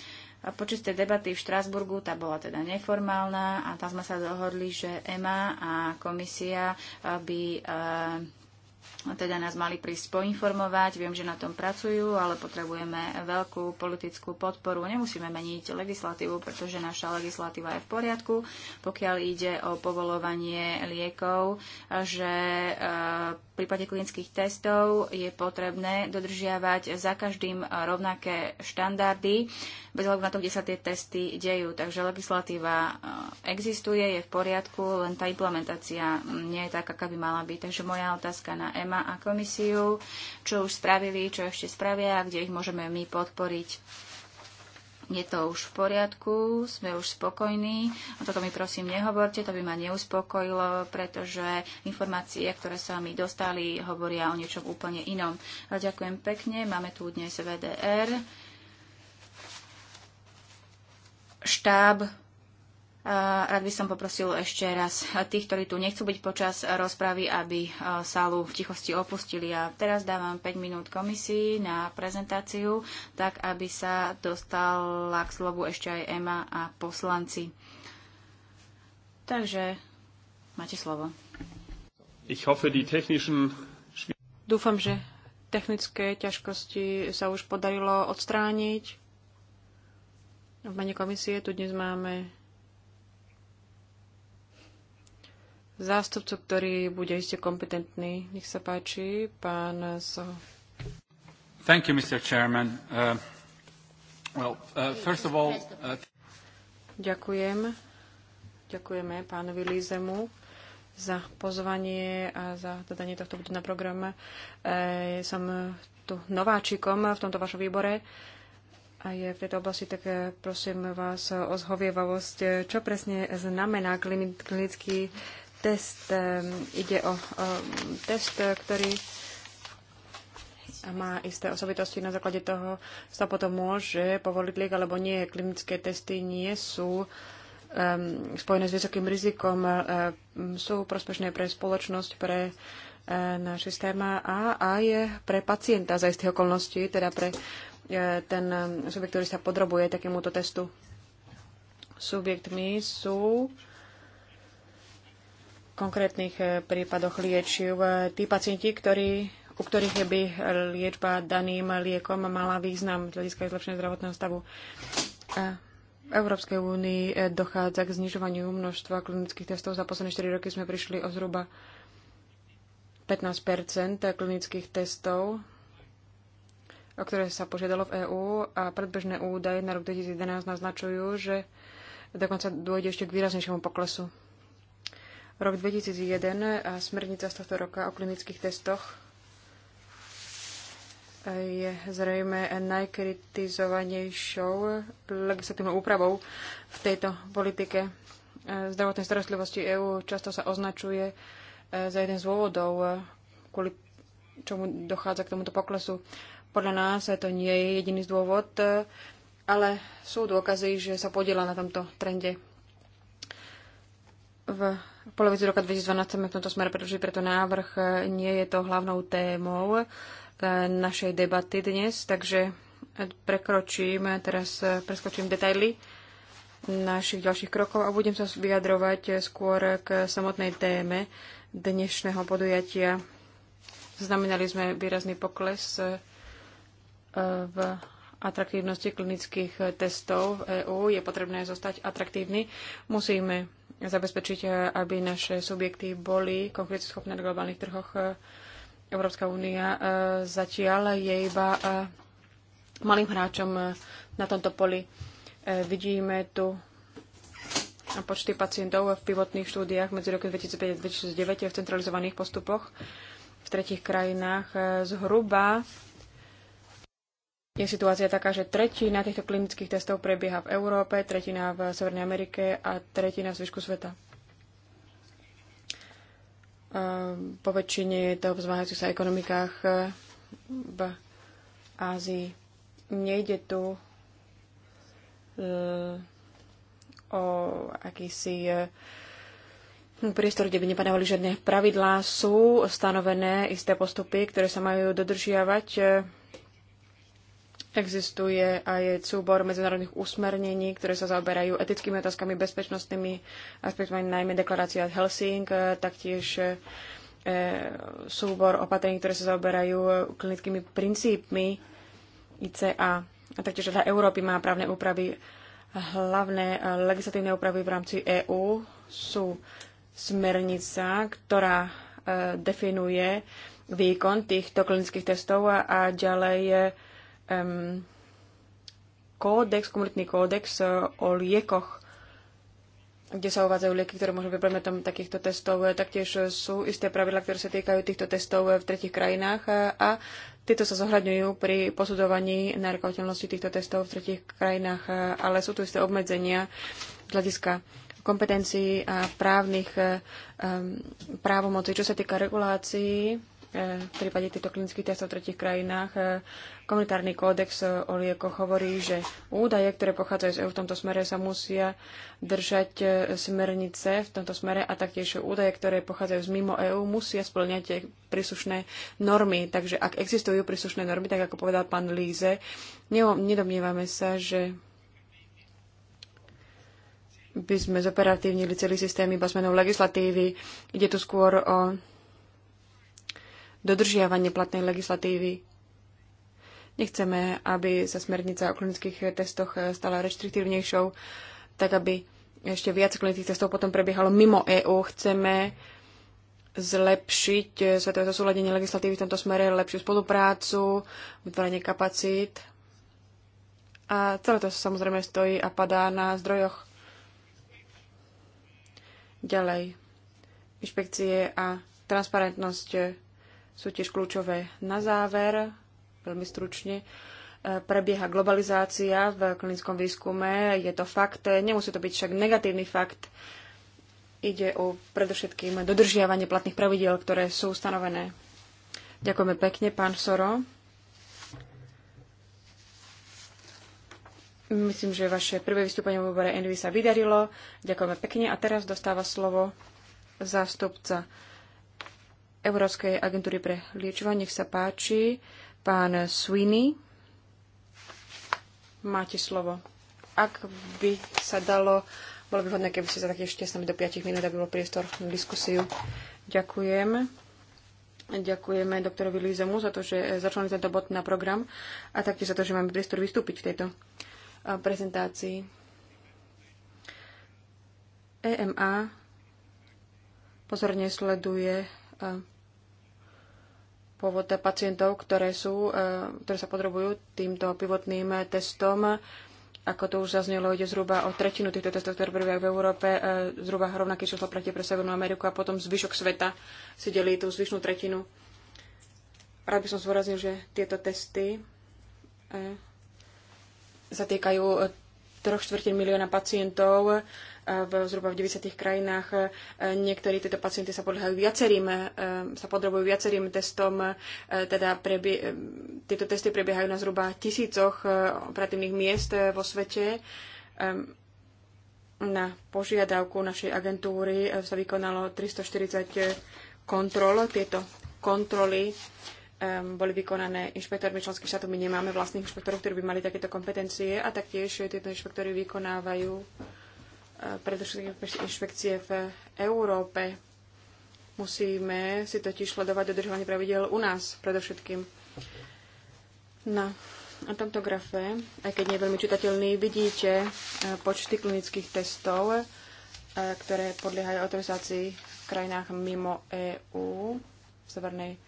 A počas tej debaty v Štrásburgu, tá bola teda neformálna a tam sme sa dohodli, že EMA a komisia e, by e, teda nás mali prísť poinformovať. Viem, že na tom pracujú, ale potrebujeme veľkú politickú podporu. Nemusíme meniť legislatívu, pretože naša legislatíva je v poriadku. Pokiaľ ide o povolovanie liekov, že e, v prípade klinických testov je potrebné dodržiavať za každým rovnaké štandardy, bez hľadu na to, kde sa tie testy dejú. Takže legislatíva e, existuje, je v poriadku, len tá implementácia nie je taká, aká by mala byť. Takže moja otázka na EMA EMA a komisiu, čo už spravili, čo ešte spravia a kde ich môžeme my podporiť je to už v poriadku, sme už spokojní. O toto mi prosím nehovorte, to by ma neuspokojilo, pretože informácie, ktoré sa mi dostali, hovoria o niečom úplne inom. A ďakujem pekne, máme tu dnes VDR, štáb Rád by som poprosil ešte raz tých, ktorí tu nechcú byť počas rozpravy, aby e, sálu v tichosti opustili. A teraz dávam 5 minút komisii na prezentáciu, tak aby sa dostala k slovu ešte aj Ema a poslanci. Takže máte slovo. Ich hoffe, die technischen... Dúfam, že technické ťažkosti sa už podarilo odstrániť. V mene komisie tu dnes máme zástupcu, ktorý bude iste kompetentný. Nech sa páči, pán Soho. Thank you, Mr. Chairman. Uh, well, uh, first of all, uh... Ďakujem. Ďakujeme pánovi Lízemu za pozvanie a za dodanie tohto bodu na program. E, som tu nováčikom v tomto vašom výbore a je v tejto oblasti, tak uh, prosím vás o zhovievavosť. Čo presne znamená klinický test. Ide o test, ktorý má isté osobitosti. Na základe toho sa potom môže povoliť liek alebo nie. Klinické testy nie sú spojené s vysokým rizikom, e, sú prospešné pre spoločnosť, pre e, náš systém a aj pre pacienta za istých okolností, teda pre e, ten subjekt, ktorý sa podrobuje takémuto testu. Subjektmi sú konkrétnych eh, prípadoch liečiv. Eh, tí pacienti, ktorí, u ktorých by liečba daným liekom mala význam z hľadiska zlepšenia zdravotného stavu. Eh, v Európskej únii dochádza k znižovaniu množstva klinických testov. Za posledné 4 roky sme prišli o zhruba 15 klinických testov, o ktoré sa požiadalo v EÚ a predbežné údaje na rok 2011 naznačujú, že dokonca dôjde ešte k výraznejšiemu poklesu rok 2001 a eh, smernica z tohto roka o klinických testoch eh, je zrejme najkritizovanejšou legislatívnou úpravou v tejto politike eh, zdravotnej starostlivosti EÚ. Často sa označuje za jeden z dôvodov, kvôli čomu dochádza k tomuto poklesu. Podľa nás to nie je jediný dôvod, ale sú dôkazy, že sa podiela na tomto trende. V v polovici roka 2012 chceme v tomto smere predložiť, preto návrh e, nie je to hlavnou témou e, našej debaty dnes, takže prekročím, e, teraz preskočím detaily našich ďalších krokov a budem sa vyjadrovať skôr k samotnej téme dnešného podujatia. Znamenali sme výrazný pokles v atraktívnosti klinických testov v EÚ. Je potrebné zostať atraktívny. Musíme zabezpečiť, eh, aby naše subjekty boli konkurenceschopné na globálnych trhoch. Eh, Európska únia eh, zatiaľ je iba malým hráčom na tomto poli. Vidíme tu počty pacientov v pivotných štúdiách medzi roky 2005 a 2009 v centralizovaných postupoch v tretich krajinách. Zhruba je situácia taká, že tretina týchto klinických testov prebieha v Európe, tretina v Severnej Amerike a tretina v zvyšku sveta. Ehm, po väčšine je to v zmáhajúcich sa ekonomikách eh, v Ázii. Nejde tu eh, o akýsi eh, priestor, kde by nepanovali žiadne pravidlá, sú stanovené isté postupy, ktoré sa majú dodržiavať Existuje aj súbor medzinárodných usmernení, ktoré sa zaoberajú etickými otázkami, bezpečnostnými aspektmi, najmä deklarácia Helsing, e, taktiež e, súbor opatrení, ktoré sa zaoberajú klinickými princípmi ICA. A taktiež Rada Európy má právne úpravy. Hlavné e, legislatívne úpravy v rámci EÚ sú smernica, ktorá definuje výkon týchto klinických testov a, a ďalej um, kódex, komunitný kódex eh, o liekoch, kde sa uvádzajú lieky, ktoré môžu byť predmetom takýchto testov. Eh, taktiež eh, sú isté pravidla, ktoré sa týkajú týchto testov v tretich krajinách a tieto sa zohľadňujú pri posudzovaní nárokovateľnosti týchto testov v tretich krajinách, ale sú tu isté obmedzenia z hľadiska kompetencií a právnych um, právomocí. Čo sa týka regulácií, v prípade týchto klinických testov v tretich krajinách. Eh, komunitárny kódex eh, o liekoch hovorí, že údaje, ktoré pochádzajú z EU v tomto smere, sa musia držať eh, smernice v tomto smere a taktiež údaje, ktoré pochádzajú z mimo EÚ, musia splňať príslušné normy. Takže ak existujú príslušné normy, tak ako povedal pán Líze, nedomnievame sa, že by sme zoperatívnili celý systém iba zmenou legislatívy. Ide tu skôr o dodržiavanie platnej legislatívy. Nechceme, aby sa smernica o klinických testoch stala reštriktívnejšou, tak aby ešte viac klinických testov potom prebiehalo mimo EÚ. Chceme zlepšiť e, svetové zosúladenie legislatívy v tomto smere, lepšiu spoluprácu, vytvorenie kapacít. A celé to samozrejme stojí a padá na zdrojoch. Ďalej. Inšpekcie a transparentnosť sú tiež kľúčové. Na záver, veľmi stručne, e, prebieha globalizácia v klinickom výskume. Je to fakt, nemusí to byť však negatívny fakt. Ide o predovšetkým dodržiavanie platných pravidiel, ktoré sú stanovené. Ďakujeme pekne, pán Soro. Myslím, že vaše prvé vystúpenie v obore Envy sa vydarilo. Ďakujeme pekne a teraz dostáva slovo zástupca Európskej agentúry pre liečovanie. Nech sa páči, pán Sweeney. Máte slovo. Ak by sa dalo, bolo by vhodné, keby ste sa tak ešte s nami do 5 minút, aby bol priestor na diskusiu. Ďakujem. Ďakujeme doktorovi Lízemu za to, že začal tento bod na program a taktiež za to, že máme priestor vystúpiť v tejto prezentácii. EMA pozorne sleduje pôvod pacientov, ktoré, sú, e, ktoré sa podrobujú týmto pivotným testom. Ako to už zaznelo, ide zhruba o tretinu týchto testov, ktoré prebiehajú v Európe, e, zhruba rovnaké číslo platí pre Severnú Ameriku a potom zvyšok sveta si delí tú zvyšnú tretinu. Rád by som zvoraznil, že tieto testy sa e, týkajú troch štvrtin milióna pacientov v zhruba v 90 krajinách. E, niektorí tieto pacienti sa podľahajú viacerým, e, sa podrobujú viacerým testom, e, teda prebie, tieto testy prebiehajú na zhruba tisícoch operatívnych miest vo svete. Na požiadavku našej agentúry sa vykonalo 340 kontrol. Tieto kontroly boli vykonané inšpektormi členských štátov. My nemáme vlastných inšpektorov, ktorí by mali takéto kompetencie a taktiež tieto inšpektory vykonávajú predovšetkým inšpekcie v Európe. Musíme si totiž sledovať dodržovanie pravidel u nás predovšetkým. Na tomto grafe, aj keď nie je veľmi čitateľný, vidíte e, počty klinických testov, e, ktoré podliehajú autorizácii v krajinách mimo EÚ, v Severnej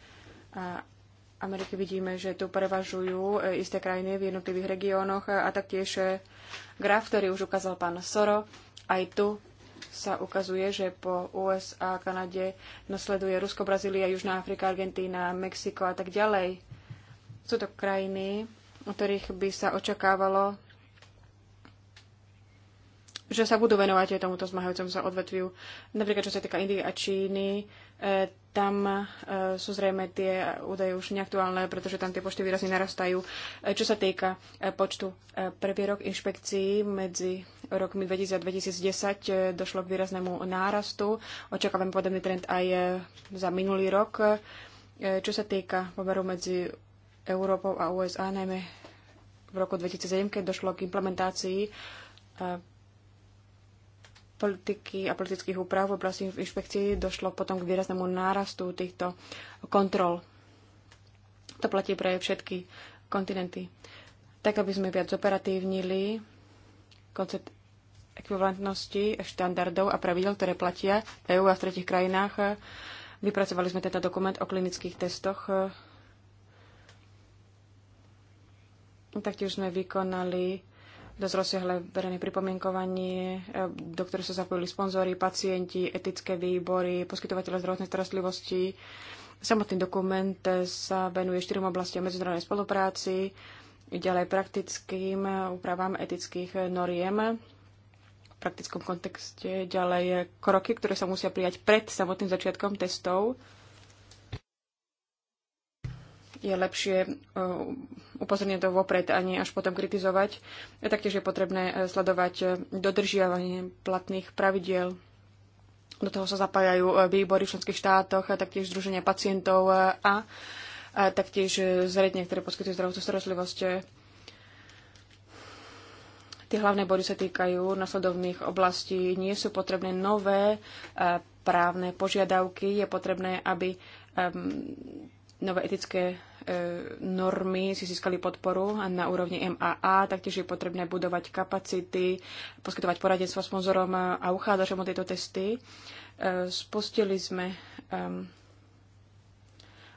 Amerike, vidíme, že tu prevažujú e, isté krajiny v jednotlivých regiónoch a taktiež graf, ktorý už ukázal pán Soro, aj tu sa ukazuje, že po USA a Kanade nasleduje Rusko, Brazília, Južná Afrika, Argentína, Mexiko a tak ďalej. Sú to krajiny, o ktorých by sa očakávalo, že sa budú venovať aj tomuto zmahajúcemu sa odvetviu. Napríklad, čo sa týka Indie a Číny, e, tam e, sú zrejme tie údaje už neaktuálne, pretože tam tie počty výrazne narastajú. E, čo sa týka e, počtu e, previerok inšpekcií medzi rokmi 2000-2010 eh, došlo k výraznému nárastu. Očakávame podobný trend aj eh, za minulý rok. Eh, čo sa týka poveru medzi Európou a USA, najmä v roku 2007, keď došlo k implementácii politiky a politických úprav v oblasti inšpekcií, došlo potom k výraznému nárastu týchto kontrol. To platí pre všetky kontinenty. Tak, aby sme viac operatívnili koncept ekvivalentnosti štandardov a pravidel, ktoré platia v EU a v tretich krajinách. Vypracovali sme teda dokument o klinických testoch. Taktiež sme vykonali dosť rozsiahle verejné pripomienkovanie, do ktorých sa zapojili sponzory, pacienti, etické výbory, poskytovateľe zdravotnej starostlivosti. Samotný dokument sa venuje štyrom oblastiam medzinárodnej spolupráci, ďalej praktickým úpravám etických noriem v praktickom kontexte, ďalej kroky, ktoré sa musia prijať pred samotným začiatkom testov. Je lepšie e, upozorniť to vopred a nie až potom kritizovať. A taktiež je potrebné e, sledovať e, dodržiavanie platných pravidiel. Do toho sa zapájajú výbory v členských štátoch, a taktiež združenia pacientov a a taktiež e, zariadenia, ktoré poskytujú zdravotnú starostlivosť. E, tie hlavné body sa týkajú nasledovných oblastí. Nie sú potrebné nové e, právne požiadavky. Je potrebné, aby nové etické normy si získali podporu na úrovni MAA, taktiež je potrebné budovať kapacity, poskytovať poradenstvo sponzorom a uchádzačom o tieto testy. Spustili sme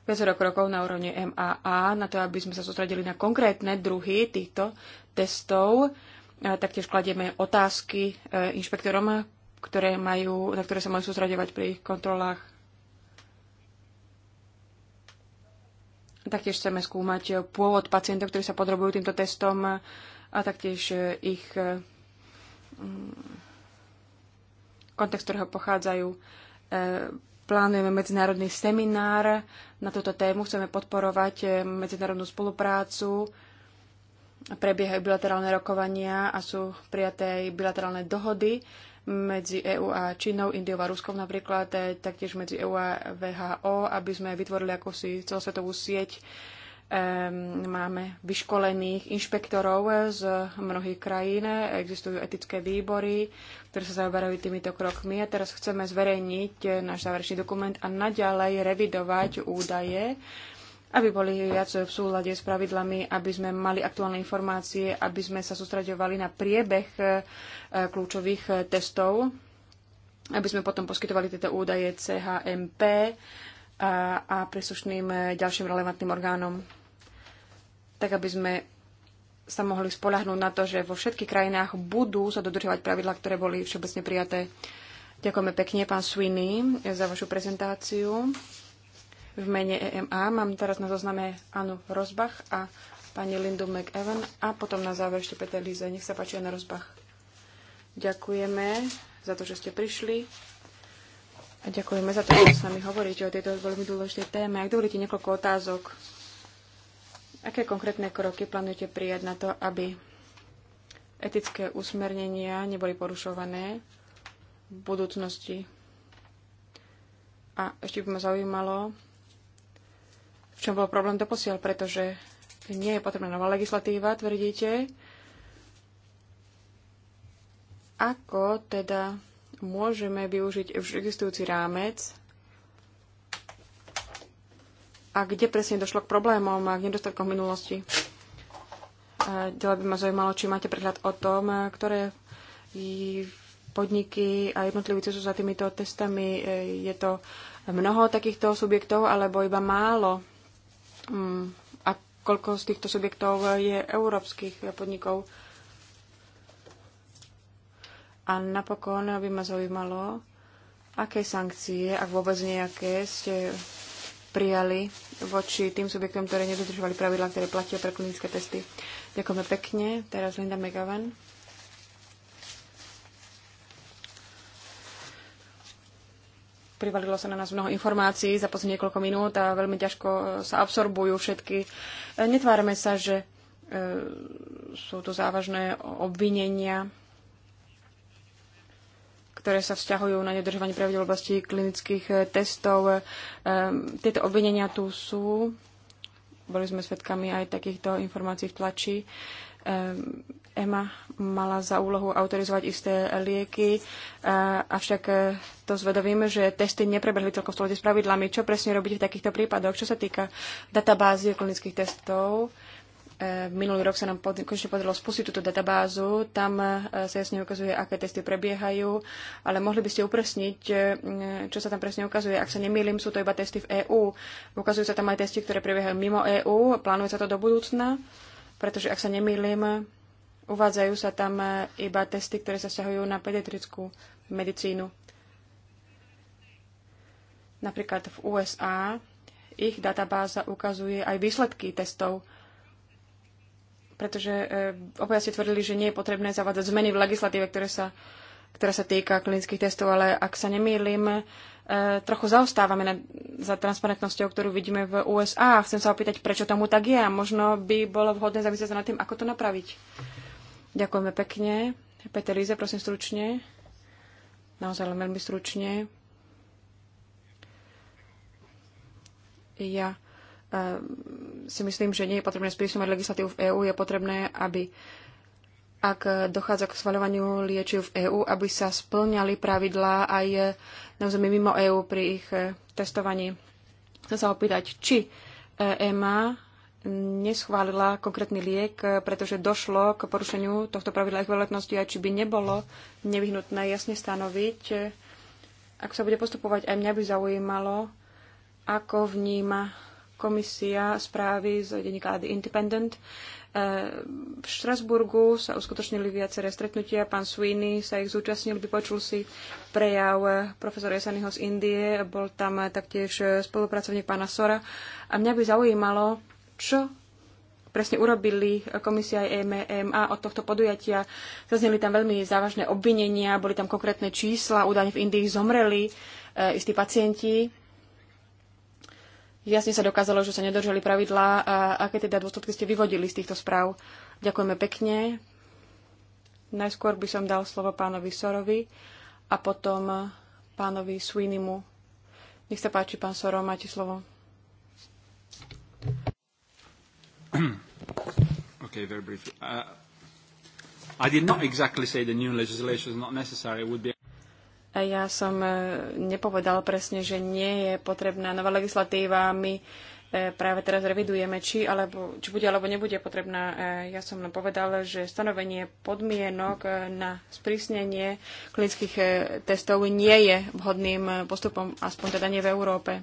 viacero krokov na úrovni MAA na to, aby sme sa sústredili na konkrétne druhy týchto testov. Taktiež kladieme otázky e, inšpektorom, ktoré majú, na ktoré sa majú sústredovať pri ich kontrolách. Taktiež chceme skúmať pôvod pacientov, ktorí sa podrobujú týmto testom a taktiež ich e, kontext, ktorého pochádzajú e, Plánujeme medzinárodný seminár na túto tému. Chceme podporovať eh, medzinárodnú spoluprácu. Prebiehajú bilaterálne rokovania a sú prijaté aj bilaterálne dohody medzi EU a Čínou, Indiou a Ruskom napríklad, eh, taktiež medzi EU a VHO, aby sme vytvorili akúsi celosvetovú sieť Máme vyškolených inšpektorov z mnohých krajín, existujú etické výbory, ktoré sa zaoberajú týmito krokmi a teraz chceme zverejniť náš záverečný dokument a naďalej revidovať údaje, aby boli viac v súlade s pravidlami, aby sme mali aktuálne informácie, aby sme sa sústraďovali na priebeh eh, kľúčových testov, aby sme potom poskytovali tieto údaje CHMP eh, a, príslušným eh, ďalším relevantným orgánom tak aby sme sa mohli spolahnúť na to, že vo všetkých krajinách budú sa dodržiavať pravidlá, ktoré boli všeobecne prijaté. Ďakujeme pekne, pán Sweeney, za vašu prezentáciu. V mene EMA mám teraz na zozname Anu Rozbach a pani Lindu McEwan a potom na záver ešte Peter Líze. Nech sa páči, na Rozbach. Ďakujeme za to, že ste prišli. A ďakujeme za to, že s nami hovoríte o tejto veľmi dôležitej téme. Ak dovolíte niekoľko otázok, Aké konkrétne kroky plánujete prijať na to, aby etické usmernenia neboli porušované v budúcnosti? A ešte by ma zaujímalo, v čom bol problém doposiaľ, pretože nie je potrebná nová legislatíva, tvrdíte. Ako teda môžeme využiť už existujúci rámec a kde presne došlo k problémom a k nedostatkom v minulosti. Ďalej by ma zaujímalo, či máte prehľad o tom, ktoré podniky a jednotlivci sú za týmito testami. E, je to mnoho takýchto subjektov, alebo iba málo? Mm, a koľko z týchto subjektov je európskych podnikov? A napokon by ma zaujímalo, aké sankcie, ak vôbec nejaké, ste prijali voči tým subjektom, ktoré nedodržovali pravidlá, ktoré platia pre klinické testy. Ďakujeme pekne. Teraz Linda megavan. privalilo sa na nás mnoho informácií za posledných niekoľko minút a veľmi ťažko e, sa absorbujú všetky. E, netvárame sa, že e, sú to závažné obvinenia ktoré sa vzťahujú na nedržovanie pravidel oblasti klinických eh, testov. Ehm, tieto obvinenia tu sú. Boli sme svedkami aj takýchto informácií v tlači. EMA ehm, mala za úlohu autorizovať isté lieky, eh, avšak eh, to zvedovíme, že testy neprebehli celkom v s pravidlami. Čo presne robíte v takýchto prípadoch? Čo sa týka databázy klinických testov, E, minulý rok sa nám pod, konečne podarilo spustiť túto databázu. Tam e, sa jasne ukazuje, aké testy prebiehajú, ale mohli by ste upresniť, e, čo sa tam presne ukazuje. Ak sa nemýlim, sú to iba testy v EÚ. Ukazujú sa tam aj testy, ktoré prebiehajú mimo EÚ. Plánuje sa to do budúcna, pretože ak sa nemýlim, uvádzajú sa tam iba testy, ktoré sa vzťahujú na pediatrickú medicínu. Napríklad v USA ich databáza ukazuje aj výsledky testov pretože e, obaja ste tvrdili, že nie je potrebné zavádzať zmeny v legislatíve, ktoré sa, ktorá sa týka klinických testov, ale ak sa nemýlim, e, trochu zaostávame na, za transparentnosťou, ktorú vidíme v USA. Chcem sa opýtať, prečo tomu tak je a možno by bolo vhodné zamyslieť sa nad tým, ako to napraviť. Ďakujeme pekne. Peter Líze, prosím stručne. Naozaj len veľmi stručne. Ja Ehm, si myslím, že nie je potrebné sprísňovať legislatívu v EÚ. Je potrebné, aby ak dochádza k schvaľovaniu liečiv v EÚ, aby sa splňali pravidlá aj na území mimo EÚ pri ich e, testovaní. Chcem sa opýtať, či EMA neschválila konkrétny liek, pretože došlo k porušeniu tohto pravidla veľetnosti a či by nebolo nevyhnutné jasne stanoviť, e, ako sa bude postupovať. Aj mňa by zaujímalo, ako vníma komisia správy z denníka The Independent. E, v Štrasburgu sa uskutočnili viaceré stretnutia. Pán Sweeney sa ich zúčastnil, vypočul si prejav profesora Esaniho z Indie. Bol tam taktiež spolupracovník pána Sora. A mňa by zaujímalo, čo presne urobili komisia aj EMA od tohto podujatia. Zazneli tam veľmi závažné obvinenia, boli tam konkrétne čísla, údajne v Indii zomreli e, istí pacienti jasne sa dokázalo, že sa nedržali pravidlá a aké teda dôsledky ste vyvodili z týchto správ. Ďakujeme pekne. Najskôr by som dal slovo pánovi Sorovi a potom pánovi Swinimu. Nech sa páči, pán Soro, máte slovo. Okay, very briefly. Uh, I did not exactly say the new legislation is not necessary. It would be ja som e, nepovedal presne, že nie je potrebná nová legislatíva. My e, práve teraz revidujeme, či, alebo, či bude alebo nebude potrebná. E, ja som len povedal, že stanovenie podmienok na sprísnenie klinických testov nie je vhodným postupom, aspoň teda nie v Európe.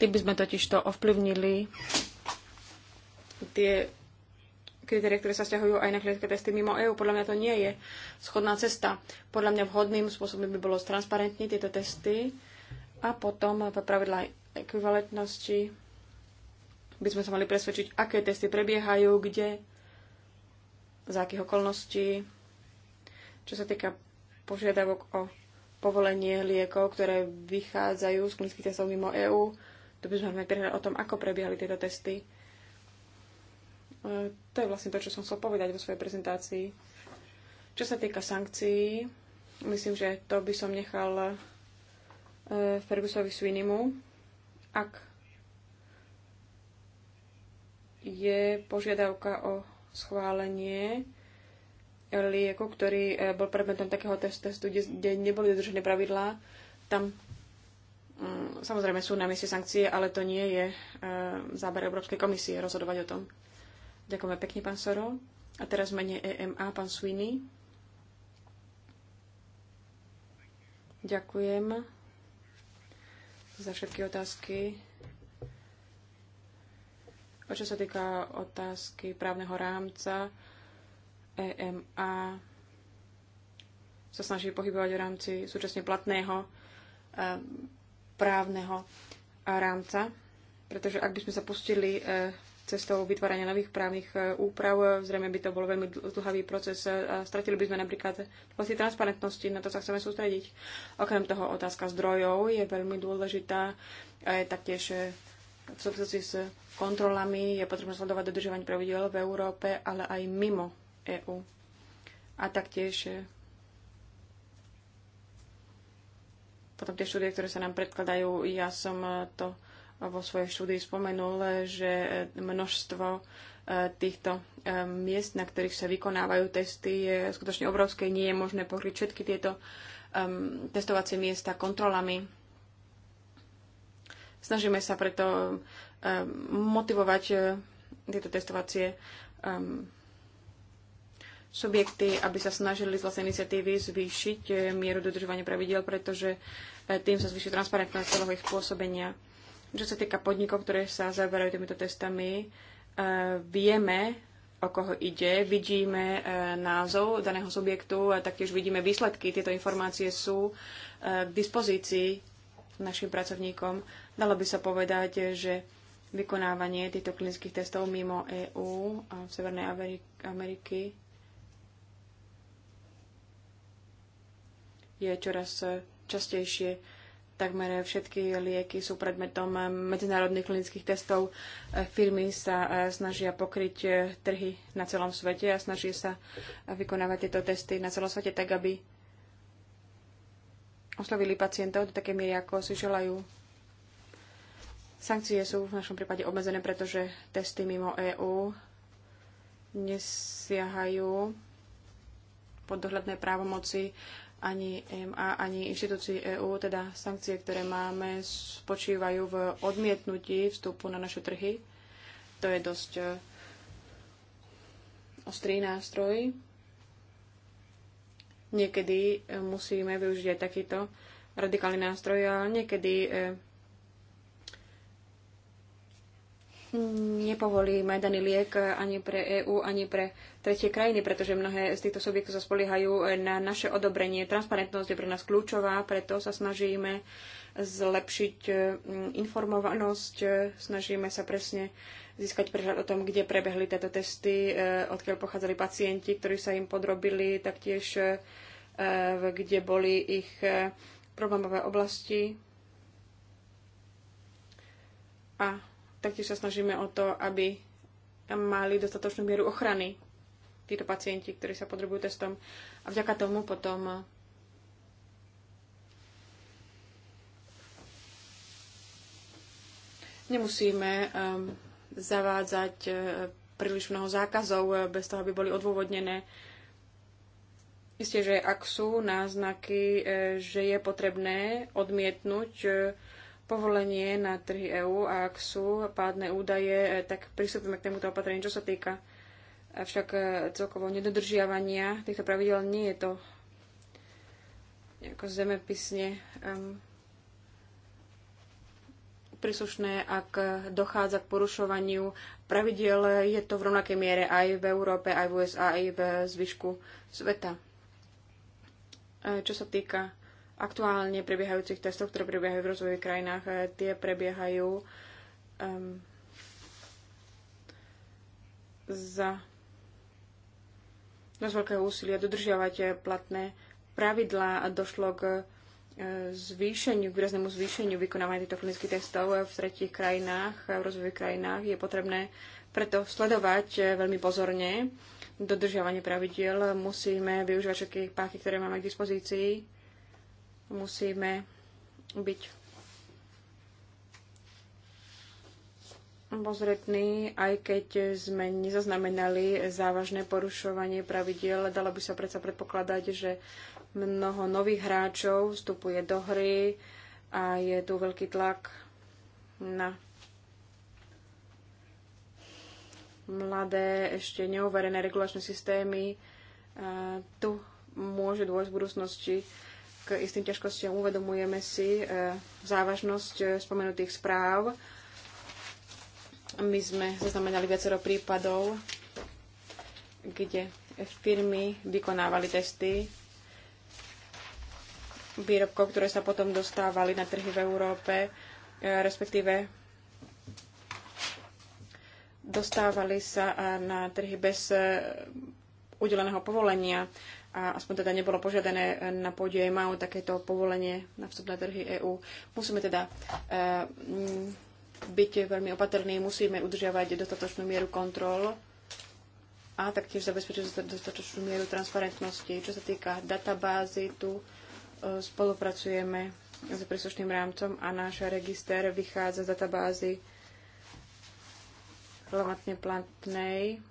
Tým by sme totiž to ovplyvnili tie kritérie, ktoré sa stiahujú aj na klinické testy mimo EÚ. Podľa mňa to nie je schodná cesta. Podľa mňa vhodným spôsobom by bolo transparentní tieto testy a potom pravidla ekvivalentnosti by sme sa mali presvedčiť, aké testy prebiehajú, kde, za akých okolností. Čo sa týka požiadavok o povolenie liekov, ktoré vychádzajú z klinických testov mimo EÚ, to by sme mali prehľad teda o tom, ako prebiehali tieto testy to je vlastne to, čo som chcel povedať vo svojej prezentácii. Čo sa týka sankcií, myslím, že to by som nechal e, Fergusovi svinimu, Ak je požiadavka o schválenie lieku, ktorý e, bol predmetom takého testu, kde neboli dodržené pravidlá, tam mm, samozrejme sú na mieste sankcie, ale to nie je e, záber Európskej komisie rozhodovať o tom. Ďakujeme pekne, pán Soro. A teraz mene EMA, pán Sweeney. Ďakujem za všetky otázky. O čo sa týka otázky právneho rámca, EMA sa snaží pohybovať v rámci súčasne platného e, právneho rámca, pretože ak by sme sa pustili e, cestou vytvárania nových právnych e, úprav. Zrejme by to bol veľmi dlhavý proces a stratili by sme napríklad vlastne transparentnosti, na to sa chceme sústrediť. Okrem toho otázka zdrojov je veľmi dôležitá, je taktiež e, v súvislosti s kontrolami je potrebné sledovať dodržovanie pravidel v Európe, ale aj mimo EÚ. A taktiež e, potom tie štúdie, ktoré sa nám predkladajú, ja som to vo svojej štúdii spomenul, eh, že eh, množstvo eh, týchto miest, na ktorých sa vykonávajú testy, je skutočne obrovské. Nie je možné pokryť všetky tieto ehm, testovacie miesta kontrolami. Snažíme sa preto ehm, motivovať tieto testovacie ehm, subjekty, aby sa snažili z vlastnej iniciatívy zvýšiť mieru dodržovania pravidel, pretože tým sa zvýši transparentnosť celého ich pôsobenia. Čo sa týka podnikov, ktoré sa zaoberajú týmito testami, e, vieme, o koho ide, vidíme e, názov daného subjektu a taktiež vidíme výsledky. Tieto informácie sú e, k dispozícii našim pracovníkom. Dalo by sa povedať, že vykonávanie týchto klinických testov mimo EÚ a v Severnej Ameriky je čoraz častejšie Takmer všetky lieky sú predmetom medzinárodných klinických testov. Firmy sa e, snažia pokryť e, trhy na celom svete a snažia sa vykonávať tieto testy na celom svete tak, aby oslovili pacientov do také miery, ako si želajú. Sankcie sú v našom prípade obmedzené, pretože testy mimo EÚ nesiahajú pod dohľadné právomoci ani EMA, ani inštitúcií EÚ, teda sankcie, ktoré máme, spočívajú v odmietnutí vstupu na naše trhy. To je dosť e, ostrý nástroj. Niekedy e, musíme využiť aj takýto radikálny nástroj, ale niekedy e, nepovolí majdaný liek ani pre EÚ, ani pre tretie krajiny, pretože mnohé z týchto subjektov sa spoliehajú na naše odobrenie. Transparentnosť je pre nás kľúčová, preto sa snažíme zlepšiť mm, informovanosť, snažíme sa presne získať prehľad o tom, kde prebehli tieto testy, e, odkiaľ pochádzali pacienti, ktorí sa im podrobili, taktiež e, kde boli ich e, problémové oblasti. A Taktiež sa snažíme o to, aby mali dostatočnú mieru ochrany títo pacienti, ktorí sa potrebujú testom. A vďaka tomu potom eh, nemusíme um, zavádzať uh, príliš mnoho zákazov uh, bez toho, aby boli odôvodnené. Isté, že ak sú náznaky, uh, že je potrebné odmietnúť uh, povolenie na trhy EÚ a ak sú pádne údaje, eh, tak pristúpime k tomuto opatreniu, čo sa týka avšak eh, eh, celkovo nedodržiavania týchto pravidel nie je to nejako zemepisne um, príslušné, ak dochádza k porušovaniu pravidiel, je to v rovnakej miere aj v Európe, aj v USA, aj v zvyšku sveta. Čo sa týka aktuálne prebiehajúcich testov, ktoré prebiehajú v rozvojových krajinách, eh, tie prebiehajú um, za dosť veľkého úsilia dodržiavať eh, platné pravidlá a došlo k eh, zvýšeniu, k výraznému zvýšeniu vykonávania týchto klinických testov v tretich krajinách, v rozvojových krajinách. Je potrebné preto sledovať veľmi pozorne dodržiavanie pravidiel. Musíme využívať všetky páky, ktoré máme k dispozícii musíme byť obozretní, aj keď sme nezaznamenali závažné porušovanie pravidiel. Dalo by sa predsa predpokladať, že mnoho nových hráčov vstupuje do hry a je tu veľký tlak na mladé, ešte neuverené regulačné systémy. Tu môže dôjsť v budúcnosti k istým ťažkostiam uvedomujeme si e, závažnosť e, spomenutých správ. My sme zaznamenali viacero prípadov, kde firmy vykonávali testy výrobkov, ktoré sa potom dostávali na trhy v Európe, e, respektíve dostávali sa na trhy bez udeleného povolenia a aspoň teda nebolo požiadané e, na pôde EMAU takéto povolenie na vstup na trhy EÚ. Musíme teda e, byť veľmi opatrní, musíme udržiavať dostatočnú mieru kontrol a taktiež zabezpečiť dostatočnú mieru transparentnosti. Čo sa týka databázy, tu e, spolupracujeme s príslušným rámcom a náš register vychádza z databázy relevantne platnej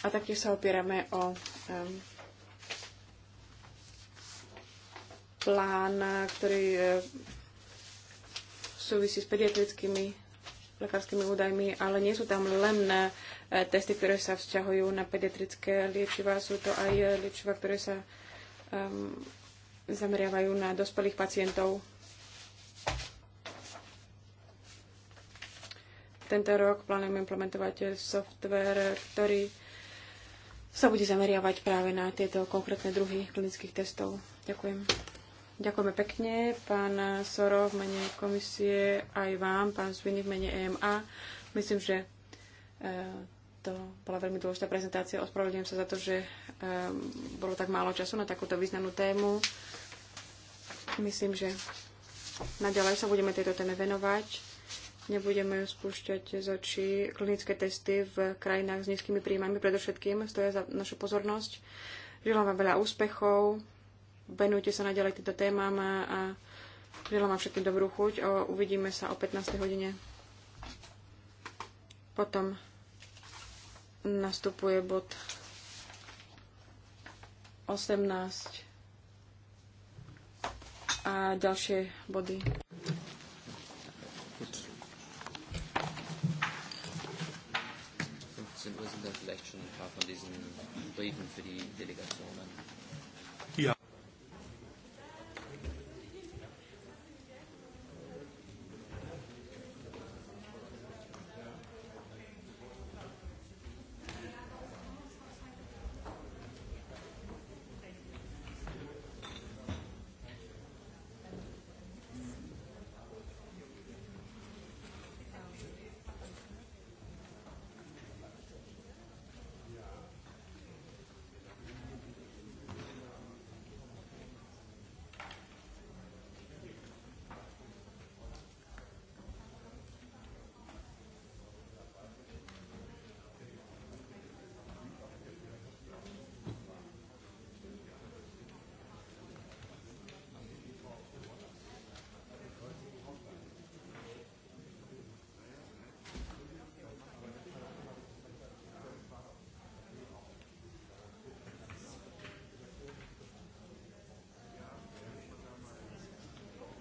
a taktiež sa opierame o um, plán, ktorý e, súvisí s pediatrickými lekárskymi údajmi, ale nie sú tam len e, testy, ktoré sa vzťahujú na pediatrické liečiva, sú to aj liečiva, ktoré sa um, zameriavajú na dospelých pacientov. Tento rok plánujeme implementovať software, ktorý sa bude zameriavať práve na tieto konkrétne druhy klinických testov. Ďakujem. Ďakujeme pekne, pán Soro v mene komisie, aj vám, pán Sviny v mene EMA. Myslím, že eh, to bola veľmi dôležitá prezentácia. Ospravedlňujem sa za to, že eh, bolo tak málo času na takúto významnú tému. Myslím, že naďalej sa budeme tejto téme venovať Nebudeme spúšťať zači klinické testy v krajinách s nízkymi príjmami. Predovšetkým stoja za našu pozornosť. Želám vám veľa úspechov. Venujte sa naďalej týmto témam a želám vám všetkým dobrú chuť. O, uvidíme sa o 15. hodine. Potom nastupuje bod 18 a ďalšie body. vielleicht schon ein paar von diesen Briefen für die Delegationen